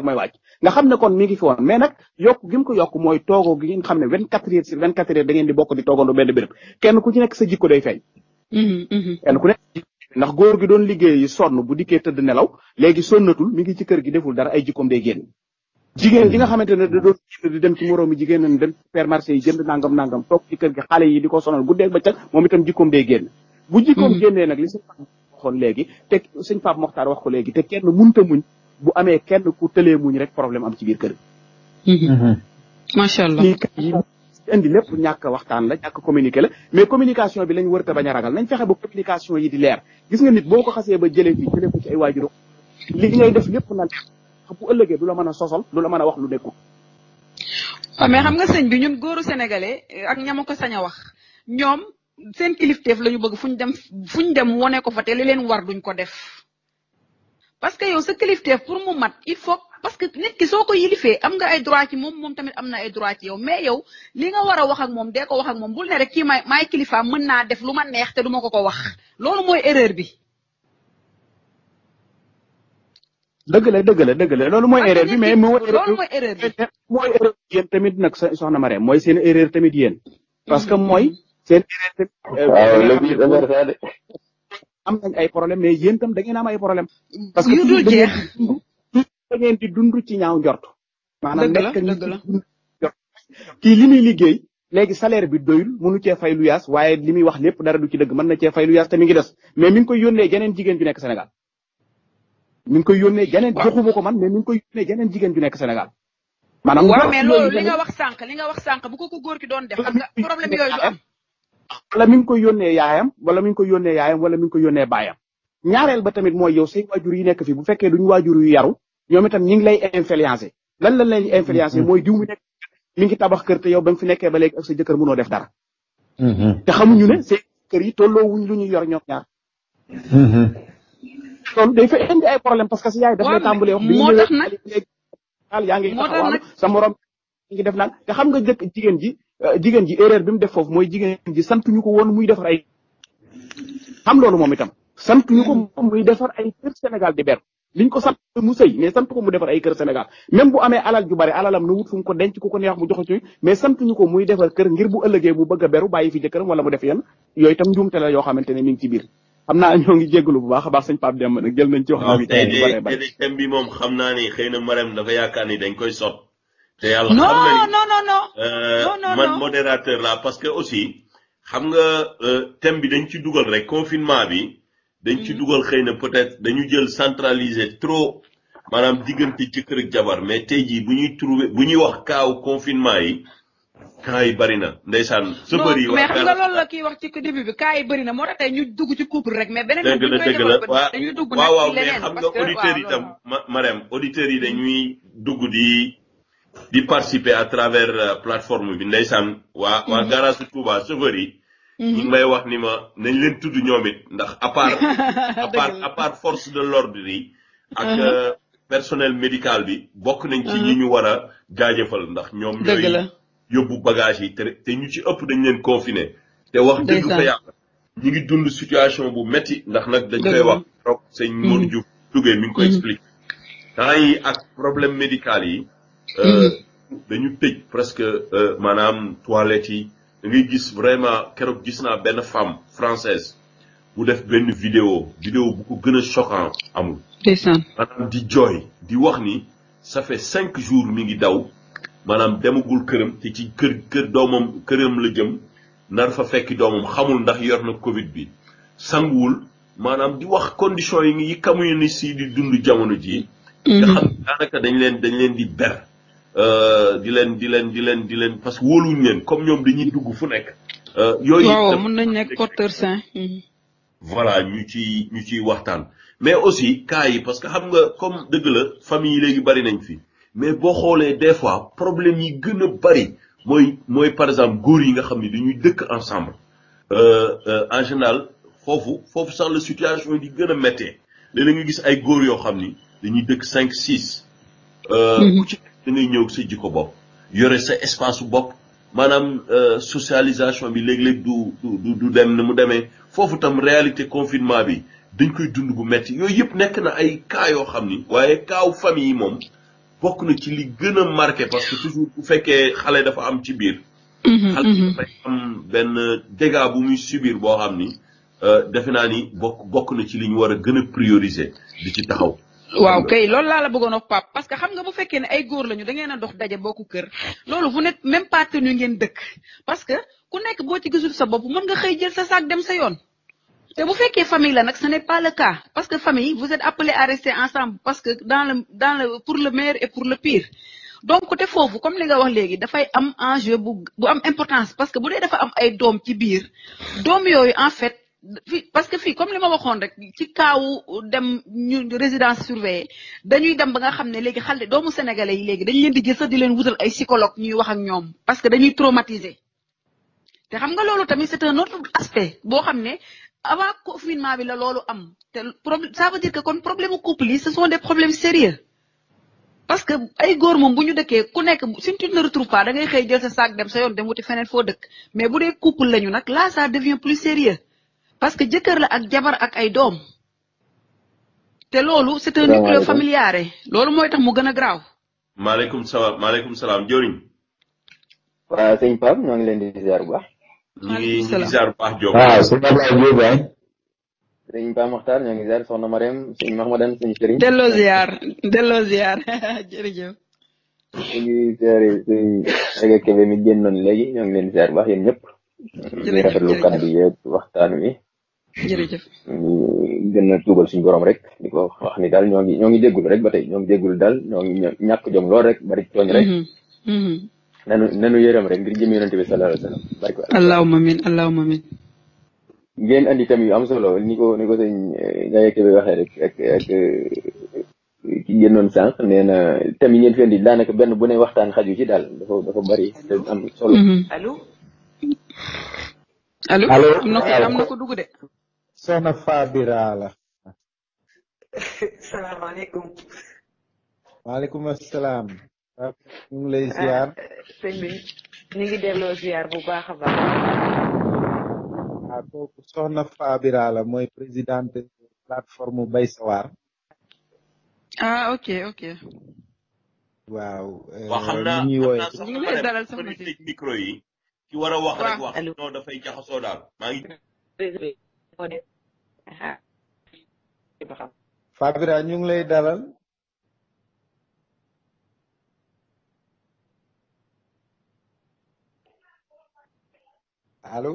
may wàcc nga xam ne kon mi ngi fi woon mais yokk gi mu ko yokk mooy toogoo gi ngeen xam ne vingt quatre heures sur vingt quatre heures da ngeen di bokk di toogandu benn béréb mhm, mhm. ku nekk sa jikko day feeñ kenn ku ndax góor gi doon liggéey sonn bu dikkee tëdd nelaw léegi sonnatul mi ngi ci kër gi deful dara ay jikkoom day génn jigéen li nga xamante ne da doon di dem ci moroomi jigéen nan dem supermarché yi jënd nangam nangam toog ci kër gi xale yi di ko sonal guddeeg bëccëg moom itam jikkoom day génn bu jikkoom génnee nag li waxoon léegi te sëñ Pape Mokhtar wax ko léegi te kenn munta muñ bu amee kenn ku tëlee muñ rek problème am ci biir kër gi. Mhm. macha allah indi lépp ñàkk waxtaan la ñàkk communiqué la mais communication bi lañ wër a ragal nañ fexe ba communication yi di leer gis nga nit boo ko xasee ba jëlee fii jëlee ko ci ay waajur li ngay def lépp na leer bu la mën a sosal la mën wax lu nekkul. Ah, mais xam nga sëñ bi ñun góoru sénégalais ak ñama ko sañ a wax ñoom seen kilifteef la ñu bëgg fu ñu dem fu ñu dem wone ko fa te li leen war duñ ko def parce que yow sa kilifteef pour mu mat il faut parce que nit ki soo ko yilifee am nga ay droit ci moom moom tamit am na ay droit ci yow mais yow li nga war a wax ak moom dee ko wax ak moom bul ne rek kii may maay kilifaam mën na def lu ma neex te ma ko ko wax loolu mooy erreur bi. dëgg la dëgg la dëgg la loolu mooy erreur bi mais mooy erreur bi mooy tamit nag soxna Marème mooy seen erreur tamit yéen parce que mhm. mooy. seen yeneen waaw lëb yi dana rafet am nañ ay problème mais yéen tam da ngeen am ay problème parce que yu jeex da ngeen di dund ci ñaaw njort maanaam nekk ngi kii li muy liggéey salaire bi doyul mënu cee fay lu yaas waaye li wax dara du ci na cee fay lu yaas te mi ngi des mais mi ngi koy yónnee geneen ju mi ngi koy geneen ko man mais mi ngi koy geneen ju mais li nga wax li nga wax bu ko ko ki doon def xam nga problème du am wala mi ngi koy yónnee yaayam wala mi ngi koy yónnee yaayam wala mi ngi koy yónnee baayam ñaareel ba tamit mooy yow say waajur yi nekk fi bu fekkee duñ waajur yu yaru ñoom itam ñi ngi lay influencer lan lan lay influencer mm-hmm. mooy diw mi nekk mi ngi tabax kër te yow ba mu fi nekkee ba léegi ak sa jëkkër mënoo def dara mm-hmm. te xamuñu ne seen kër yi tolloo wuñ lu ñuy yor ñoom ñaar mm-hmm. loolu day fa indi ay problème parce que si yaay daf lay tàmbalee wax bi ñu léegi yaa ngi taxawal sa morom ngi def naan te xam nga jëkk jigéen ji Euh, jigéen ji erreur bi mu def foofu mooy jigéen ji sant ñu ko woon muy defar ay xam loolu moom itam sant ñu ko moom muy defar ay kër Sénégal di ber ko sant mu sëy mu defar ay kër Sénégal même bu amee alal ju bari alalam nu wut fu ko denc ku ko neex mu joxe ci mais sant ñu ko muy defar kër ngir bu ëllëgee bu bëgg a beru bàyyi fi jëkkëram wala mu def yan yooy itam njuumte la yoo xamante ne mi ngi ci biir xam a ñoo ngi jégalu bu baax a baax sëñ Pape jël nañ ci wax. bi tey moom xam naa ni xëy na Marème dafa yaakaar ni dañ koy sot te yàlla non non non non euh, man modérateur là, parce que aussi xam nga euh, thème bi dañ ci dugal rek confinement bi dañ ci mm-hmm. dugal xeyna peut-être dañu jël centraliser trop maanaam diggante jëkkër ak jabar mais tay ji buñuy ñuy trouver bu wax kaw confinement yi kay yi bëri na ndeysaan. sa bëri wax mais xam nga loolu la ki wax ci début bi kay yi bëri na mo tax ñu dugg ci couple rek mais. benen bi ñu koy defar dugg nag ci waaw mais xam nga auditeur itam tam auditeur yi mm-hmm. dañuy dugg di di participer à travers euh, plateforme bi ndeysaan wa wa mhm. garage Touba chauffeur yi ñu mhm. may wax ni ma nañ leen tuddu ñoom ndax à part à part à part force de l'ordre yi ak mhm. euh, personnel médical bi bokk nañ ci ñi ñu war a jaajëfal ndax ñoom ñooy yóbbu bagage yi te ñu ci ëpp dañ leen confiné te wax dëgg fa yàlla ñu ngi dund situation bu metti ndax nag dañ koy wax trop sëñ Modou Diouf duggee mi ngi koy expliqué temps yi ak problème médical yi Euh, mm. dañu tëj presque euh, maanaam toilettes yi da gis vraiment keroog gis naa benn femme française bu def benn vidéo vidéo bu ko gën a choquant amul. ndeysaan di jooy di wax ni ça fait cinq jours mi ngi daw maanaam demagul këram te ci kër kër doomam këram la jëm nar fa fekki doomam xamul ndax yor na Covid bi sanguwul maanaam di wax condition yi yi kamuy ni si di dund jamono jii. nga mm. xam daanaka dañ leen dañ leen di ber. Euh, di leen di leen di leen di leen parce que wóoluñ leen comme ñoom dañuy dugg fu nekk. Euh, yooyu waaw mën nañ nekk porteur sain. Mhm. voilà ñu ci ñu ciy waxtaan mais aussi cas yi parce que xam nga comme dëgg la famille yi léegi bari nañ fi mais boo xoolee des fois problème yi gën a bari mooy mooy par exemple góor yi nga xam ni dañuy dëkk ensemble. Euh, en général foofu foofu sax la situation di gën a méttee léeg nga gis ay góor yoo xam ni dañuy dëkk 5 6 mhm. ku ci da ñëw ñëw sa jikko bopp yore sa espace su bopp maanaam euh, socialisation bi léeg-léeg du du dem ni mu demee foofu tam réalité confinement bi dañ koy dund bu metti yooyu yëpp nekk na ay cas yoo xam ni waaye kaaw famille yi moom bokk na ci li gën a marqué parce que toujours bu fekkee xale dafa am ci biir mm-hmm, xale mm-hmm. dafay am benn dégât bu muy subir boo xam ni euh, defe naa ni bokk bokk na ci li ñu war a gën a prioriser di ci taxaw waaw kay loolu laa la bëggoon wax pap parce que xam nga bu fekkee ne ay góor lañu da ngeen a dox daje bokku kër loolu vous n'êtes même pas tenu ngeen dëkk parce que ku nekk boo ci gisul sa bopp mën nga xëy jël sa sac dem sa yoon te bu fekkee famille la nag ce n'est pas le cas parce que famille vous êtes appelés à rester ensemble parce que dans le dans le pour le meilleur et pour le pire donc te foofu comme li nga wax léegi dafay am enjeu bu bu am importance parce que bu dee dafa am ay doom ci biir doom yooyu en fait fi parce que fii comme li ma waxoon rek ci kaawu dem ñu résidence surveillée dañuy dem ba nga xam ne léegi xale doomu sénégalais yi léegi dañu leen di jël sax di leen wutal ay psychologue ñuy wax ak ñoom parce que dañuy traumatisé te xam nga loolu tamit c'est un autre aspect boo xam ne avant confinement bi la loolu am te problème ça veut dire que kon problème couple yi ce sont des problèmes sérieux parce que ay góor moom bu ñu dëkkee ku nekk si tu ne retrouves da xëy jël sa saak dem sa yoon dem wuti foo dëkk mais bu dee couple lañu nag là ça devient parce que jëkkër la ak jabar ak ay doom te loolu c'est un nucléo familiare loolu mooy tax mu gën a graaw maaleykum salaam maaleykum salaam jëriñ waaw sëñ Pape ñoo ngi leen di ziar bu baax ñu ngi ziar bu baax Diop waaw sëñ Ablaye Diop waay sëñ Pape Makhtar ñoo ngi ziar soxna Mariam sëñ Mahmadan sëñ Sëriñ delloo ziar delloo ziar jërëjëf ñu ngi ziar sëñ mi génnoon léegi ñoo ngi leen di ziar bu baax yéen ñëpp waxtaan wi jërëjëf gën na tuubal suñu borom rek di ko wax ni daal ñoo ngi ñoo ngi jéggul rek ba ñoo ngi daal ñoo ngi ñàkk jom lool rek bari tooñ rek mm-hmm. Mm-hmm. nanu nanu rek ngir jëm yonente bi sallallahu alayhi wa sallam barke allahumma amin allahumma amin ngeen andi tam yu am solo ni ko ni ko sëñ eh, Ndiaye Kébé waxee rek ak ak eh, ki génnoon sànq nee na tam yi ngeen fi andi daanaka benn bu ne waxtaan xaju ci daal dafa dafa bari am solo allo mm-hmm. allo am na ko am de Sona Fabirala. Salam alaikum. Alaikum assalam. Um leziar. Sim, ah, ninguém sëñ bi ñu ngi delloo ziar bu baax a baax. waaw ah, kooku soxna Fabira la mooy présidente Bay Sawar. ah ok ok. waaw. Eh, xam naa ñu ngi lay dalal soxna si micro yi. ki war a wax rek wax non dafay jaxasoo daal maa Fabira ñu ngi lay dalal. allo.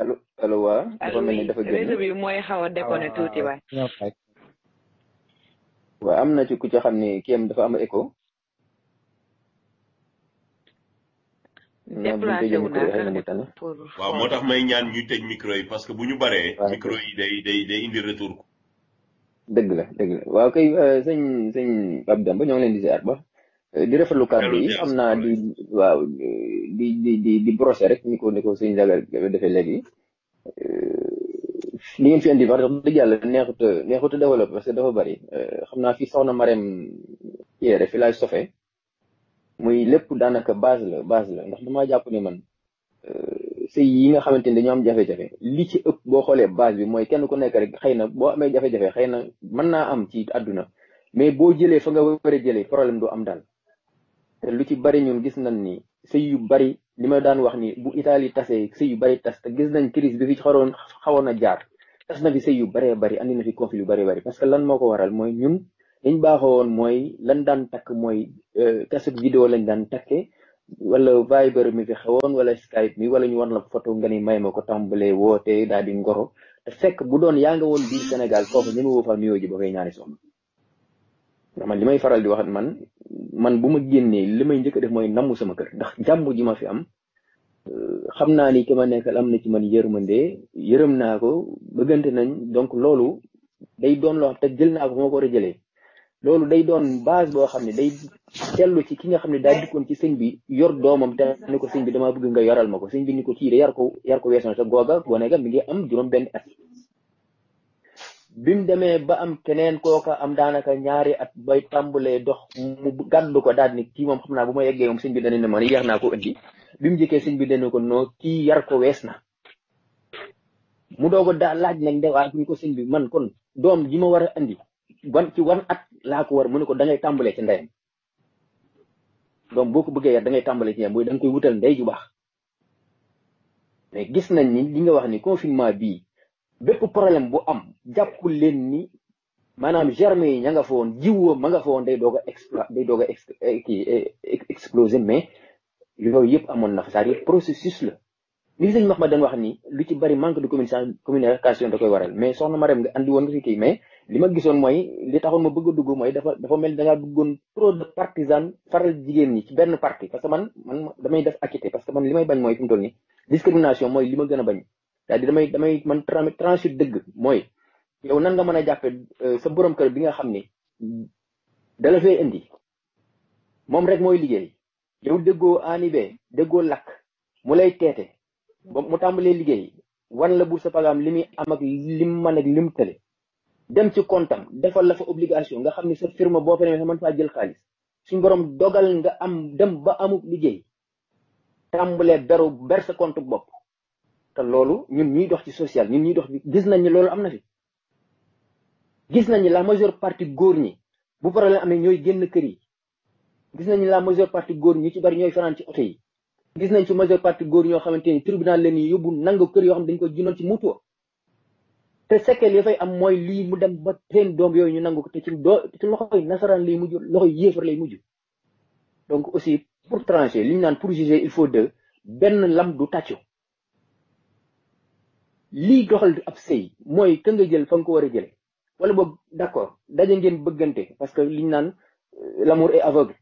allo allo waaw. dafa mel ni dafa génn réseau bi mooy xaw a déconné ah, tuuti am na ci ku xam ni kii am dafa am écho. déplacé wu naa waaw moo tax may ñaan ñu tëj micro yi parce que bu ñu baree. micro yi day day day indi retour. dëgg la dëgg la waaw kay euh, sëñ sëñ Pape Demba ñoo ngi leen di ziar ba. Euh, di rafetlu kàddu yi am naa di waaw di di di di brosser rek ni ko ni ko sëñ defee léegi. Euh, li ngeen fi di wax dëgg yàlla neexut neexut a parce que dafa bari xam naa fi soxna Marème Thiel fi laay sofee. muy lépp daanaka base la base la ndax damaa jàpp ne man euh, sëy yi nga xamante ni dañoo am jafe-jafe li ci ëpp boo xoolee base bi mooy kenn ku nekk rek xëy na boo amee jafe-jafe xëy na mën naa am ci àdduna mais boo jëlee fa nga war a jëlee problème du am daal te lu ci bari ñun gis nañ ni sëy yu bari li ma daan wax ni bu Italie tasee sëy yu bari tas te gis nañ crise bi fi xaroon xawoon a jaar tas na fi sëy yu baree bari andi na fi conflit yu bari bari parce que lan moo ko waral mooy ñun liñ baaxoo woon mooy lan daan takk mooy euh, cassette vidéo lañ daan takke wala Viber mi fi xewoon wala Skype mi wala ñu wan la photo nga ni may ma ko tàmbalee woote daal di ngoro te fekk bu doon yaa nga woon biir Sénégal kooku ñi ma woo fa nuyoo ji o koy ñaari soxna man li may faral di waxat man man bu ma génnee li may njëkk def mooy namm sama kër ndax jàmm ji ma fi am euh, xam naa ni ki ma nekkal am na ci man yërmande yërëm naa ko bëggante nañ donc loolu day doon loo xam te jël naa ko fu ko a jëlee loolu day doon base boo xam ne day tellu ci ki nga xam ne daa eh. dikkoon ci sëñ bi yor doomam te ne ko sëñ bi damaa bëgg nga yoral ma ko sëñ bi ni ko ci de yar ko yar ko weesoon sa googa gone mi ngi am juróom benn at mu demee ba am keneen kooka am daanaka ñaari at bay tàmbalee dox mu gàddu ko daal ni kii moom xam naa bu ma yeggee sëñ bi dana ne ma ni yar naa ko indi bi mu njëkkee ko noo kii yar wees na mu doog a daal laaj nañ de waa ñu ko sëñ bi man kon doom ji ma war a andi ban ci wan at la ko war muniko da ngay tambale ci ndayam donc boo beugé ya da ngay tambale ci ndeyam moy da nga koy wutal ndey ju bax mais gis nañ ni li nga wax ni confinement bi bépp problème bu am jappul len ni manam germe yi ña nga fa jiwo ma nga fa woon day doga a day doga a ex eh, kii eh, explosé mais yooyu yëpp amon na fa cest à processus la ni wax ma dañ wax ni lu ci bari manque de communication communication da koy waral mais soxna marem nga andi won ci fi mais li ma gisoon mooy li taxoon ma bëgg a dugg mooy dafa dafa mel da ngaa duggoon trop de partisan faral jigéen ñi ci benn parti parce que man man damay def acquitté parce que man li may bañ mooy fi mu toll nii discrimination mooy li ma gën a bañ cest damay damay man transit dëgg mooy yow nan nga mën a jàppe euh, sa borom kër bi nga xam ni dala fee indi moom rek mooy liggéey yow déggoo anibee déggoo lakk mu lay teete ba mu tàmbalee liggéey wan la bu sa pagaam li muy am ak lim man ak lim tële dem ci kontam defal la fa obligation nga xam ne sa firme boo fa demee sa mën faa jël xaalis suñ borom dogal nga am dem ba amub liggéey tàmbalee beru ber sa compte bopp te loolu ñun ñuy dox ci social ñun ñuy dox bi gis nañ ni loolu am na fi gis nañ ni la majeure partie góor ñi bu problème amee ñooy génn kër yi gis nañ ni la majeure partie góor ñi ci bari ñooy fanaan ci oto yi gis nañ ci majeure partie góor ñoo xamante ni tribunal leen yi yóbbu nangu kër yoo xam dañ ko jëndoon ci mutuo te sekkeel ya fay am mooy lii mu dem ba seen doom yooyu ñu nangu ko te ci doo ci loxoy nasaraan lay mujj loxoy yéefar lay mujj donc aussi pour trancher li ñu naan pour juger il faut deux benn lam du tàccu lii doxal ab sëy mooy ka nga jël fa nga ko war a jële wala boog d'accord daje ngeen bëggante parce que li ñu naan euh, l'amour est aveugle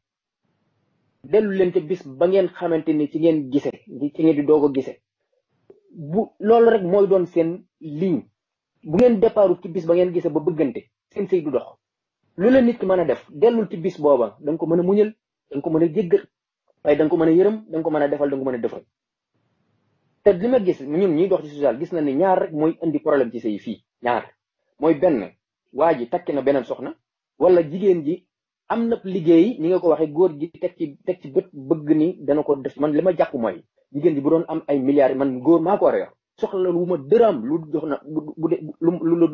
dellu leen ca bis ba ngeen xamante ni ci ngeen gisee ci ngeen di doog a gise bu loolu rek mooy doon seen ligne bu ngeen départu ci bis ba ngeen gisee ba bëggante seen sëy du dox lu la nit ki mën a def dellul ci bis booba da nga ko mën a muñal da nga ko mën a jéggal waaye da nga ko mën a yërëm da nga ko mën a defal da nga ko mën a defal te li ma gis ñun ñuy dox ci social gis na ni ñaar rek mooy indi problème ci sëy fii ñaar mooy benn waa ji takki na beneen soxna wala jigéen ji am na liggéey ni nga ko waxee góor gi teg ci teg ci bët bëgg ni dana ko def man li ma jàpp mooy jigéen ji bu doon am ay milliards man góor maa ko war a yor soxla wu ma dërëm lu jox na bu de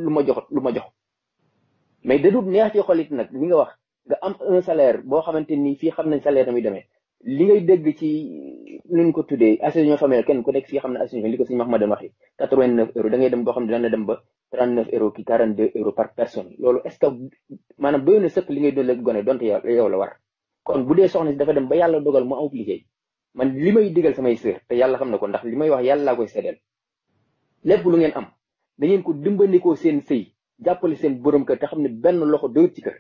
lu ma jox lu ma jox mais da dut neex ci xolit nag li nga wax nga am un salaire boo xamante ni fii xam nañ salaire tamit demee li ngay dégg ci nuñ ko tuddee ku nekk xam ne association li ko suñu Mahmadan waxee quatre vingt neuf euros da dem boo xam ne dana dem ba trente personne loolu est ce que maanaam doy na sëkk li la gone donte yow la war kon bu dee soxna si dafa dem ba yàlla dogal mu am liggéey man li may digal samay sœur te yàlla xam na ko ndax li may wax yàlla laa koy seddeel lépp lu ngeen am da ngeen ko dimbandikoo seen sëy jàppale seen borom kër te xam ne benn loxo doyut ci kër.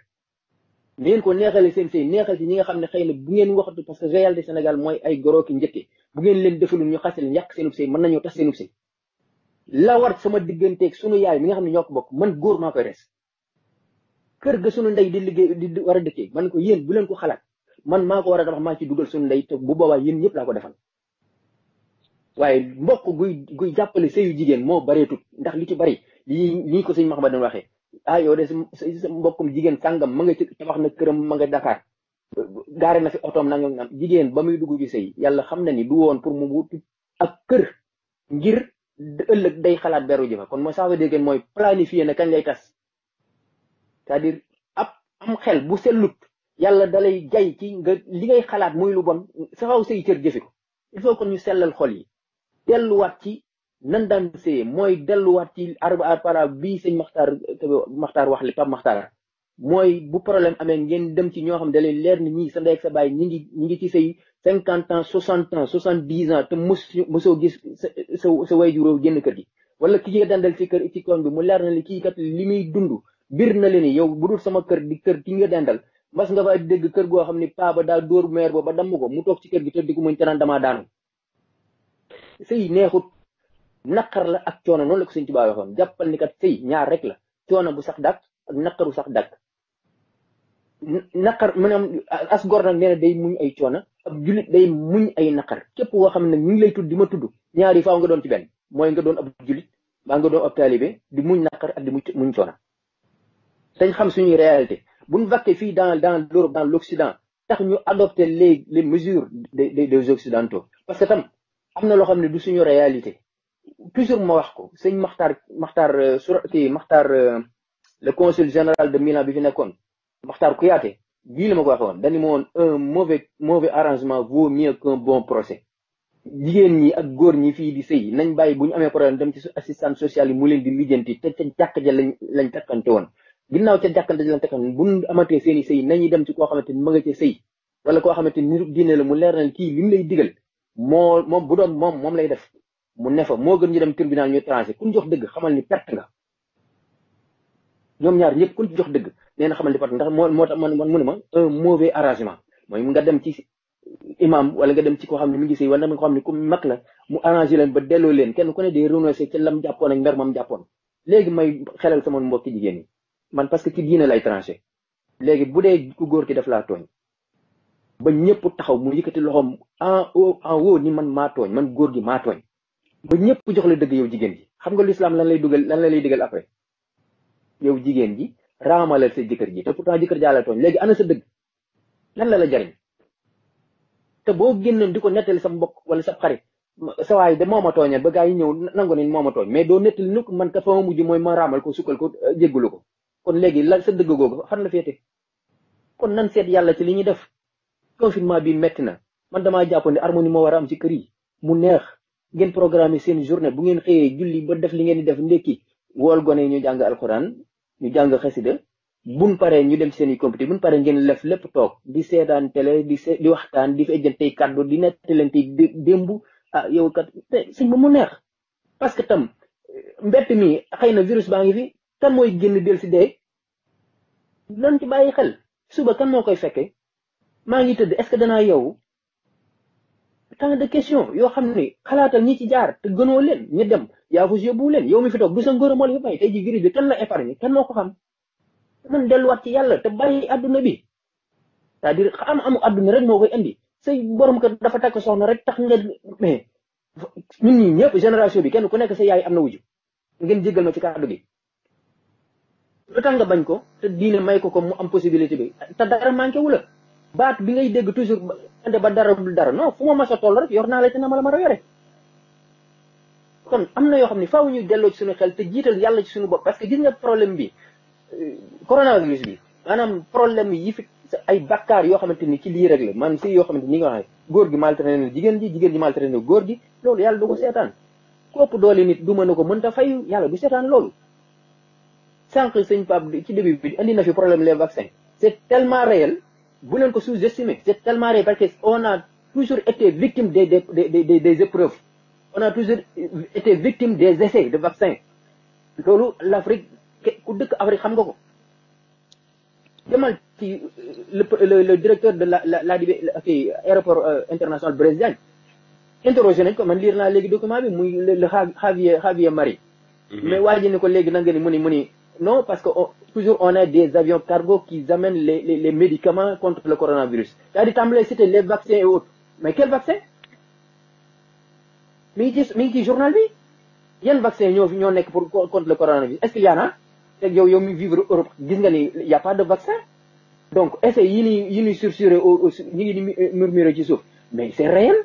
ni ngeen ko neexale seen sëy neexal ci ñi nga xam ne xëy na bu ngeen waxatu parce que réalité Sénégal mooy ay goro ki njëkke bu ngeen leen defalul ñu xase leen yàq seenub sëy mën nañoo tas seenub sëy la war sama digganteeg sunu yaay mi nga xam ne ñoo ko bokk man góor maa koy res kër ga sunu ndey di liggéey di war dëkkee man ko yéen bu leen ko xalaat man maa ko war a tabax maa ci dugal sunu ndey bu boobaa yéen ñëpp laa ko defal waaye mbokk guy guy jàppale sëyu jigéen moo bareetut ndax li ci bari lii lii ko sëñ Maxamad doon waxee ah yow de sa mbokkum jigéen sàngam ma nga ci tabax na këram ma nga Dakar gaare na fi otoom nangam nam jigéen ba muy dugg ci sëy yàlla xam na ni du woon pour mu wut ak kër ngir ëllëg day xalaat beru jëfa kon mooy ça veut dire mooy planifier na kañ lay tas c'est-à-dire am xel bu sellut yàlla dalay jay ci nga li ngay xalaat muy lu bon saxaw say cër jëfe ko il faut yi delluwaat ci nan daan séyee mooy delluwaat ci arpara bii sëñ maxtar maxtaar wax li pap maxtaar mooy bu problème amee ngeen dem ci ñoo xam da leen leer ni ñii sa ndey sa baay ñi ngi ñi ngi ci say cinquante ans soixante ans soixante dix ans te mos mosoo gis sa sa sa way juróom génn kër gi wala ki ci dandal ci kër ci koon bi mu leer na li kii kat li muy dund bir na leen yow bu dul sama kër di kër ki nga dendal mas nga fa dégg kër goo xam ni paa ba daa dóor meer ba ko mu toog ci kër gi te ko muñ te daanu sëy neexut naqar la ak coono noonu la ko sëñ Tuubaa waxoon jàppal ni kat sëy ñaar rek la coono bu sax dàkk ak naqaru sax dàkk naqar maanaam as gor nag nee na day muñ ay coono ab jullit day muñ ay naqar képp koo xam ne ñu ngi lay tudd di ma tudd ñaar yi doon ci benn mooy nga doon ab jullit maa nga doon ab taalibe di muñ naqar ak di muñ muñ coono dañ xam suñuy réalité buñ vaqué fii dans dans l'Europe dans l'Occident tax ñu adopté les les mesures des des occidentaux parce que amna lo xamne du suñu réalité toujours ma wax ko sëñ Maxtar Maxtar surati kii le consul général de Milan bi fi nekkon Maxtar ku yaté bi ma ko waxoon dañu mo woon un mauvais mauvais arrangement vaut mieux qu'un bon procès jigéen ñi ak góor ñi fi di sëy nañ bay bu amé problème dem ci assistant social yi mu leen di lijjanti te ci jàkk ja lañ lañ takkante woon ginnaaw ca jàkkante lañ takkante bu amaté seeni seen i sëy nañuy dem ci ko xamanteni ma nga ci sëy wala ko xamanteni ni nitu diine la mu leer na ki lim lay digal moo moom bu doon moom moom lay def mu nefa fa moo gën ñu dem tribunal ñuy tranché ku ñu jox dëgg xamal ni perte nga ñoom ñaar ñëpp ku ñu jox dëgg nee na xamal ni perte ndax moo moo tax man man mu ne ma un mauvais arrangement mooy nga dem ci imam wala nga dem ci koo xam ne mu ngi sëy wala nga ko xam ne ku mag la mu arrangé leen ba delloo leen kenn ku ne day renoncé ci lam jàppoon ak mer mam jàppoon léegi may xelal sama mbokki jigéen ñi man parce que ci diine lay tranché bu dee ku góor ki daf laa tooñ ba ñëpp taxaw mu yëkkati loxoom en haut en ni man maa tooñ man góor gi maa tooñ ba ñëpp jox la dëgg yow jigéen ji xam nga lislaam lan lay dugal lan la lay digal après yow jigéen ji raamalal sa jëkkër ji te pourtant jëkkër jaa la tooñ léegi ana sa dëgg lan la la jariñ te boo génnoon di ko nettali sa mbokk wala sa xarit sa waay de moo ma tooñal ba gars yi ñëw nangu nañ moo ma tooñ mais doo nettali nukk man ka fa ma mujj mooy ma raamal ko sukkal ko jéggalu ko kon léegi la sa dëgg googu fan yàlla ci li ñuy def confinement bi metti na man dama jàpp ne harmonie mo wara am ci kër yi mu neex ngeen programmer seen journée bu ngeen xëyee julli ba def li ngeen di def ndekki wol goné ñu jang alcorane ñu jang khassida buñ paré ñu dem seen compte buñ paré ngeen lef lepp tok di seetaan télé di di waxtaan di fejjantey cadeau di dembu ah yow kat seen mu neex parce que tam mbett mi xeyna virus baa ngi fi kan moy genn del si dé lan ci bayyi xel suba kan mo koy fekke maa ngi tëdd est-ce que danaa yow tant de question yoo xam ne xalaatal ñi ci jaar te gënoo leen ñu dem yaa fu yóbbu leen yow mi fi toog du sa ngërëm wala yëpp tey ji giri bi kan la épargne kan moo ko xam man delluwaat ci yàlla te bàyyi àdduna bi c'est-à-dire am amu àdduna rek moo koy andi say borom kër dafa takk soxna rek tax nga mais ñun ñi ñëpp génération bi kenn ku nekk sa yaay am na wuju ngeen jéggal na ci kàddu gi lu tax nga bañ ko te diine may ko ko mu am possibilité bi te dara manqué wu la baat bi ngay dégg toujours ba dara dul dara non fu ma mas a toll rek yor naa la te na ma la ma yore kon am na yoo xam ne faaw ñuy delloo ci suñu xel te jiital yàlla ci suñu bopp parce que gis nga problème bi euh, coronavirus bi maanaam problème yi fi ay bakkaar yoo xamante ni ci lii rek la man si yoo xamante ni nga xam góor gi maltraité na jigéen ji jigéen ji maltraité na gi loolu yàlla du ko seetaan kopp doole nit du mën a ko mën ta fayu yàlla du seetaan loolu sànq sëñ Pape ci début indi na fi problème les vaccins c'est tellement réel vous ne sous-estimez. C'est tellement vrai parce qu'on a toujours été victime des, des, des, des, épreuves. On a toujours été victime des essais de vaccins. L'Afrique, Demande euh, le, le, le, directeur de l'aéroport la, la, la, euh, international brésilien, interrogé comment dire man lire naa léegi document le Javier Javier Marie. Mm-hmm. mais waa ji ni a dit que ni non, parce que toujours on a des avions cargo qui amènent les, les, médicaments contre le coronavirus. Il y a c'était les vaccins et autres. Mais quel vaccin Mais il dit journal, Il y a un vaccin contre le coronavirus. Est-ce qu'il y en a vivre Il n'y a pas de vaccin. Donc, essayez de sursurer, qui murmurer Mais c'est réel.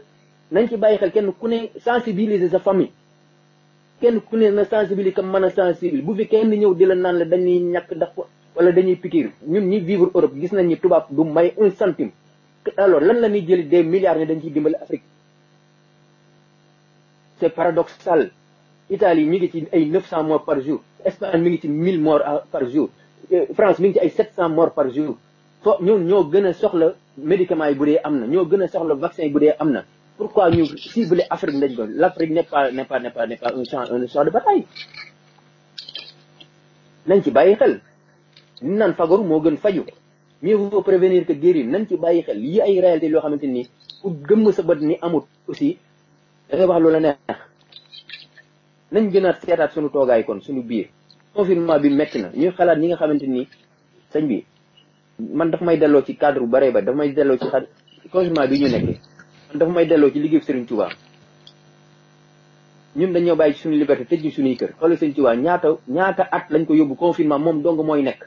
Nous avons sensibiliser sa famille kenn ku ne na sensible yi man a sensible bu fi kenn ñëw di la naan la dañuy ñàkk dafa wala dañuy pikiir ñun ñi vivre Europe gis nañ ni tubaab du may un centime alors lan la ñuy jëli des milliards ne dañ ci dimbali Afrique c'est paradoxal Italie mi ngi ci ay 900 morts par jour Espagne mi ngi ci 1000 morts par jour euh, France mi ngi ci ay 700 morts par jour fo ñun ñoo gën a soxla médicament yi bu dee am na ñoo gën a soxla vaccin yi bu dee am na pourquoi ñu cibler Afrique lañ doon l'Afrique n'est pas n'est pas n'est pas n'est pas un champ un champ de bataille nañ ci bàyyi xel ñu naan fagaru moo gën faju mieux vaut prévenir que guérir nañ ci bàyyi xel yi ay réalité loo xamante ku gëmm sa bët ni amut aussi da ngay wax loola neex nañ gënaat seetaat suñu toogaay kon suñu biir confinement bi metti na ñuy xalaat ñi nga xamante ni sëñ bi man daf may delloo ci cadre bu bare ba daf may delloo ci confinement bi ñu nekk dafa may delloo ci liggéey Serigne Touba ñun dañoo bàyyi ci suñu liberté tëj ñu suñuy kër xoolal Serigne Touba ñaata ñaata at lañ ko yóbbu confinement moom dong mooy nekk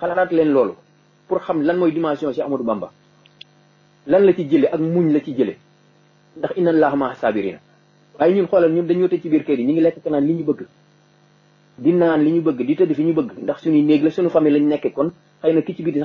xalaat leen loolu pour xam lan mooy dimension si Amadou Bamba lan la ci jële ak muñ la ci jële ndax inna allaha maa saabirina waaye ñun xoolal ñun dañoo tëj ci biir kër yi ñu ngi lekk kanaan li ñu bëgg di naan li ñu bëgg di tëdd fi ñu bëgg ndax suñuy néeg la suñu famille lañ nekkee kon xëy ci biir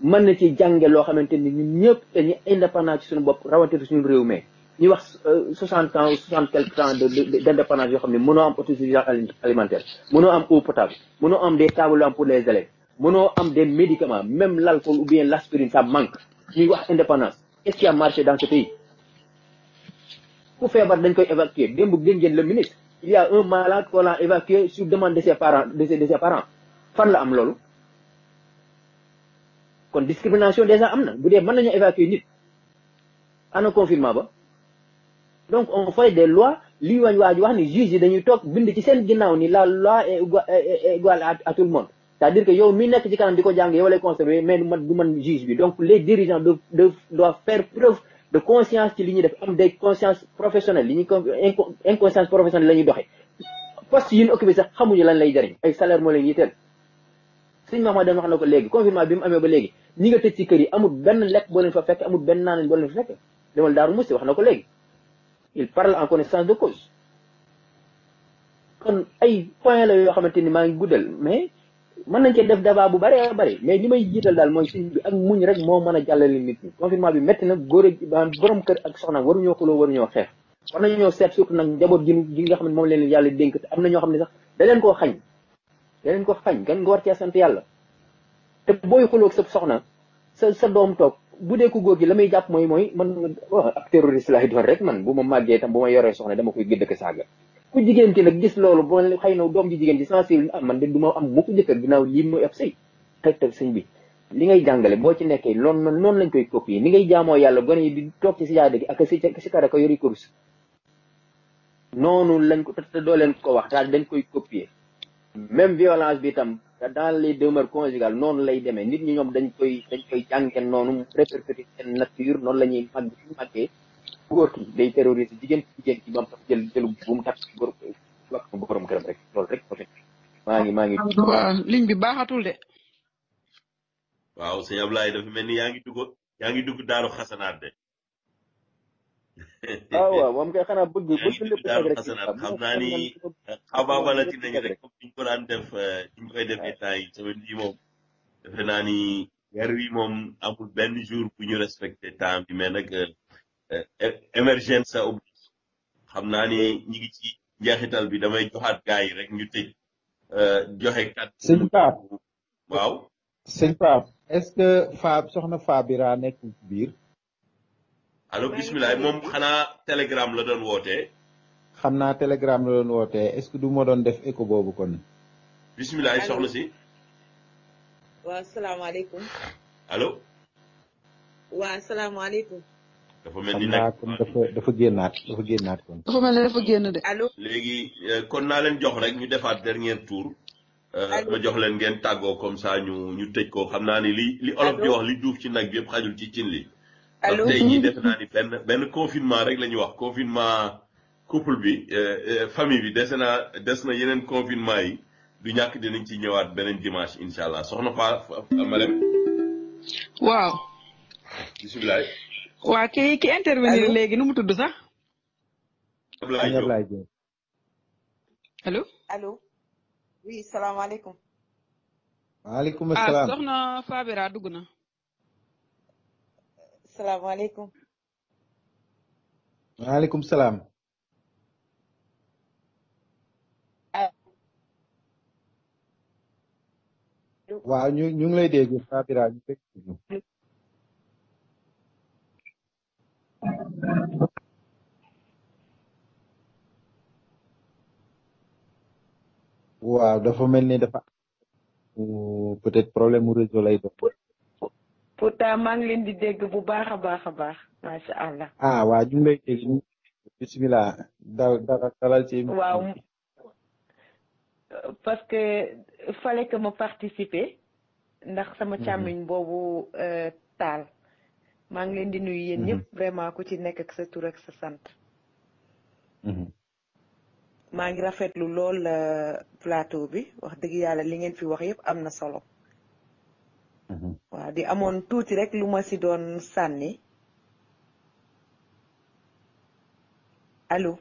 mën na ci jànge loo xamante ni ñun ñëpp dañuy indépendant ci suñu bopp rawatina suñu réew mi ñu wax euh, soixante ans soixante quelque temps de d' yoo xam ne mënoo am autosuffisance alimentaire mënoo am eau potable mënoo am des tables lampe pour les élèves mënoo am des médicaments même l' alcool ou bien l' aspirine ça manque ñuy wax indépendance est ce qui a marché dans ce pays ku feebar dañ koy évacuer démb gën ngeen le ministre il y a un malade qu'on a évacué demande de ses de ses de ses la am loolu kon discrimination déjà amna na bu dee nañu évacuer nit ana confinement ba donc on fait des lois li wañ waji wax ni juge yi dañuy tok bind ci sen ginnaw ni la loi est égale à tout le monde c'est-à-dire que yow mi nek ci kanam diko ko jàng yow lay conserver mais man du man juge bi donc les dirigeants doivent faire preuve de conscience ci li ñi def am des conscience professionnelle li ñi inconscience professionnelle lañuy doxé doxee poste yi ñu occupé sax xamuñu lan lay jëriñ ay salaire mo leen yitteel sëñ Maama dem wax na ko léegi confinement bi mu amee ba léegi ñi nga tëj ci kër yi amul benn lekk boo leen fa fekk amul benn naan boo leen fa fekk demal daaru musti wax na ko léegi il parle en connaissance de cause kon ay point yoo xamante ni maa ngi guddal mais mën nañ cee def débat bu bëree bëri mais li may jiital daal mooy sëñ bi ak muñ rek moo mën a jàllale nit ñi confinement bi metti na góor a borom kër ak soxna waruñoo xuloo waruñoo xeex war nañoo seet surtout nag njaboot gi gi nga xam ne moom leen yàlla dénk te am na ñoo xam ne sax da leen koo xañ leen ko xañ gan nga war cee sant yàlla te booy xuloog sa soxna sa sa doom toog bu dee ko góor gi la muy jàpp mooy mooy man ab oh, terroriste laay doon rek man bu ma màggee tam bu ma yoree soxna dama koy gëdd ak saaga ku jigéen ki nag gis loolu bo xëy na doom ji jigéen ji sensible ah man de du ma am mukk jëkkër ginnaaw lii mooy ab sëy teg teg sëñ bi li ngay jàngale boo ci nekkee loolu noonu noonu lañ koy copier ni ngay jaamoo yàlla gone yi di toog ci si jaade gi ak si si kara ko yori kurus noonu lañ ko te doo leen ko wax daal dañ koy copier même violence bi tam dans les demeures conjugales noonu lay demee nit ñi ñoom dañ koy dañ koy jànken noonu répercuté seen nature noonu la ñuy màgg suñu màggee góor ki day terrorisé jigéen jigéen ci moom sax jël jëlu bu takk góor wax ko borom këram rek loolu rek peut maa ngi maa ngi. ligne bi baaxatul de. waaw sëñ Ablaye dafa mel ni yaa ngi dugg yaa ngi dugg daaru xasanaat de. waaw waaw moom kay xanaa bëgg bëgg lépp rek xam naa ni xabaabalati nañu rek comme niñ def euh, niñ koy defee temps yi semaine yi naa ni weer wi moom amul benn jour bu ñu respecté temps bi mais nag euh, émergence sa oblige xam naa ni ñi ngi bi damay joxaat gars rek ñu tëj euh, joxe kat sëñ Paap waaw est-ce que soxna Faabira nekk biir allo bismillah mom xana telegram la doon wote xam telegram la doon wote est ce que du doon def écho bobu kon bismillah soxna si wa assalamu alaykum allo assalamu alaykum dafa melni nak dafa dafa gennat dafa gennat kon dafa melni dafa genn de allo legui euh, kon nalen len jox rek ñu defaat dernier tour euh, ma jox len ngeen taggo comme ça ñu ñu tejj ko xamna ni li li olof di wax li duuf ci nak bi yeb xajul ci cin li allo tey jii defe benn benn confinement rek la ñuy wax confinement couple bi euh, famille bi dese naa des na yeneen confinement yi du ñàkk dinañ ci ñëwaat beneen dimanche incha allah soxna Faa Malem. waaw. waa ki ki intervenir léegi nu mu tudd sax. Ablaye Diop allo. allo. salaamaaleykum. waaleykum ah, salaam ah soxna Fabira dugg na. salaamaaleykum. maaleykum salaam. waaw ñu ñu lay dégg Fabira ñu dégg ñu. waaw dafa mel ni dafa peut problème mu réseau lay doon. pourtant maa ngi leen di dégg bu baax a baax a baax macha allah. ah waa ñu ngi lay dégg waaw parce que fallait que ma participer ndax sama mhm. càmmiñ boobu euh, taal maa ngi leen di nuyu yéen mhm. ñëpp vraiment ku ci nekk ak sa tur sa sant. Mhm. maa ngi rafetlu lool euh, plateau bi wax dëgg yàlla li ngeen fi wax yëpp am na solo. waaw di amoon tuuti rek lu ma si doon sànni allo.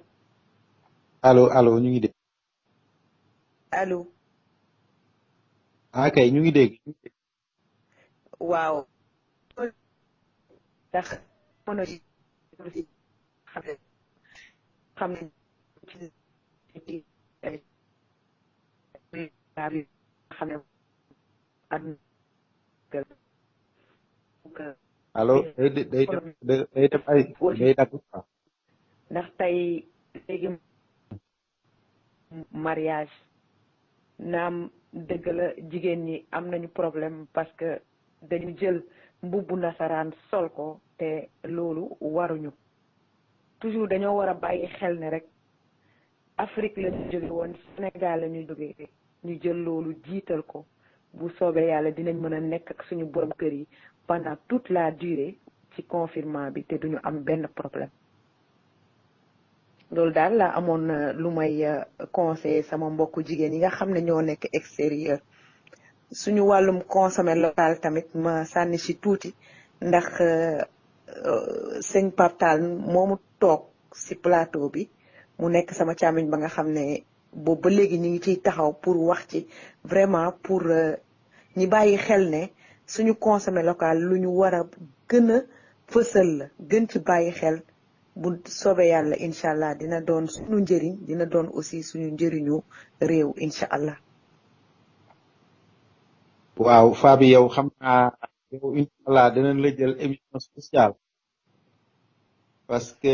alo allo ñu ngi dégg. allo. ñu ngi dégg. waaw. ndax allo day day day ay ndax tey léegi mariage naam dëgg la jigéen ñi am nañu problème parce que dañu jël mbubbu nasaraan sol ko te loolu waruñu toujours dañoo war a bàyyi xel ne rek Afrique la ñu woon Sénégal la ñu jóge ñu jël loolu jiital ko bu soobee yàlla dinañ mën a nekk suñu borom kër yi pendant tout la durée ci confinement bi te duñu am benn problème loolu daal laa amoon euh, lu may euh, conseiller sama mbokku jigéen yi nga xam ne ñoo nekk extérieur suñu wàllum consommé local tamit ma sànni si tuuti ndax euh, sëñ Paptal moomu toog ci plateau bi mu nekk sama càmmiñ ba nga xam ne boobu léegi ñu ngi ciy taxaw pour wax ci vraiment pour euh, ñi bàyyi xel ne suñu consommé local lu ñu war a gën a fësal la gën ci bàyyi xel bu soobee yàlla incha allah dina doon suñu njëriñ dina doon aussi suñu njëriñu réew incha allah. waaw Faby yow xam naa yow la jël émission spéciale parce que.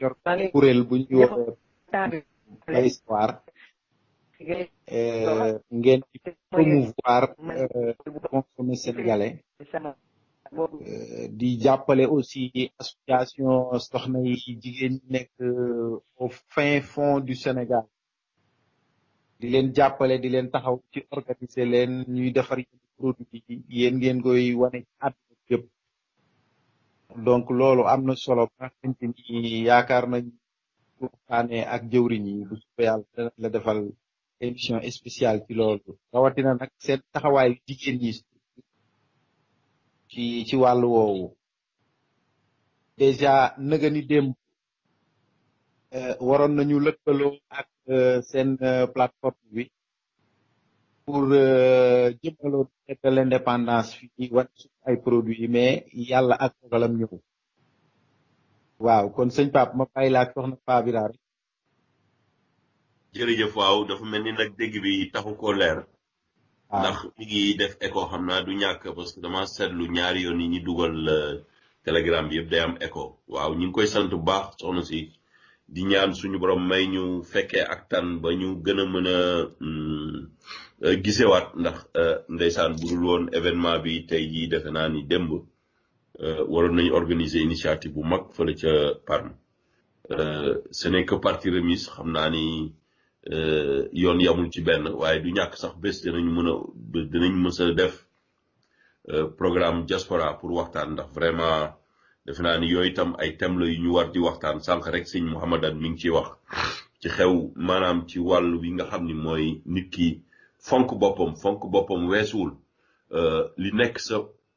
yor kuréel bu à Espoir ngeen di promouvoir consommé sénégalais eh, di jàppale aussi association soxna yi jigéen ñi nekk au fin fond du Sénégal di leen jàppale di len taxaw ci organiser len ñuy défar yenn produit yi yéen ngeen koy wane ci àdduna donc lolu amna solo ba nga xamante ni yaakaar nañu waxtaanee ak jëwriñ yi bu suba yàlla dana la defal émission spéciale ci loolu rawatina nag seen taxawaayu jigéen ñi ci ci wàllu woowu dèjà nëga ni démb euh, waroon nañu lëkkaloo ak euh, seen euh, plateforme bi pour jëmmaloo fête de l'indépendance fii wane suñu ay mais yàlla ak dogalam ñëw waaw kon sëñ Pape ma bàyyi laa soxna Paa bi daal. jërëjëf waaw dafa mel ni nag dégg bi taxu koo leer. Ah. ndax mi ngi def echo xam naa du ñàkk parce que dama seetlu ñaari yoon yi ñu dugal euh, telegram bi yëpp day am echo waaw ñu ngi koy sant bu baax soxna si di ñaan suñu borom may ñu fekkee ak tan ba ñu gën a mën a mm, euh, gisewaat ndax euh, ndeysaan bu dul woon événement bi tey jii defe naa ni démb. Euh, waroon nañu organiser initiative bu mag fële ca Parme euh, ce n'est que partie remise xam naa ni euh, yoon yamul ci benn waaye du ñàkk sax bés dinañu mën a dinañ mës def programme diaspora pour waxtaan ndax vraiment defe naa ni yooyu itam ay thème yu ñu war di waxtaan sànq rek sëñ Mouhamadan mi ngi ciy wax ci xew maanaam ci wàll wi nga xam ni mooy nit ki fonk boppam fonk boppam weesuwul li nekk sa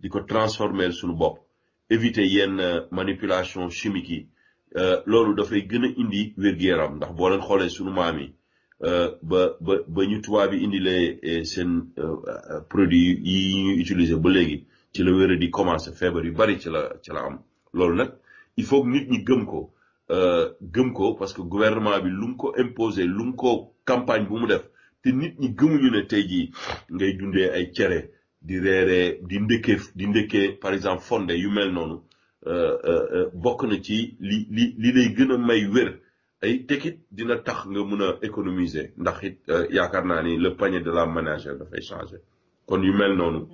di ko transformer sunu bopp éviter yenn euh, manipulation chimique yi euh, loolu dafay gën a indi wér yaram ndax boo leen xoolee sunu maam yi euh, ba ba ba ñu tubaab yi indilee eh, seen produit yi ñuy utiliser ba léegi ci la wér di commencé feebar yu bari ci la ci la am loolu nag il faut nit ñi gëm ko gëm ko parce que gouvernement bi lum ko imposé lum ko campagne bu mu def te nit ñi gëmuñu ne tey jii ngay dundee ay cere di reeree di ndëkkee di ndëkkee par exemple fonde yu mel noonu euh, euh, euh, bokk na ci li li li lay gën a may wér ay tekit dina tax nga mën a économiser ndax it yaakaar naa ni le panier de la ménagère dafay changer kon yu mel noonu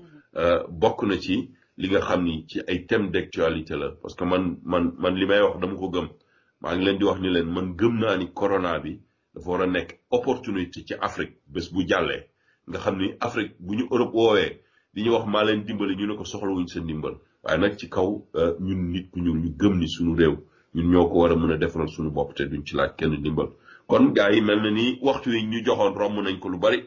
bokk na ci li nga xam ni ci ay thème d'actualité la parce que man man man li may wax dama ko gëm maa ngi leen di wax ni leen man gëm naa ni corona bi dafa war a nekk opportunité ci Afrique bés bu jàllee nga xam ni Afrique bu ñu Europe woowee li ñu wax maa leen dimbale ñu ne ko soxlawuñ sa ndimbal waaye nag ci kaw euh, ñun nit ku ñuul ñu gëm ni suñu réew ñun ñoo ko wara mën a defaral suñu bopp te duñ ci laaj kenn ndimbal kon gars yi mel na ni waxtu wi ñu joxoon romb nañ ko lu bari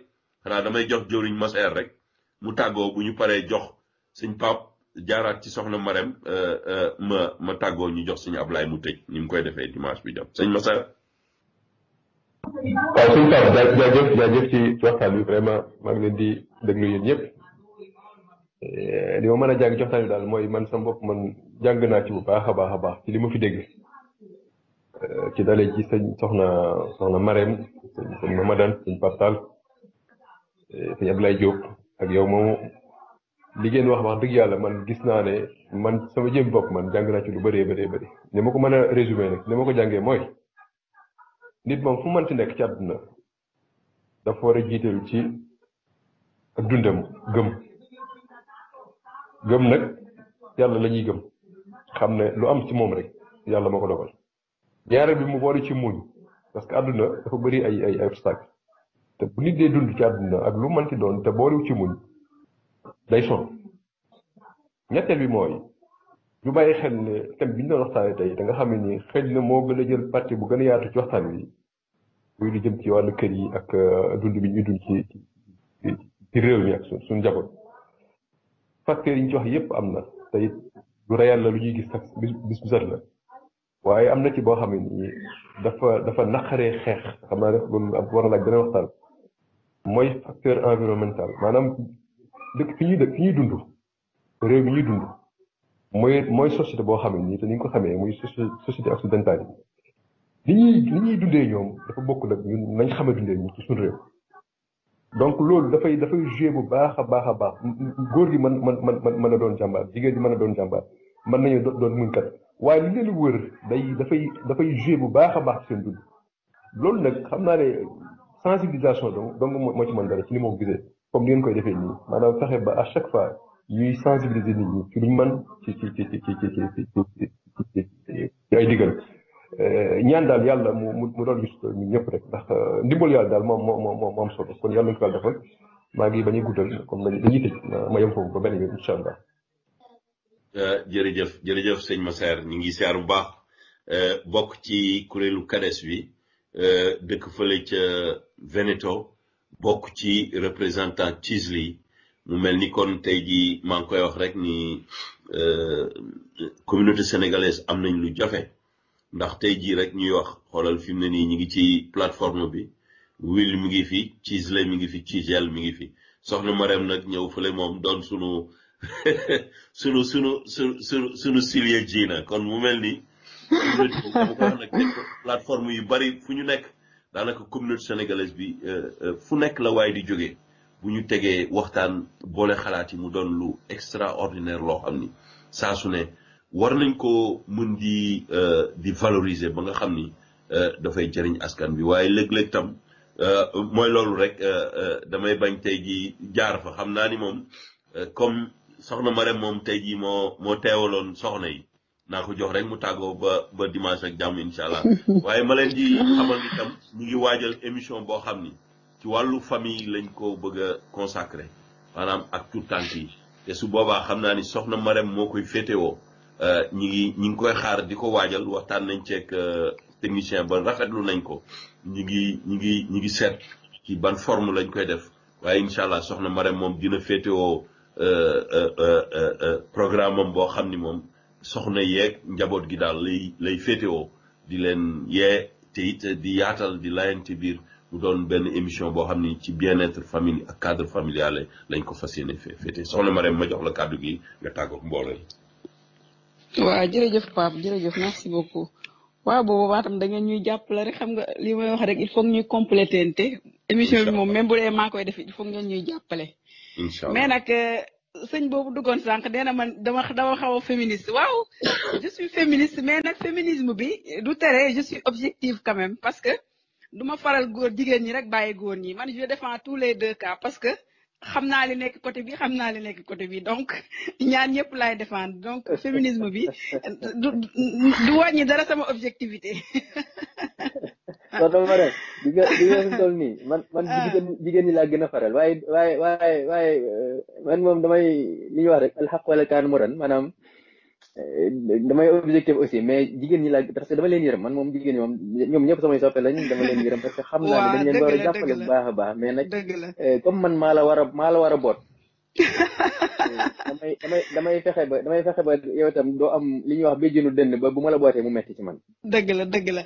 xanaa damay jox jëwriñ maseer rek mu tàggoo bu ñu paree jox suñ pap jaaraat ci soxna Marème euh, euh, ma ma tàggoo ñu jox suñu Ablaye mu tëj ni mu koy defee dimanche bi jot sëñ maseer waaw ci waxtaan bi vraiment maa leen di déglu yéen ñëpp Eh, li ma mën a jàng joxtaan bi daal mooy man sam bopp man jàng naa ci bu baax a baax baax ci li ma fi dégg eh, ci dalee ci sëñ soxna soxna Marème sëñ sëñ Mamadan sëñ Partal eh, sëñ Ablaye Diop ak yow moomu li wax wax dëgg yàlla man gis naa ne man sama jëm bopp man jàng naa ci lu bëree bëree bëri ni ma ko mën a résumé nag ni ma ko jàngee mooy nit moom fu mënti nekk ci àdduna dafa war a jiital ci ak dundam gëm gëm nag yàlla la ñuy gëm xam ne lu am ci moom rek yàlla moo ko dogal ñaareel bi mu boole ci muñ parce que àdduna dafa bëri ay ay ay te bu nit dee dund ci àdduna ak lu mënti doon te boolewu ci muñ day son ñetteel bi mooy ñu bàyyi xel ne thème bi ñu doon waxtaanee tey da nga xam ne nii xëy na moo gën a jël parti bu gën a yaatu ci waxtaan wi muy lu jëm ci wàllu kër yi ak euh, dund bi ñuy dund ci ci réew mi ak suñ suñ facteurs yi ñu ci wax yépp am na te it lu réel la lu ñuy gis sax bis bu set la waaye am na ci boo xam ne nii dafa dafa naqaree xeex xam naa def loolu war a laaj beneen waxtaan mooy facteur environnemental maanaam dëkk fi ñuy dëkk fi ñuy dund réew mi ñuy dund mooy mooy société boo xam ne nii te ni nga ko xamee muy société occidentale yi li ñuy li ñuy dundee ñoom dafa bokk nag ñun nañ xamee dundee ñun ci suñu réew donc loolu dafay dafay joué bu baax a baax a baax góor gi mën man mën mën a doon jàmbaar jigéen ji mën a doon jàmbaar mën nañu doon muñkat waaye li leen wër day dafay dafay joué bu baax a baax ci seen dund loolu nag xam naa ne sensibilisation donc donc moo ci mën dara ci ni moo gisee comme ni ngeen koy defee nii maanaam fexe ba à chaque fois ñuy sensibiliser nit ñi ci luñ mën ci ci ci ci ci ci ci ci ay digal Euh, ñaan daal yàlla mu mu mu doon ñëpp rek ndax euh, ndimbal yàlla daal moom moo solo kon yàlla nañu ko dafa defal maa ngi bañ comme dañuy dañuy tëj ma yem foofu ba benn yoon incha euh, jërëjëf jërëjëf sëñ Massaer ñu ngi siyaar bu baax bokk ci kuréelu CADES bi dëkk fële ca Veneto bokk ci représentant CISLI mu mel ni kon tey jii maa ngi koy wax rek ni communauté sénégalaise am nañ lu jafe. ndax tey jii rek ñuy wax xoolal fi mu ne nii ñu ngi ci plateforme bi Will mi ngi fi Cizle mi ngi fi Cigel mi ngi fi soxna Marème nag ñëw fële moom doon sunu sunu sunu sunu sunu sunu Syria jiina kon mu mel ni. plateforme yu bari fu ñu nekk daanaka communauté sénégalaise bi euh, euh, fu nekk la waaye di jóge bu ñu tegee waxtaan boole xalaat yi mu doon lu extraordinaire loo xam ni saa su ne. war nañ ko mën di euh, di valoriser ba nga xam ni euh, dafay jëriñ askan bi waaye léeg-léeg tam euh, mooy loolu rek damay bañ tey ji jaar fa xam naa ni moom comme soxna Marème moom tey ji moo moo teewaloon soxna yi naa ko jox rek mu tàggoo ba ba dimanche ak jàmm incha allah waaye ma leen di xamal ni ngi waajal émission boo xam ni ci wàllu famille lañ ko bëgg a maanaam ak tout tànk yi te su boobaa xam naa ni soxna Marème moo koy féetewoo Euh, ñi ngi ñi ngi koy xaar di ko waajal waxtaan nañ ceeg euh, technicien ba rafetlu nañ ko ñi ngi ñi ngi ñi ngi seet ci ban forme lañ koy def waaye incha allah soxna Marème moom dina féetewoo euh, programme am boo xam ni moom soxna yeeg njaboot gi daal lay lay féetewoo di leen yee te it di yaatal di layante biir mu doon benn émission boo xam ni ci bien-être famille ak cadre familial lañ ko fas yéene féete soxna Marème ma jox la kàddu gi nga tàggoog mbooloo waaw jërëjëf Pape jërëjëf merci beaucoup waaw boobu baatam da nga ñuy jàppale rek xam nga li may wax rek il faut ñuy complétente émission bi moom même bu dee maa koy def il faut ngeen ñuy jàppale mais nag euh, sëñ boobu duggoon sànq nee na man dama dama xaw a féministe waaw je suis féministe mais nag féminisme bi du tere je suis objective quand même parce que du ma faral góor jigéen ñi rek bàyyi góor ñi man je défends tous les deux cas parce que xam naa li nekk côté bi xam naa li nekk côté bi donc ñaan yépp laay défendre donc féminisme bi du du wàññi dara sama objectivité. soxna Marème di nga di nga fi nii man man ah. jigéen jigéen ñi laa gën a faral waaye waaye waaye waaye man moom damay li ñu wax rek alxaq wala kaan muran maanaam. damay objectif aussi mais jigéen ñi laaj parce que dama leen yërëm man moom jigéen ñi moom ñoom ñëpp samay soppe lañ dama leen yërëm parce que xam naa ne dañ leen war a jàppale bu baax baax mais nag comme man maa ah. la war a maa la war a boot damay damay damay fexe ba damay ba yow am li wax béjjinu dënn ba bu mu metti ci man dëgg la dëgg la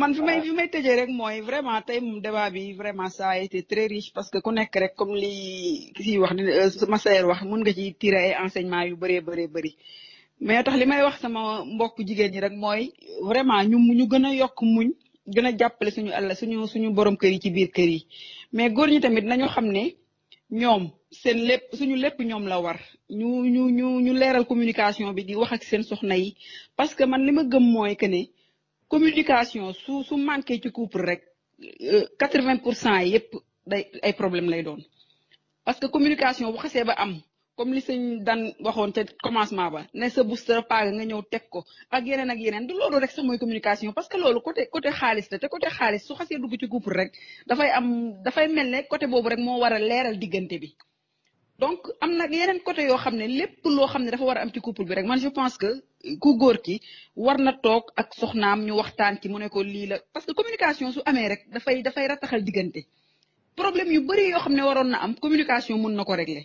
man fi may fi may tëjee rek mooy vraiment tey moom débat bi vraiment ça a été très riche parce que ku nekk rek comme li kii wax eh, masayer wax mun nga ci tirer ah, enseignement yu bëree mais tax li may wax sama mbokk jigéen ñi rek mooy vraiment ñu ñu gën a yokk muñ gën a jàppale suñu àll suñu suñu borom kër yi ci biir kër yi mais góor ñi tamit nañu xam ne ñoom seen lépp suñu lépp ñoom la war ñu ñu ñu ñu leeral communication bi di wax ak seen soxna yi parce que man li ma gëm mooy que ne communication su su manqué ci couple rek euh, quatre-vingt pour cent yëpp day ay problème lay doon parce que communication bu ba am comme li seigne dan waxone te commencement ba ne sa booster paga nga ñëw tek ko ak yeneen ak yeneen du lolu rek sax moy communication parce que lolu côté côté xaliss la te côté xaliss su xasse dugg ci groupe rek da fay am da fay melne côté bobu rek mo wara leral digënté bi donc am na yeneen côté yo xamné lépp lo xamné ne dafa wara am ci couple bi rek man je pense que ku gor ki war na toog ak soxnam ñu waxtaan ci mu ne ko li la parce que communication su amé rek da fay da fay rataxal digënté problème yu bari yo xamné waron na am communication mën nako régler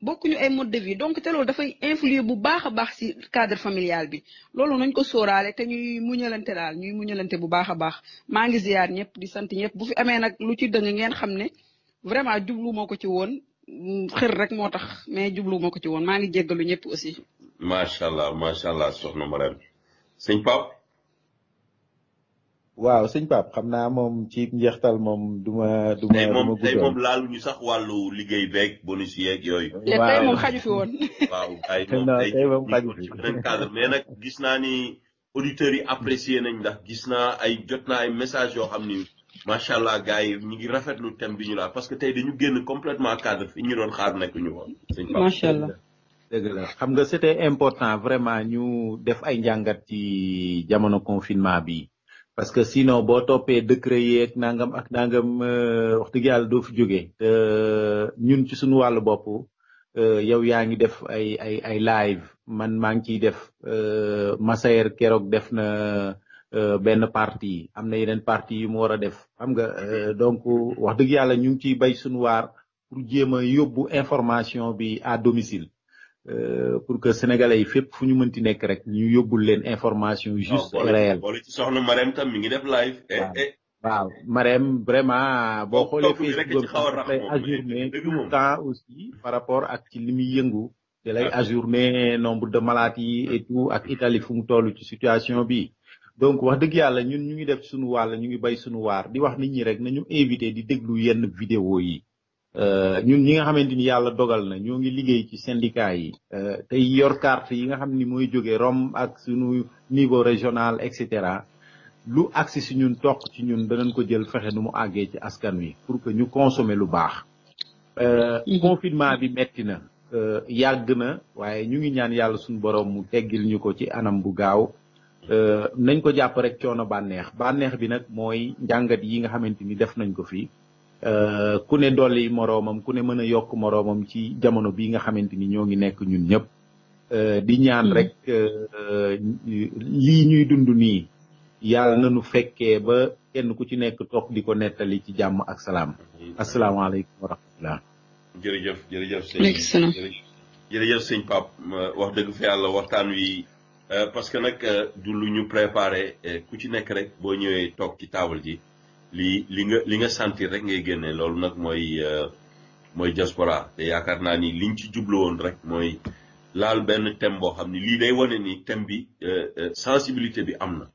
bokkuñu ay mode de vie donc te loolu dafay influer bu baax a baax ci cadre familial bi loolu nañ ko sóoraale te ñuy muñalante daal ñuy muñalante bu baax a baax maa ngi ziyaar ñëpp di sant ñëpp bu fi amee nag lu ci dëng ngeen xam ne vraiment jublu moo ko ci woon xër rek moo tax mais jublu moo ko ci woon maa ngi jéggalu ñëpp aussi. macha allah macha allah soxna Marème sëñ Pape waaw sëñ Pape xam naa moom ci njeextal moom du ma du ma du ma tey sax wàllu liggéey beeg bonus yeeg yooyu. waaw tey moom xaju fi woon. waaw ay moom tey ci beneen cadre mais nag gis naa ni auditeurs yi apprécié nañ ndax gis naa ay jot naa ay message yoo xam ni macha allah gars yi ñu ngi rafetlu thème bi ñu la parce que tey dañu génn complètement cadre fi ñu xaar nekk ñu woon. sëñ allah. dëgg la xam nga c'était important vraiment ñu def ay njàngat ci jamono confinement bi. parce que sinon bo topé décret ak nangam ak nangam eh, waxtu dëgg yàlla doo fi jógee te ñun ci suñu bop euh yow yaangi def ay ay ay live man ma ngi ciy def eh, kerok kérok def na euh party, am na yenen parti yu mo wara def xam nga eh, donc wax dëgg yàlla ñu ci bay suñu war pour jema a information bi à domicile Euh, pour que sénégalais yi fépp fu ñu mënti nekk rek ñu yóbbul leen information juste et réelle boole ci mi ngi def live eh, eh. waaw Marème vraiment boo xoolee Facebook lay ajourné aussi par rapport ak ci li muy yëngu te lay ah. ajourné nombre de malades yi et tout ak Italie fu mu toll ci situation bi donc wax dëgg yàlla ñun ñu ngi def suñu wàll ñu ngi bay suñu waar di wax nit ñi rek nañu invité di déglu yenn vidéo yi Euh, ñun ñi nga xamante ni yàlla dogal na ñoo ngi liggéey ci syndicat yi euh, tey yor carte yi nga xam ni mooy jóge Rome ak suñu niveau régional et cetera lu agsi si ñun toq ci ñun danañ ko jël fexe nu mu àggee ci askan wi pour que ñu consommer lu baax. Euh, mm-hmm. confinement bi metti na. yàgg na waaye ñu ngi ñaan yàlla suñu borom mu teggil ñu ko ci anam bu gaaw nañ ko jàpp rek coono bànneex bànneex bi nag mooy njàngat yi nga xamante ni def nañ ko fii. Euh, ku ne dolli moroomam ku ne mën a yokk moroomam ci jamono bi nga xamante ni ñoo ngi nekk ñun ñëpp euh, di ñaan mm. rek euh, lii ñuy dund nii yàlla na nañu fekkee ba kenn ku ci nekk toog di ko nettali ci jàmm ak salaam asalaamaaleykum wa rahmatullah jërëjëf jërëjëf sëñ jërëjëf sëñ wax dëgg yàlla waxtaan wi parce que nag du lu ñu préparé ku ci nekk rek boo ñëwee toog ci taabal ji lii li nga li nga sentir rek ngay génne loolu nag mooy euh, mooy diaspora te yaakaar naa ni liñ ci jublu woon rek mooy laal benn thème boo xam ni li day wane ni thème bi euh, euh, sensibilité bi am na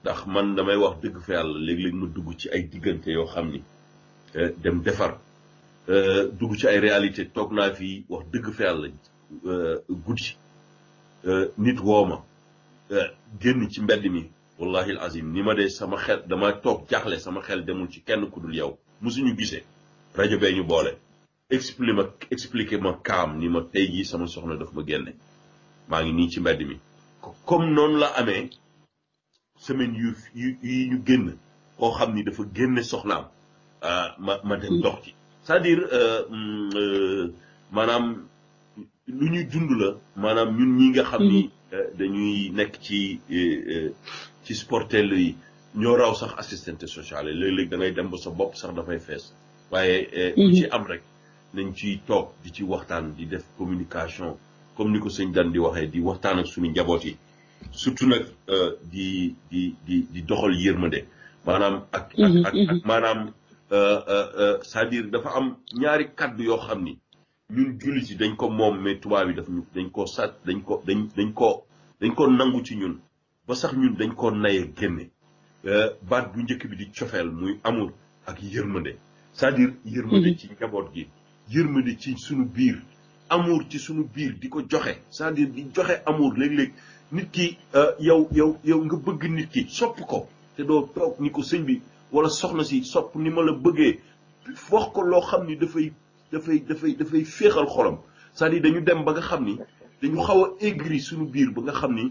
ndax man damay wax dëgg fa yàlla léeg-léeg ma dugg ci ay diggante yoo xam ni dem defar dugg ci ay réalité toog naa fi wax dëgg fa yàlla guddi nit wooma génn ci mbedd mi wallahi alazim nima ni sama xel dama tok jaxlé sama xel demul ci kenn kudul yow musuñu gisee radio bay ñu bolé expliqué ma expliquer ma kam ni ma tey jii sama soxna daf ma génne maa ngi nii ci mbedd mi comme non la amé semaine yu yu ñu génn ko xamni dafa génne soxnaam ah, ma ma dem hmm. dox ci c'est-à-dire euh, hmm, euh manam luñu dund la maanaam ñun ñi nga xamni hmm. euh, dañuy nekk ci euh, euh ci sportel yi ñoo raw sax assistante sociale yi léeg-léeg da ngay dem ba sa bopp sax dafay fees waaye eh, ku ci mhm. am rek nañ ciy toog di ci waxtaan di def communication comme ni ko sëñ Dan di waxee di waxtaan ak suñu njaboot yi surtout nag euh, di di di di doxal yërmande maanaam ak ak mhm, mhm. ak maanaam euh, euh, cest à dafa am ñaari kàddu yoo xam ni ñun jullit yi dañ ko moom mais tubaab yi daf ñu dañ koo sàcc dañ ko dañ dañ ko dañ ko nangu ci ñun ba sax ñun dañ koo naye génne baat bu njëkk bi di cofeel muy amul ak yërmande c'est-à-dire yërmande ci njaboot gi yërmande ci suñu biir amour ci suñu biir di ko joxe c'est-à-dire di joxe amour léeg-léeg nit ki yow yow yow nga bëgg nit ki sopp ko te do tok ni ko sëñ bi wala soxna si sopp ni ma la bëggee wax ko lo loo da fay da fay da fay féexal xolam c'est-à-dire dañu dem ba nga xamni dañu xawa aigri suñu biir ba nga xamni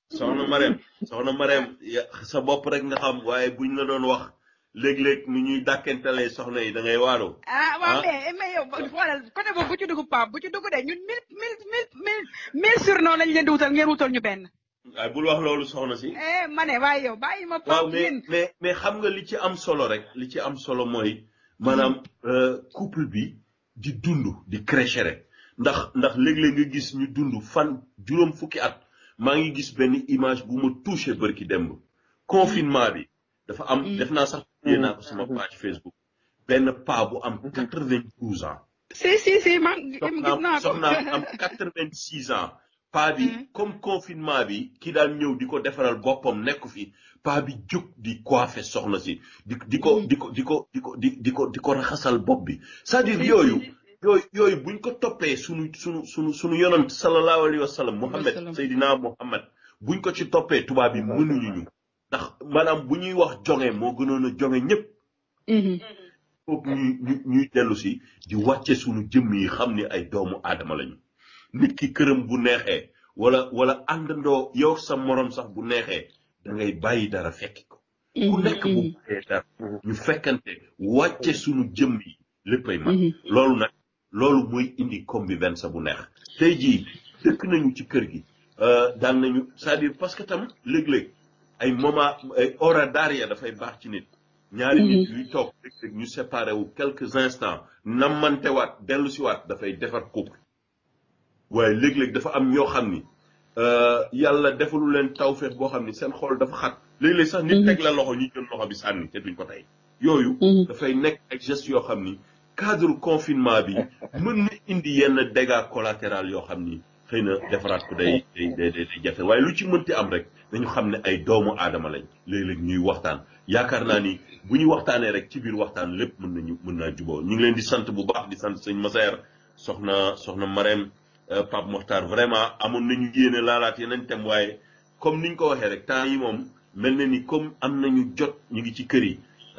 soxna Marème soxna Marème sa bopp rek nga xam waaye buñ la doon wax léeg-léeg nu ñuy dàkkantalee soxna yi da ngay waaroo. ah waaw ah. mais mais yow xoolal côté bu ci dugg Pape bu ci dugg leen di wutal ngeen wutal ñu benn. bul wax loolu soxna si. eh ma ne waaye yow xam nga li ci am solo rek li ci am solo mooy maanaam euh, couple bi di dund di crèche ndax ndax léeg-léeg nga gis ñu dund fan juróom fukki at. mangi gis image bu ma touché dem confinement bi dafa am mm. def sax ko sama mm. page Facebook Ben, bu am mm. quatre ans si si si man gis ko soxna ans bi comme confinement bi ki dal ñew diko Si, bopam nekk fi bi di si di diko diko bi cest dire yooyu buñ ko toppee sunu sunu sunu sunu yonant sallallahu alayhi wa sallam Muhammad Seydina Muhammad buñ ko ci toppee tubaab yi mënuñu ñu ndax maanaam bu ñuy wax jonge moo gënoon a jonge ñëpp. Mm-hmm. foog ñuy ñu ñuy dellu si di wàcce sunu jëmm yi xam ni ay doomu aadama lañu nit ki këram bu neexee wala wala àndandoo yow sa morom sax bu neexee da ngay bàyyi dara fekki ko. ku mm-hmm. nekk bu mm-hmm. bàyyee dara ñu fekkante wàcce sunu jëmm yi léppay man loolu nag. loolu mooy indi comme bi sa bu neex tey ji dëkk nañu ci kër gi euh, daan nañu cest à parce que tam léeg-léeg ay moment ay hora daria dafay baax ci nit ñaari nit mhm. yuy toog léeg-léeg ñu séparé wu quelques instants nammantewaat dellu siwaat dafay defar couple waaye léeg-léeg dafa am ñoo xam ni euh, yàlla defalu leen tawfeex boo xam ni seen xool dafa xat léeg-léeg sax nit mhm. teg la loxo ñu jël loxo bi sànni te duñ ko tey yooyu mhm. dafay nekk ay gestes yoo xam ni cadre confinement bi mën na indi yenn dégâts collatéral yoo xam ni xëy na defaraat ko day day day day waaye lu ci mënti am rek dañu xam ne ay doomu aadama lañ léegi léeg ñuy waxtaan yaakaar naa ni bu ñu waxtaanee rek ci biir waxtaan lépp mën nañu mën naa juboo ñu ngi leen di sant bu baax di sant sañ Massaer soxna soxna Marème euh, Pape Mokhtar vraiment amoon nañu yéene laalaat yeneen thème waaye comme niñ ko waxee rek temps yi moom mel na ni comme am nañu jot ñu ngi ci kër yi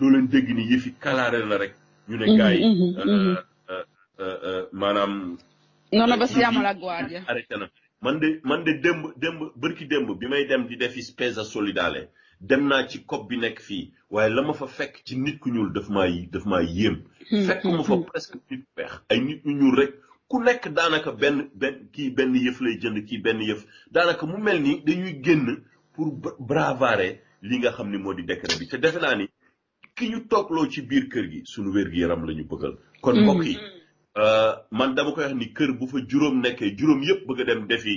doo leen dégg ni yëfi kalaare la rek ñu ne gars yi mhm, mhm, euh, mhm. Euh, euh, maanaam noonu ba si yamal ak guardia arrêté na man de man de démb démb bërki démb bi may dem di defi spesa solidale dem naa ci kop bi nekk fii waaye la ma fa fekk ci nit ku ñuul daf ma daf maa yéem fekk ma fa presque nit ku ay nit ñuul rek ku nekk daanaka benn benn kii benn yëf lay jënd kii benn yëf daanaka mu mel ni dañuy génn pour bravarer li nga xam ni moo di décret bi te defe naa ni ki ñu toogloo ci biir kër gi sunu wér-gu-yaram la ñu bëggal kon mm. mbokk yi mm. euh, man dama koy wax ni kër bu fa juróom nekkee juróom yëpp bëgg a dem defi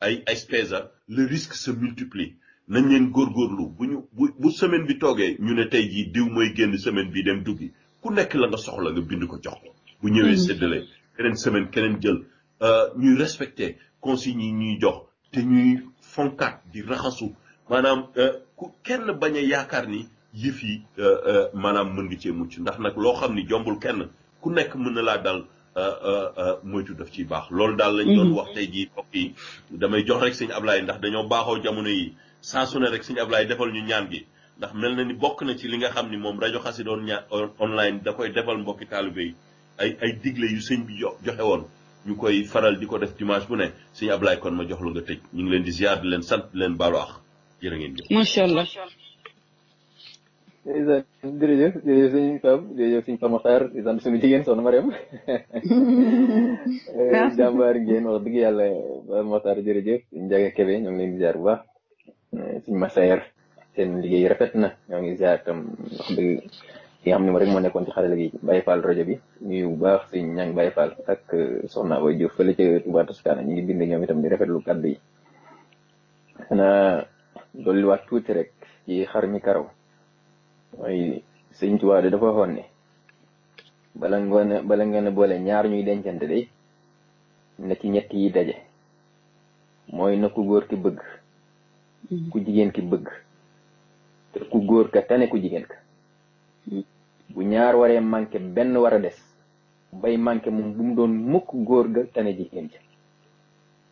ay ay spesa le risque se multiplie nañ leen góorgóorlu bu ñu bu semaine bi toogee ñu ne tey jii diw mooy génn semaine bi dem duggi ku nekk la nga soxla nga bind ko jox ko bu ñëwee mm. séddale keneen semaine keneen jël euh, ñuy respecté consignes yi ñuy jox te ñuy fonkaat di raxasu maanaam euh, kenn bañ a yaakaar ni yëf yi euh, euh, maanaam mën nga cee mucc ndax nag loo xam ni jombul kenn ku nekk mën na laa dal euh, moytu def ciy baax loolu daal lañ doon mhm. wax tey jii mbokk yi damay jox rek sëñ ablaay ndax dañoo baaxoo jamono yi saa rek sëñ Ablaye defal ñu ñaan gi ndax mel na ni bokk na ci li nga xam ni moom rajo Xassida online da koy defal mbokki taalibe yi ay ay digle yu sëñ bi joxe woon ñu koy faral di ko def dimanche bu ne sëñ Ablaye kon ma jox la nga tëj ñu ngi leen di ziar leen sant leen baalu ax jërë ngeen jëf macha allah Direção, direção, sabe? Direção para mostrar, estão se metiendo, só não maremos. Jambar gen, waktu ya, dia le, mostrar direção, injaga kebe, yang lain biar bah, sin masair, sin lagi refet na, yang izar kam, waktu yang ni mereka mana konti hari lagi, bayi fal roja bi, ni ubah sin yang bayi fal, tak sona wajib, feli je tu batas kanan, ni bintang yang mitam direfet lukat di. Karena, dulu waktu terek, di harmi karau. mooy sëñ Tuubaa de dafa waxoon ne bala nga bala nga ne boole ñaar ñuy dencante de na ci ñett yi daje mooy na ku góor ki bëgg ku jigéen ki bëgg te ku góor ka tane ku jigéen ka bu ñaar waree manqué benn war a des bay manqué moom bu doon mukk góor ga tane jigéen ca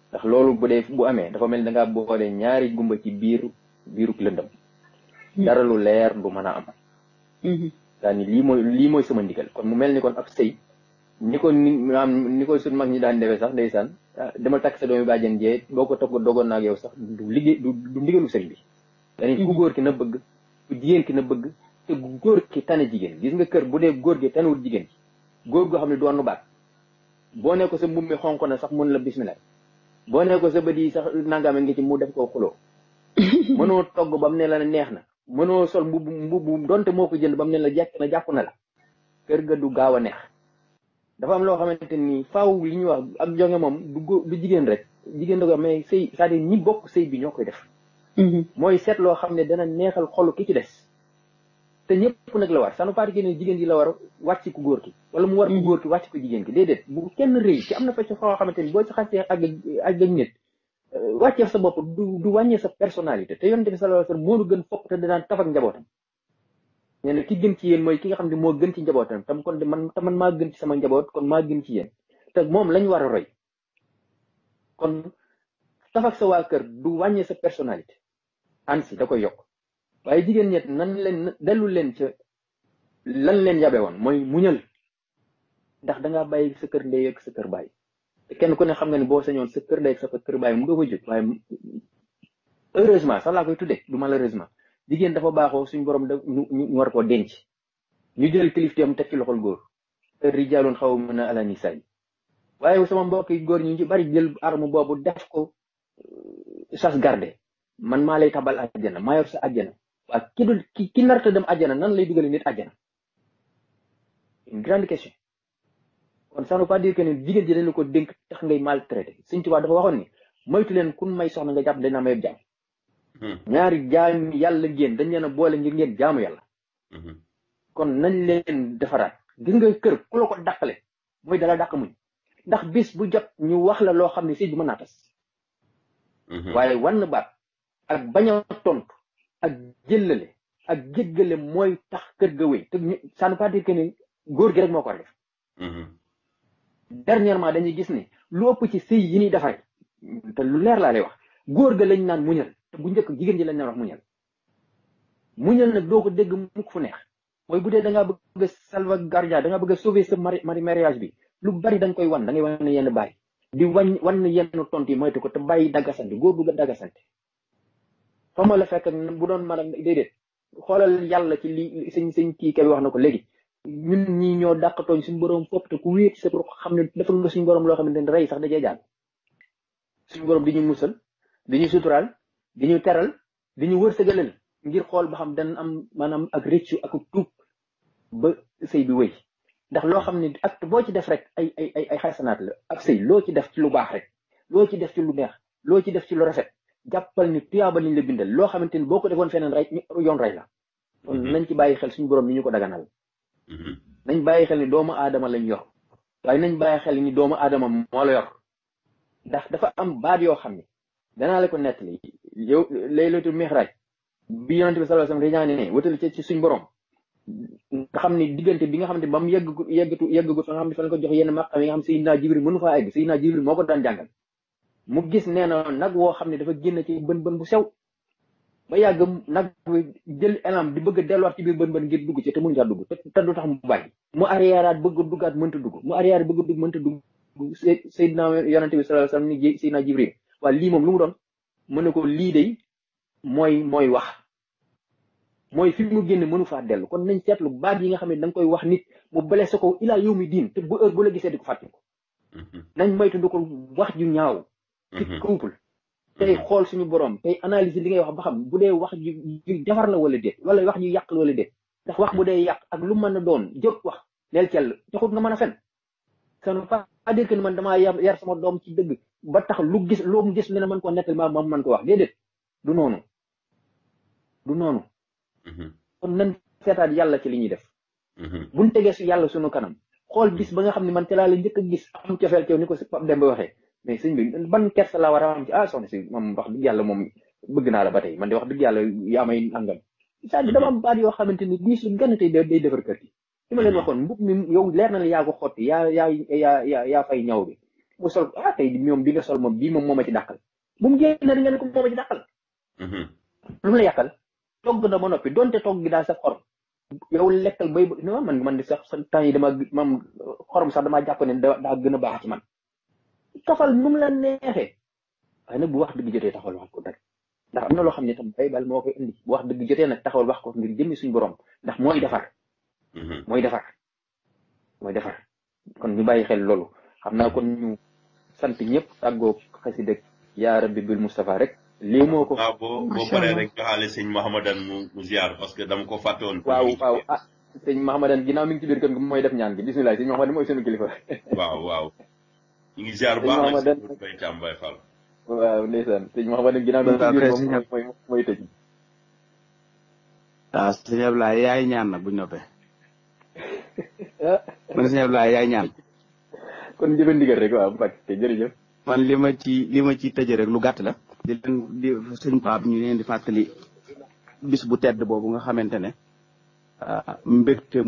ndax loolu bu dee bu amee dafa mel danga ngaa boole ñaari gumba ci biiru biiruk lëndëm Hmm. dara lu leer du mën a am hmm. ni lii mooy lii mooy sama ndigal kon mu mel ni kon ab sëy ni ko maam ni ko suñ mag ñi daan defee sax ndeysaan ah, dama takk sa doomi bàjjen jee boo ko togg dogoon naa ak yow sax du liggéey du du ndigalu sëñ bi ni ku góor ki na bëgg ku jigéen ki na bëgg te góor ki tane jigéen gis nga kër bu dee góor gi tanewul jigéen góor goo xam ne du wannu baat boo ne ko sa mbubb mi xonk na sax mun la bismillah boo ne ko sa bët yi sax nangaame nga ci mu def ko xuloo mënoo togg ba mu ne la neex na mënoo sol mbubb mbubb donte moo ko jënd ba mu ne la jekk na jàpp na la kër ga du gaaw a neex dafa am loo xamante ni faaw li ñuy wax ak jonge moom du góor du jigéen rek jigéen da ko mais sëy c'est-à-dire ñi bokk sëy bi ñoo koy def mm-hmm. mooy seet loo xam ne dana neexal xolu ki ci des te ñëpp nag la war ça ne veut pas dire ne jigéen ji la war wàcc ku góor ki wala mu war ku mm-hmm. góor ki wàcc ko jigéen ki déedéet bu kenn rëy ci am na fa ci xoo xamante ni boo ci xasee ak ak nit wàcceel sa bopp du wàññee sa personnalité te yonent bi sallallahu alayhi wasallam moo gën fopp te danaan taf ak njabootam nee ki gën ci yéen mooy ki nga xam ne moo gën ci njabootam tam kon de man te man maa gën ci sama njaboot kon maa gën ci yéen te moom lañ war a roy kon taf ak sa waa kër du wàññee sa personnalité ansi da koy yokk waaye jigéen ñett nan leen dellu leen ca lan leen yabe woon mooy muñal ndax dangaa bàyyi sa kër ndey ak sa kër bàyyi te kenn ku ne xam nga ne boo sañoon sa kër day sa kër baay mu nga ko jóg waaye heureusement sax laa koy tuddee du malheureusement jigéen dafa baaxoo suñu borom da ñu war koo denc ñu jël kilifteem teg ci loxol góor te rijaaloon xaw mën a ala nisaa yi waaye sama mbokk yi góor ñi bari jël armu boobu def ko euh, chasse garde man maa lay tabal àjjana maa yor sa àjjana waaw ki dul ki narta dem àjjana nan lay dugalee nit àjjana kon ça pas dire que ne jigéen ji leen la ko dénk tax ngay maltraité Sëñ Tuubaa dafa waxoon ni moytu leen kun may soxna nga jàpp dañ naa mayeb jaam hmm. ñaari jaam yàlla ngeen dañ leen a boole ngir ngeen jaamu yàlla hmm. kon nañ leen defaraat gis nga kër ku la ko dàqale mooy dala dàq muñ ndax bis bu jot ñu wax la loo xam ne sëy bi mën naa tas hmm. waaye wann baat ak bañ a tontu ak jëllale ak jéggale mooy tax kër ga wéy te ça pas dire que ne góor gi rek moo ko a dernièrement dañuy gis ni lu ëpp ci sëy yi ñuy defar te lu leer laa lay wax góor ga lañ naan muñal te bu njëkk jigéen ji lañ naan wax muñal muñal nag doo ko dégg mukk fu neex mooy bu dee danga ngaa bëgg a salvaguardia da ngaa bëgg a sauver sa mari mariage bi lu bari da nga koy wan da ngay wan yenn bàyyi di wañ wan yenn tont yi moytu ko te bàyyi daggasante góor bëgg a daggasante fa ma la fekk bu doon maanaam déedéet xoolal yàlla ci li sëñ sëñ kii kay wax na ko léegi ñun ñi ñoo dàq tooñ suñu borom fopp te ku wéet sa ruq xam ne dafa lu suñu borom loo xamante ne rey sax dajee jàng suñu borom di ñu musal di ñu suturaal di ñu teral di ñu wërsëgalal ngir xool ba xam dan am maanaam ak rëccu ak tuub ba sëy bi wëy ndax loo xam ne acte boo ci def rek ay ay ay ay xasanaat la ak sëy loo ci def ci lu baax rek loo ci def ci lu neex loo ci def ci lu rafet jàppal ni tuyaaba liñ la bindal loo xamante ni boo ko defoon feneen rey yoon rey la mhm. nañ ci bàyyi xel suñu borom ni ñu ko daganal Mhm. nañ bàyyi xel ni doomu aadama lañ yor waaye nañ bàyyi xel ni doomu aadama moo la yor ndax dafa am baat yoo xam ne danaa la ko nettali yow laylatul mihraj bi yonent bi sallallahu alayhi wasallam riñaane ne suñ borom nga xam ni diggante bi nga xam ne ba mu yegg yeggatu yeggagut fa nga xam ne fan ko jox yenn ma yi nga xam Seydina Jibril mënu faa egg Seydina Jibril moo ko daan jàngal mu gis nee na nag woo xam ne dafa génn ci bën bën bu sew ba yàgg nag jël elam di bëgg a delluwaat ci biir bën bën ngir dugg ci te mënu caa dugg te du tax mu bàyyi mu arrièreaat bëgg a duggaat mënta dugg mu arrière bëgg a dugg mënta dugg Seydina yonente bi sallallahu alayhi wasallam ni Seydina Jibril waa lii moom lu mu doon mën ne ko lii day mooy wax mooy fi mu génn mënu faa dellu kon nañ seetlu baat yi nga xam ne da koy wax nit mu blessé ko ilaa yow diin te bu heure bu la gisee di ko fàttali ko mhm. nañ moytu ko wax ju ñaaw ci mhm. couple tey xool suñu boroom tey analyser li ngay wax ba xam bu dee wax ju defar la wala déet wala wax ju yàq la wala déet ndax wax bu dee yàq ak lu mën a doon jóg wax leel cell nga mën a fen ça ne veut man damaa yar sama doom ci dëgg ba tax lu gis lu mu gis ne mën ko nettal ma mën ko wax déedéet du noonu du noonu mm-hmm. kon nan seetaat yàlla ci li ñuy def mm-hmm. buñ tegee su yàlla sunu kanam xool bis ba nga xam ne man te laa la njëkk a gis am cofeel cew ni ko si Pape Demba waxee mais sëñ bi ban kersa la war a am ci ah soxna si moom wax dëgg yàlla moom bëgg naa la ba tey man de wax dëgg yàlla yaa may nangam. c'est-à-dire dama baat yoo xamante ni diis lu gën tey day defar kër gi. li ma mi yow leer na la yaa ko xotti yaa yaa yaa yaa fay ñaw bi mu sol ah tey moom bi nga sol moom bii moom moo ma ci dàqal. bu mu génn rek nga ne ko moo ma ci dàqal. Mhm. lu la yàqal togg na ba noppi donte togg gi daal sa xorom. yow lekkal bay non man man de sax temps yi dama mam xorom sax dama jàpp ne daa gën a baax ci man. tofal nu mu la neexee waaye bu wax dëgg jotee taxawal wax ko nag ndax am na loo xam ne tam bay bal moo koy indi bu wax dëgg jotee nag taxawal wax ko ngir jëmmi suñ borom ndax mooy defar mm-hmm. mooy defar mooy defar kon ñu bàyyi xel loolu xam naa kon ñu sant ñëpp tàggoo xasida yaa rabbi bil Moustapha rek lii moo ko waaw ah, boo boo paree rek joxaale sëñ Mahamadan mu ziar parce que dama ko fàtte woon waaw waaw ah sëñ Mahamadan ginnaaw mi ngi ci biir kër gi mooy def ñaan gi bisimilah sëñ Mahamadan mooy sunu kilifa ñu ziar baax nag sëñ Bay Caam Bay Fall waaw ndeysaan sëñ Mouhamadou ginnaaw bi moom sëñ yaay ñaan bu noppee man sëñ Ablaye yaay ñaan kon jëfe ndigal rek waaw Mbacke jërëjëf man lima ci ci rek lu gàtt la di leen di sëñ ñu di fàttali bis bu tedd boobu nga xamante eh. ne ah, mbégte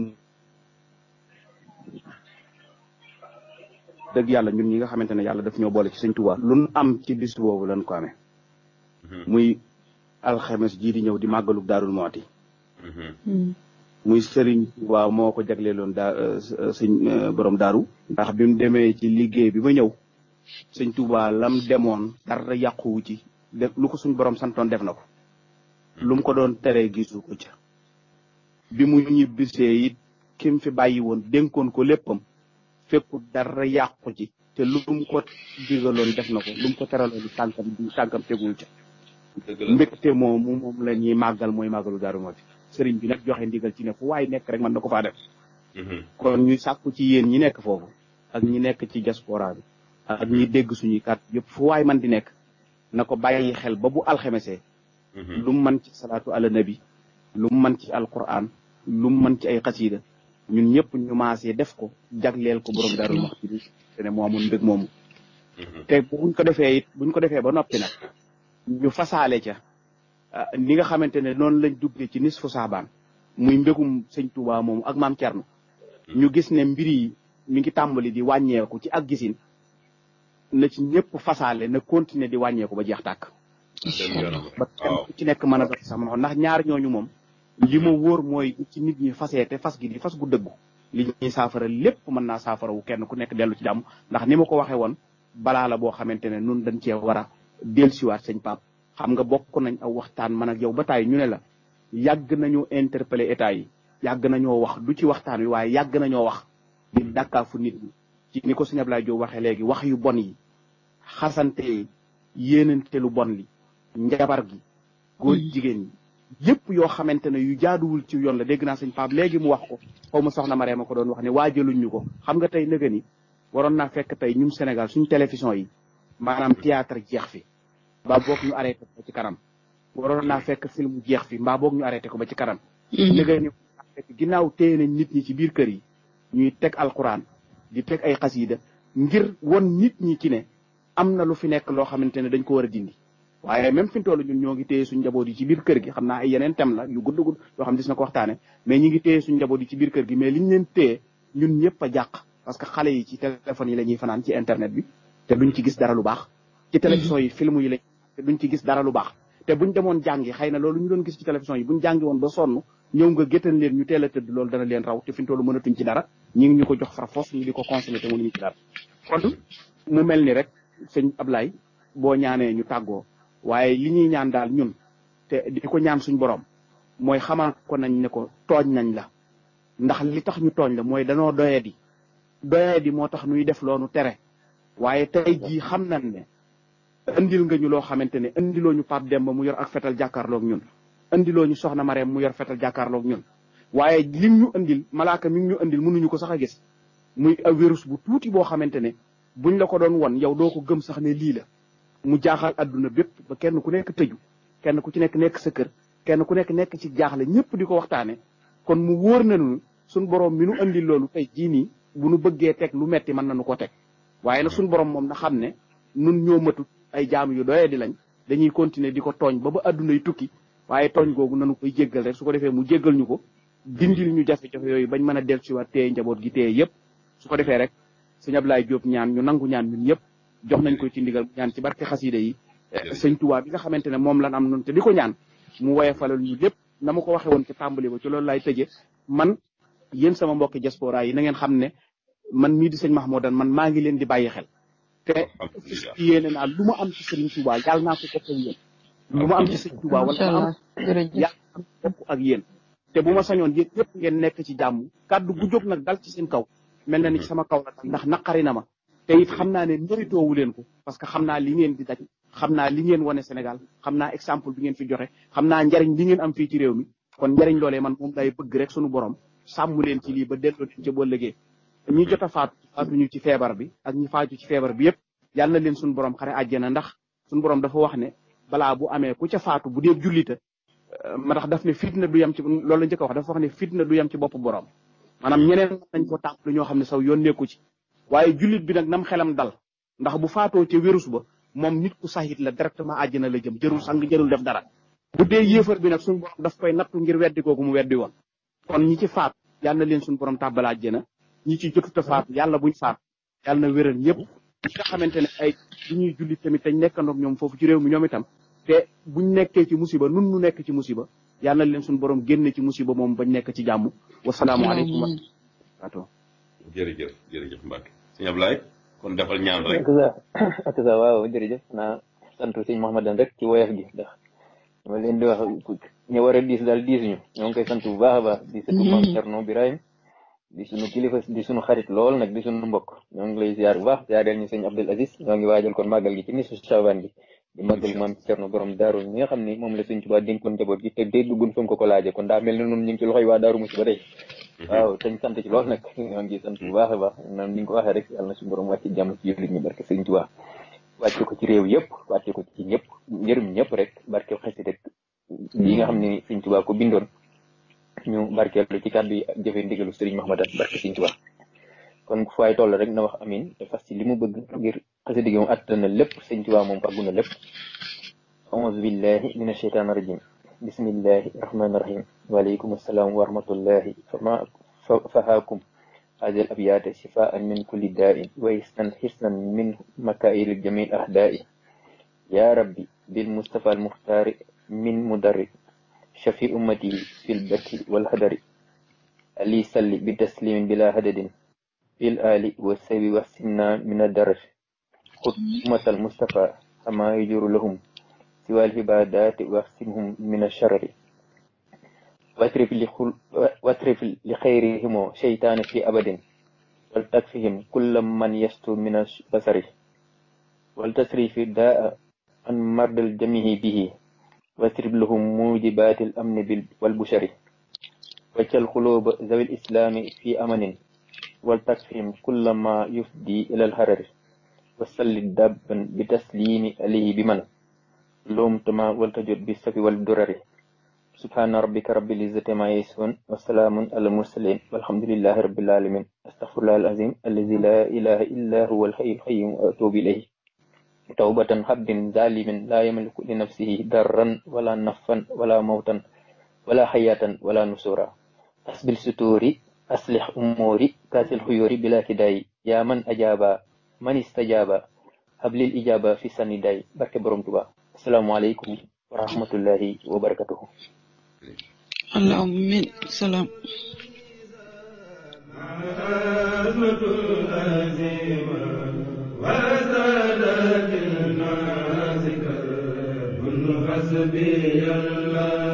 dëgg yàlla ñun ñi nga xamante ne yàlla daf ñoo boole ci sëñ Tuubaa lu am ci bis boobu lañ ko amee. Mm-hmm. muy alxames jii di ñëw di màggalu Daarul Mooti. Mm-hmm. Mm-hmm. muy Serigne Touba moo ko jagleeloon daa euh, euh, sëñ euh, borom daaru ndax bi mu demee ci liggéey bi ma ñëw sëñ Touba lam demoon dara yàquwu ci def lu ko suñ borom santon def na ko. lu ko doon tere gisu ko ca. bi mu ñibbisee it fi bàyyi woon dénkoon ko léppam. fépp dara yàqu ci te lum ko digalon def na ko lum ko tankam tànkam tànkam tegul ca mbégte mom moom la magal moy magalu daru mo fi sëriñ bi nak joxe ndigal ci nek way nek rek man nako fa def mm-hmm. kon ñuy sakku ci yeen ñi nek fofu ak ñi nek ci diaspora bi ak ñi dégg suñu kat fu way man di nek nako bayyi xel ba bu mm-hmm. lu man ci salatu ala nabi lu man ci alquran lu man ci ay ñu ñëpp ñu maasee def ko jagleel ko borom daarul max ci bi te ne moo mm-hmm. buñ ko defee buñ ko defee ba noppi nag ñu fasaale ca ah, ni nga xamante ne noonu lañ duggee ci nis fu saabaan muy mbégum sëñ Touba moomu ak maam Thierno mm-hmm. ñu gis ne mbir yi mi ngi tàmbali di wàññeeku ci ak gisin na ci ñëpp fasaale na continuer di wàññeeku jeex tàkk ba ci nekk mën a dox sax ndax ñaar ñooñu moom li ma wóor mooy ci nit ñi fasee te fas gi di fas gu dëggu li saafara lépp mën naa saafara wu kenn ku nekk dellu ci jàmm ndax ni ma ko waxee woon balaa la boo xamante ne nun dañ cee war a dellusiwaat sëñ Pape xam nga bokk nañ a waxtaan man a yow ba taay ñu ne la yàgg nañu interpeller état yi yàgg nañoo wax du ci waxtaan wi waaye yàgg nañoo wax di dàkkaafu nit ñi ci ni ko sëñ Ablaye Diop waxee léegi wax yu bon yi xasante yeneen yéenante lu bon li njabar gi jigéen ñi yëpp yoo xamante ne yu jaaduwul ci yoon la dégg naa sëñ Pape léegi mu wax ko xaw ma soxna Marème ma ko doon wax ne waajaluñ ñu ko xam nga tey nëga ni waroon naa fekk tey ñun Sénégal suñ télévision yi maanaam théâtre jeex fi mbaa boog ñu arrêté ko ba ci kanam waroon naa fekk film jeex fi mbaa boog ñu arrêté ko ba ci kanam mm-hmm. nëga ni ginnaaw téye nañ nit ñi ci biir kër yi ñuy teg alquran di teg ay xasiida ngir won nit ñi ci ne am na lu fi nekk loo xamante ne dañ ko war a dindi waaye même fi toll ñun ñoo ngi téye suñu njaboot yi ci biir kër gi xam naa ay yeneen thème la yu gudd gudd yoo xam dis na ko waxtaane mais ñi ngi téye suñu njaboot yi ci biir kër gi mais liñ leen téye ñun ñëpp a jàq parce que xale yi ci téléphone yi la ñuy fanaan ci internet bi te duñ ci gis dara lu baax ci télévision yi film yi lañ te duñ ci gis dara lu baax te buñ demoon jàngi xëy na loolu ñu doon gis ci télévision yi buñ jàngi woon ba sonn ñëw nga géttan teel a loolu dana leen raw te fi mu toll mënatuñ ci dara ñi ngi ñu ko jox far force di ko consommer te mënuñu ci dara kon ni rek sëñ Ablaye boo ñaanee ñu tàggoo waaye li ñuy ñaan daal ñun te di ko ñaan suñ boroom mooy xamal ko nañ ne ko tooñ nañ la ndax li tax ñu tooñ la mooy danoo doyadi doyadi moo tax nuy def loonu tere waaye tey jii xam nañ ne indil nga ñu loo xamante ne indiloo ñu Pape Demba mu yor ak fetal jàkkaarloog ñun indiloo ñu Soxna Mareem mu yor fetal jàkkaarloog ñun waaye lim ñu indil malaaka mi ñu indil mënuñu ko sax a gis muy a virus bu tuuti boo xamante ne buñ la ko doon won yow doo ko gëm sax ne lii la mu jaaxal adduna bépp ba kenn ku nekk tëju kenn ku ci nekk nekk sa kër kenn ku nekk nekk ci jaaxle ñëpp di ko waxtaane kon mu wóor nañu suñ borom mi nu indi loolu tey jii bu nu bëggee teg lu metti mën nañu ko teg waaye na suñ borom moom na xam ne nun ñoo matut ay jaam yu doyee di lañ dañuy continuer di ko tooñ ba ba adduna yi tukki waaye tooñ googu nanu koy jéggal rek su ko defee mu jéggal ñu ko dindil ñu jafe-jafe yooyu bañ mën a dellusiwaat téye njaboot gi téye yëpp su ko defee rek sëñ Ablaye Diop ñaan ñu nangu ñaan ñun ñëpp jox nañ ko ci ndigal ñaan ci barke xasida yi sëñ tuba bi nga xamantene mom la am non te di ñaan mu woye falal ñu lepp na ko waxe woon ci tambali ba ci lool lay teje man yeen sama mbokk diaspora yi na ngeen xamne ne man mi di sëñ mahmoudan man ma ngi leen di bàyyi xel te yeen na luma am ci sëriñ tuba yàlla na ko jokkal yeen luma am ci sëñ tuba wala am ya am ak yeen te buma sañon sañoon yéen ngeen nek ci jamm kaddu gu jog nak dal ci seen kaw mel ni sama kaw nak ndax naqari na ma te it xam naa ne méritoowu leen ko parce que xam naa li ngeen di daj xam naa li ngeen wane Sénégal xam naa exemple bi ngeen fi joxe xam naa njariñ li ngeen am fii ci réew mi kon njariñ loolee man moom day bëgg rek sunu borom sàmm leen ci lii ba delloo leen ca boo lëgee ñi jot a faatu faatuñu ci feebar bi ak ñi faatu ci feebar bi yëpp yàlla na leen suñu borom xare àjjana ndax suñu borom dafa wax ne balaa bu amee ku ca faatu bu dee jullita ma tax daf ne fitna du yam ci loolu la njëkk a wax dafa wax ne fitna du yam ci bopp borom maanaam ñeneen nañ ko tàmbali ñoo xam ne saw yoon nekku ci waaye jullit bi nag nam xelam dal ndax bu faatoo ca wérus ba moom nit ku saxit la directement àjjana la jëm jërul sang jërul def dara bu dee yéefar bi nag suñu borom daf koy nattu ngir weddi ko mu weddi woon kon ñi ci faat yàlla leen suñu borom tàbbal àjjana ñi ci jotuta faatu yàlla buñ faatu yàlla na wéral ñëpp nga xamante ne ay li ñuy tamit dañ nekkandoog ñoom foofu ci réew mi ñoom itam te nekkee ci musiba nun nu nekk ci musiba yàlla leen suñu borom génne ci musiba moom bañ nekk ci jàmmu wasalaamualeykum wa rahmatulah sëñ Ablaye kon defal ñaam rek. ak a waaw jërëjëf naa sant sëñ Mouhamadane rek ci woyof gi ndax dama leen di wax ñu war a diis daal diis ñu ñoo ngi koy sant bu baax a baax. di sëtu maam mm. Cerno Birahim di sunu kilifa di sunu xarit lool nag di sunu mbokk ñoo ngi lay ziar bu baax ziareel ñu sëñ Abdul Aziz ñoo ngi waajal kon màggal gi ci nisu Chaban gi. di màggal maam Cerno borom daru mi xamni mom la moom la suñ Tuubaa dénkoon njaboot gi te dee buñ Sonko ko laaje kon da melni ne noonu ngi ci loxoy wa daru musiba de mhm. waaw señ sant ci lool nak ñoo ngi sant bu mhm. baax baax na ni ko waxe rek yalla na suñu borom wacc jàmm ci jullit ñi barke sëñ Tuubaa wacc ko ci rew yëpp wacc ko ci ñëpp njëriñ ñëpp rek barke xasi rek yi nga xamni ne sëñ ko bindoon ñu barkeelu ci kaddu yi ndigalu sëriñ barke sëñ Tuubaa kon ku fay toll rek na wax amin te fas ci li mu bëgg ngir xasida gi moom àttan na lépp sëñ Tuubaa moom fàggu na lépp auzu billahi mina sheytaani rajim bismillahi rahmaani rahim waaleykum assalaam wa rahmatullahi fama fahaakum hadhihi al abyat shifaan min kulli daa'in wa hisnan hisnan min makaa'il jamii al ahdaa'i ya rabbi bil mustafa al muxtaari min mudarri shafi ummati fil bakki wal hadari ali salli bi taslimin bila hadadin بالآل والسيب والسنان من الدرج خذ أمة المصطفى كما يجر لهم سوى العبادات واحسنهم من الشرر واترف, لخل... واترف لخيرهم شيطان في أبد ولتكفهم كل من يشتو من بصره في الداء عن مرض الجميع به واضرب لهم موجبات الأمن والبشر وجل قلوب ذوي الإسلام في أمن والتسفيم كل ما يفضي إلى الهرر وسل الدب بتسليم عليه بمنع لومتما والتجد بالسف والدرر سبحان ربك رب العزة ما يصفون وسلام على المرسلين والحمد لله رب العالمين أستغفر الله العظيم الذي لا إله إلا هو الحي القيوم وأتوب إليه توبة حب ظالم لا يملك لنفسه ضرا ولا نفا ولا موتا ولا حياة ولا نسورا حسب الستور أصلح أموري كات الخيور بلا كداي يا من أجاب من استجاب هبل الإجابة في سنداي بركة بروم تبا السلام عليكم ورحمة الله وبركاته اللهم من سلام محمد العزيم وسادة الناس كرب حسبي الله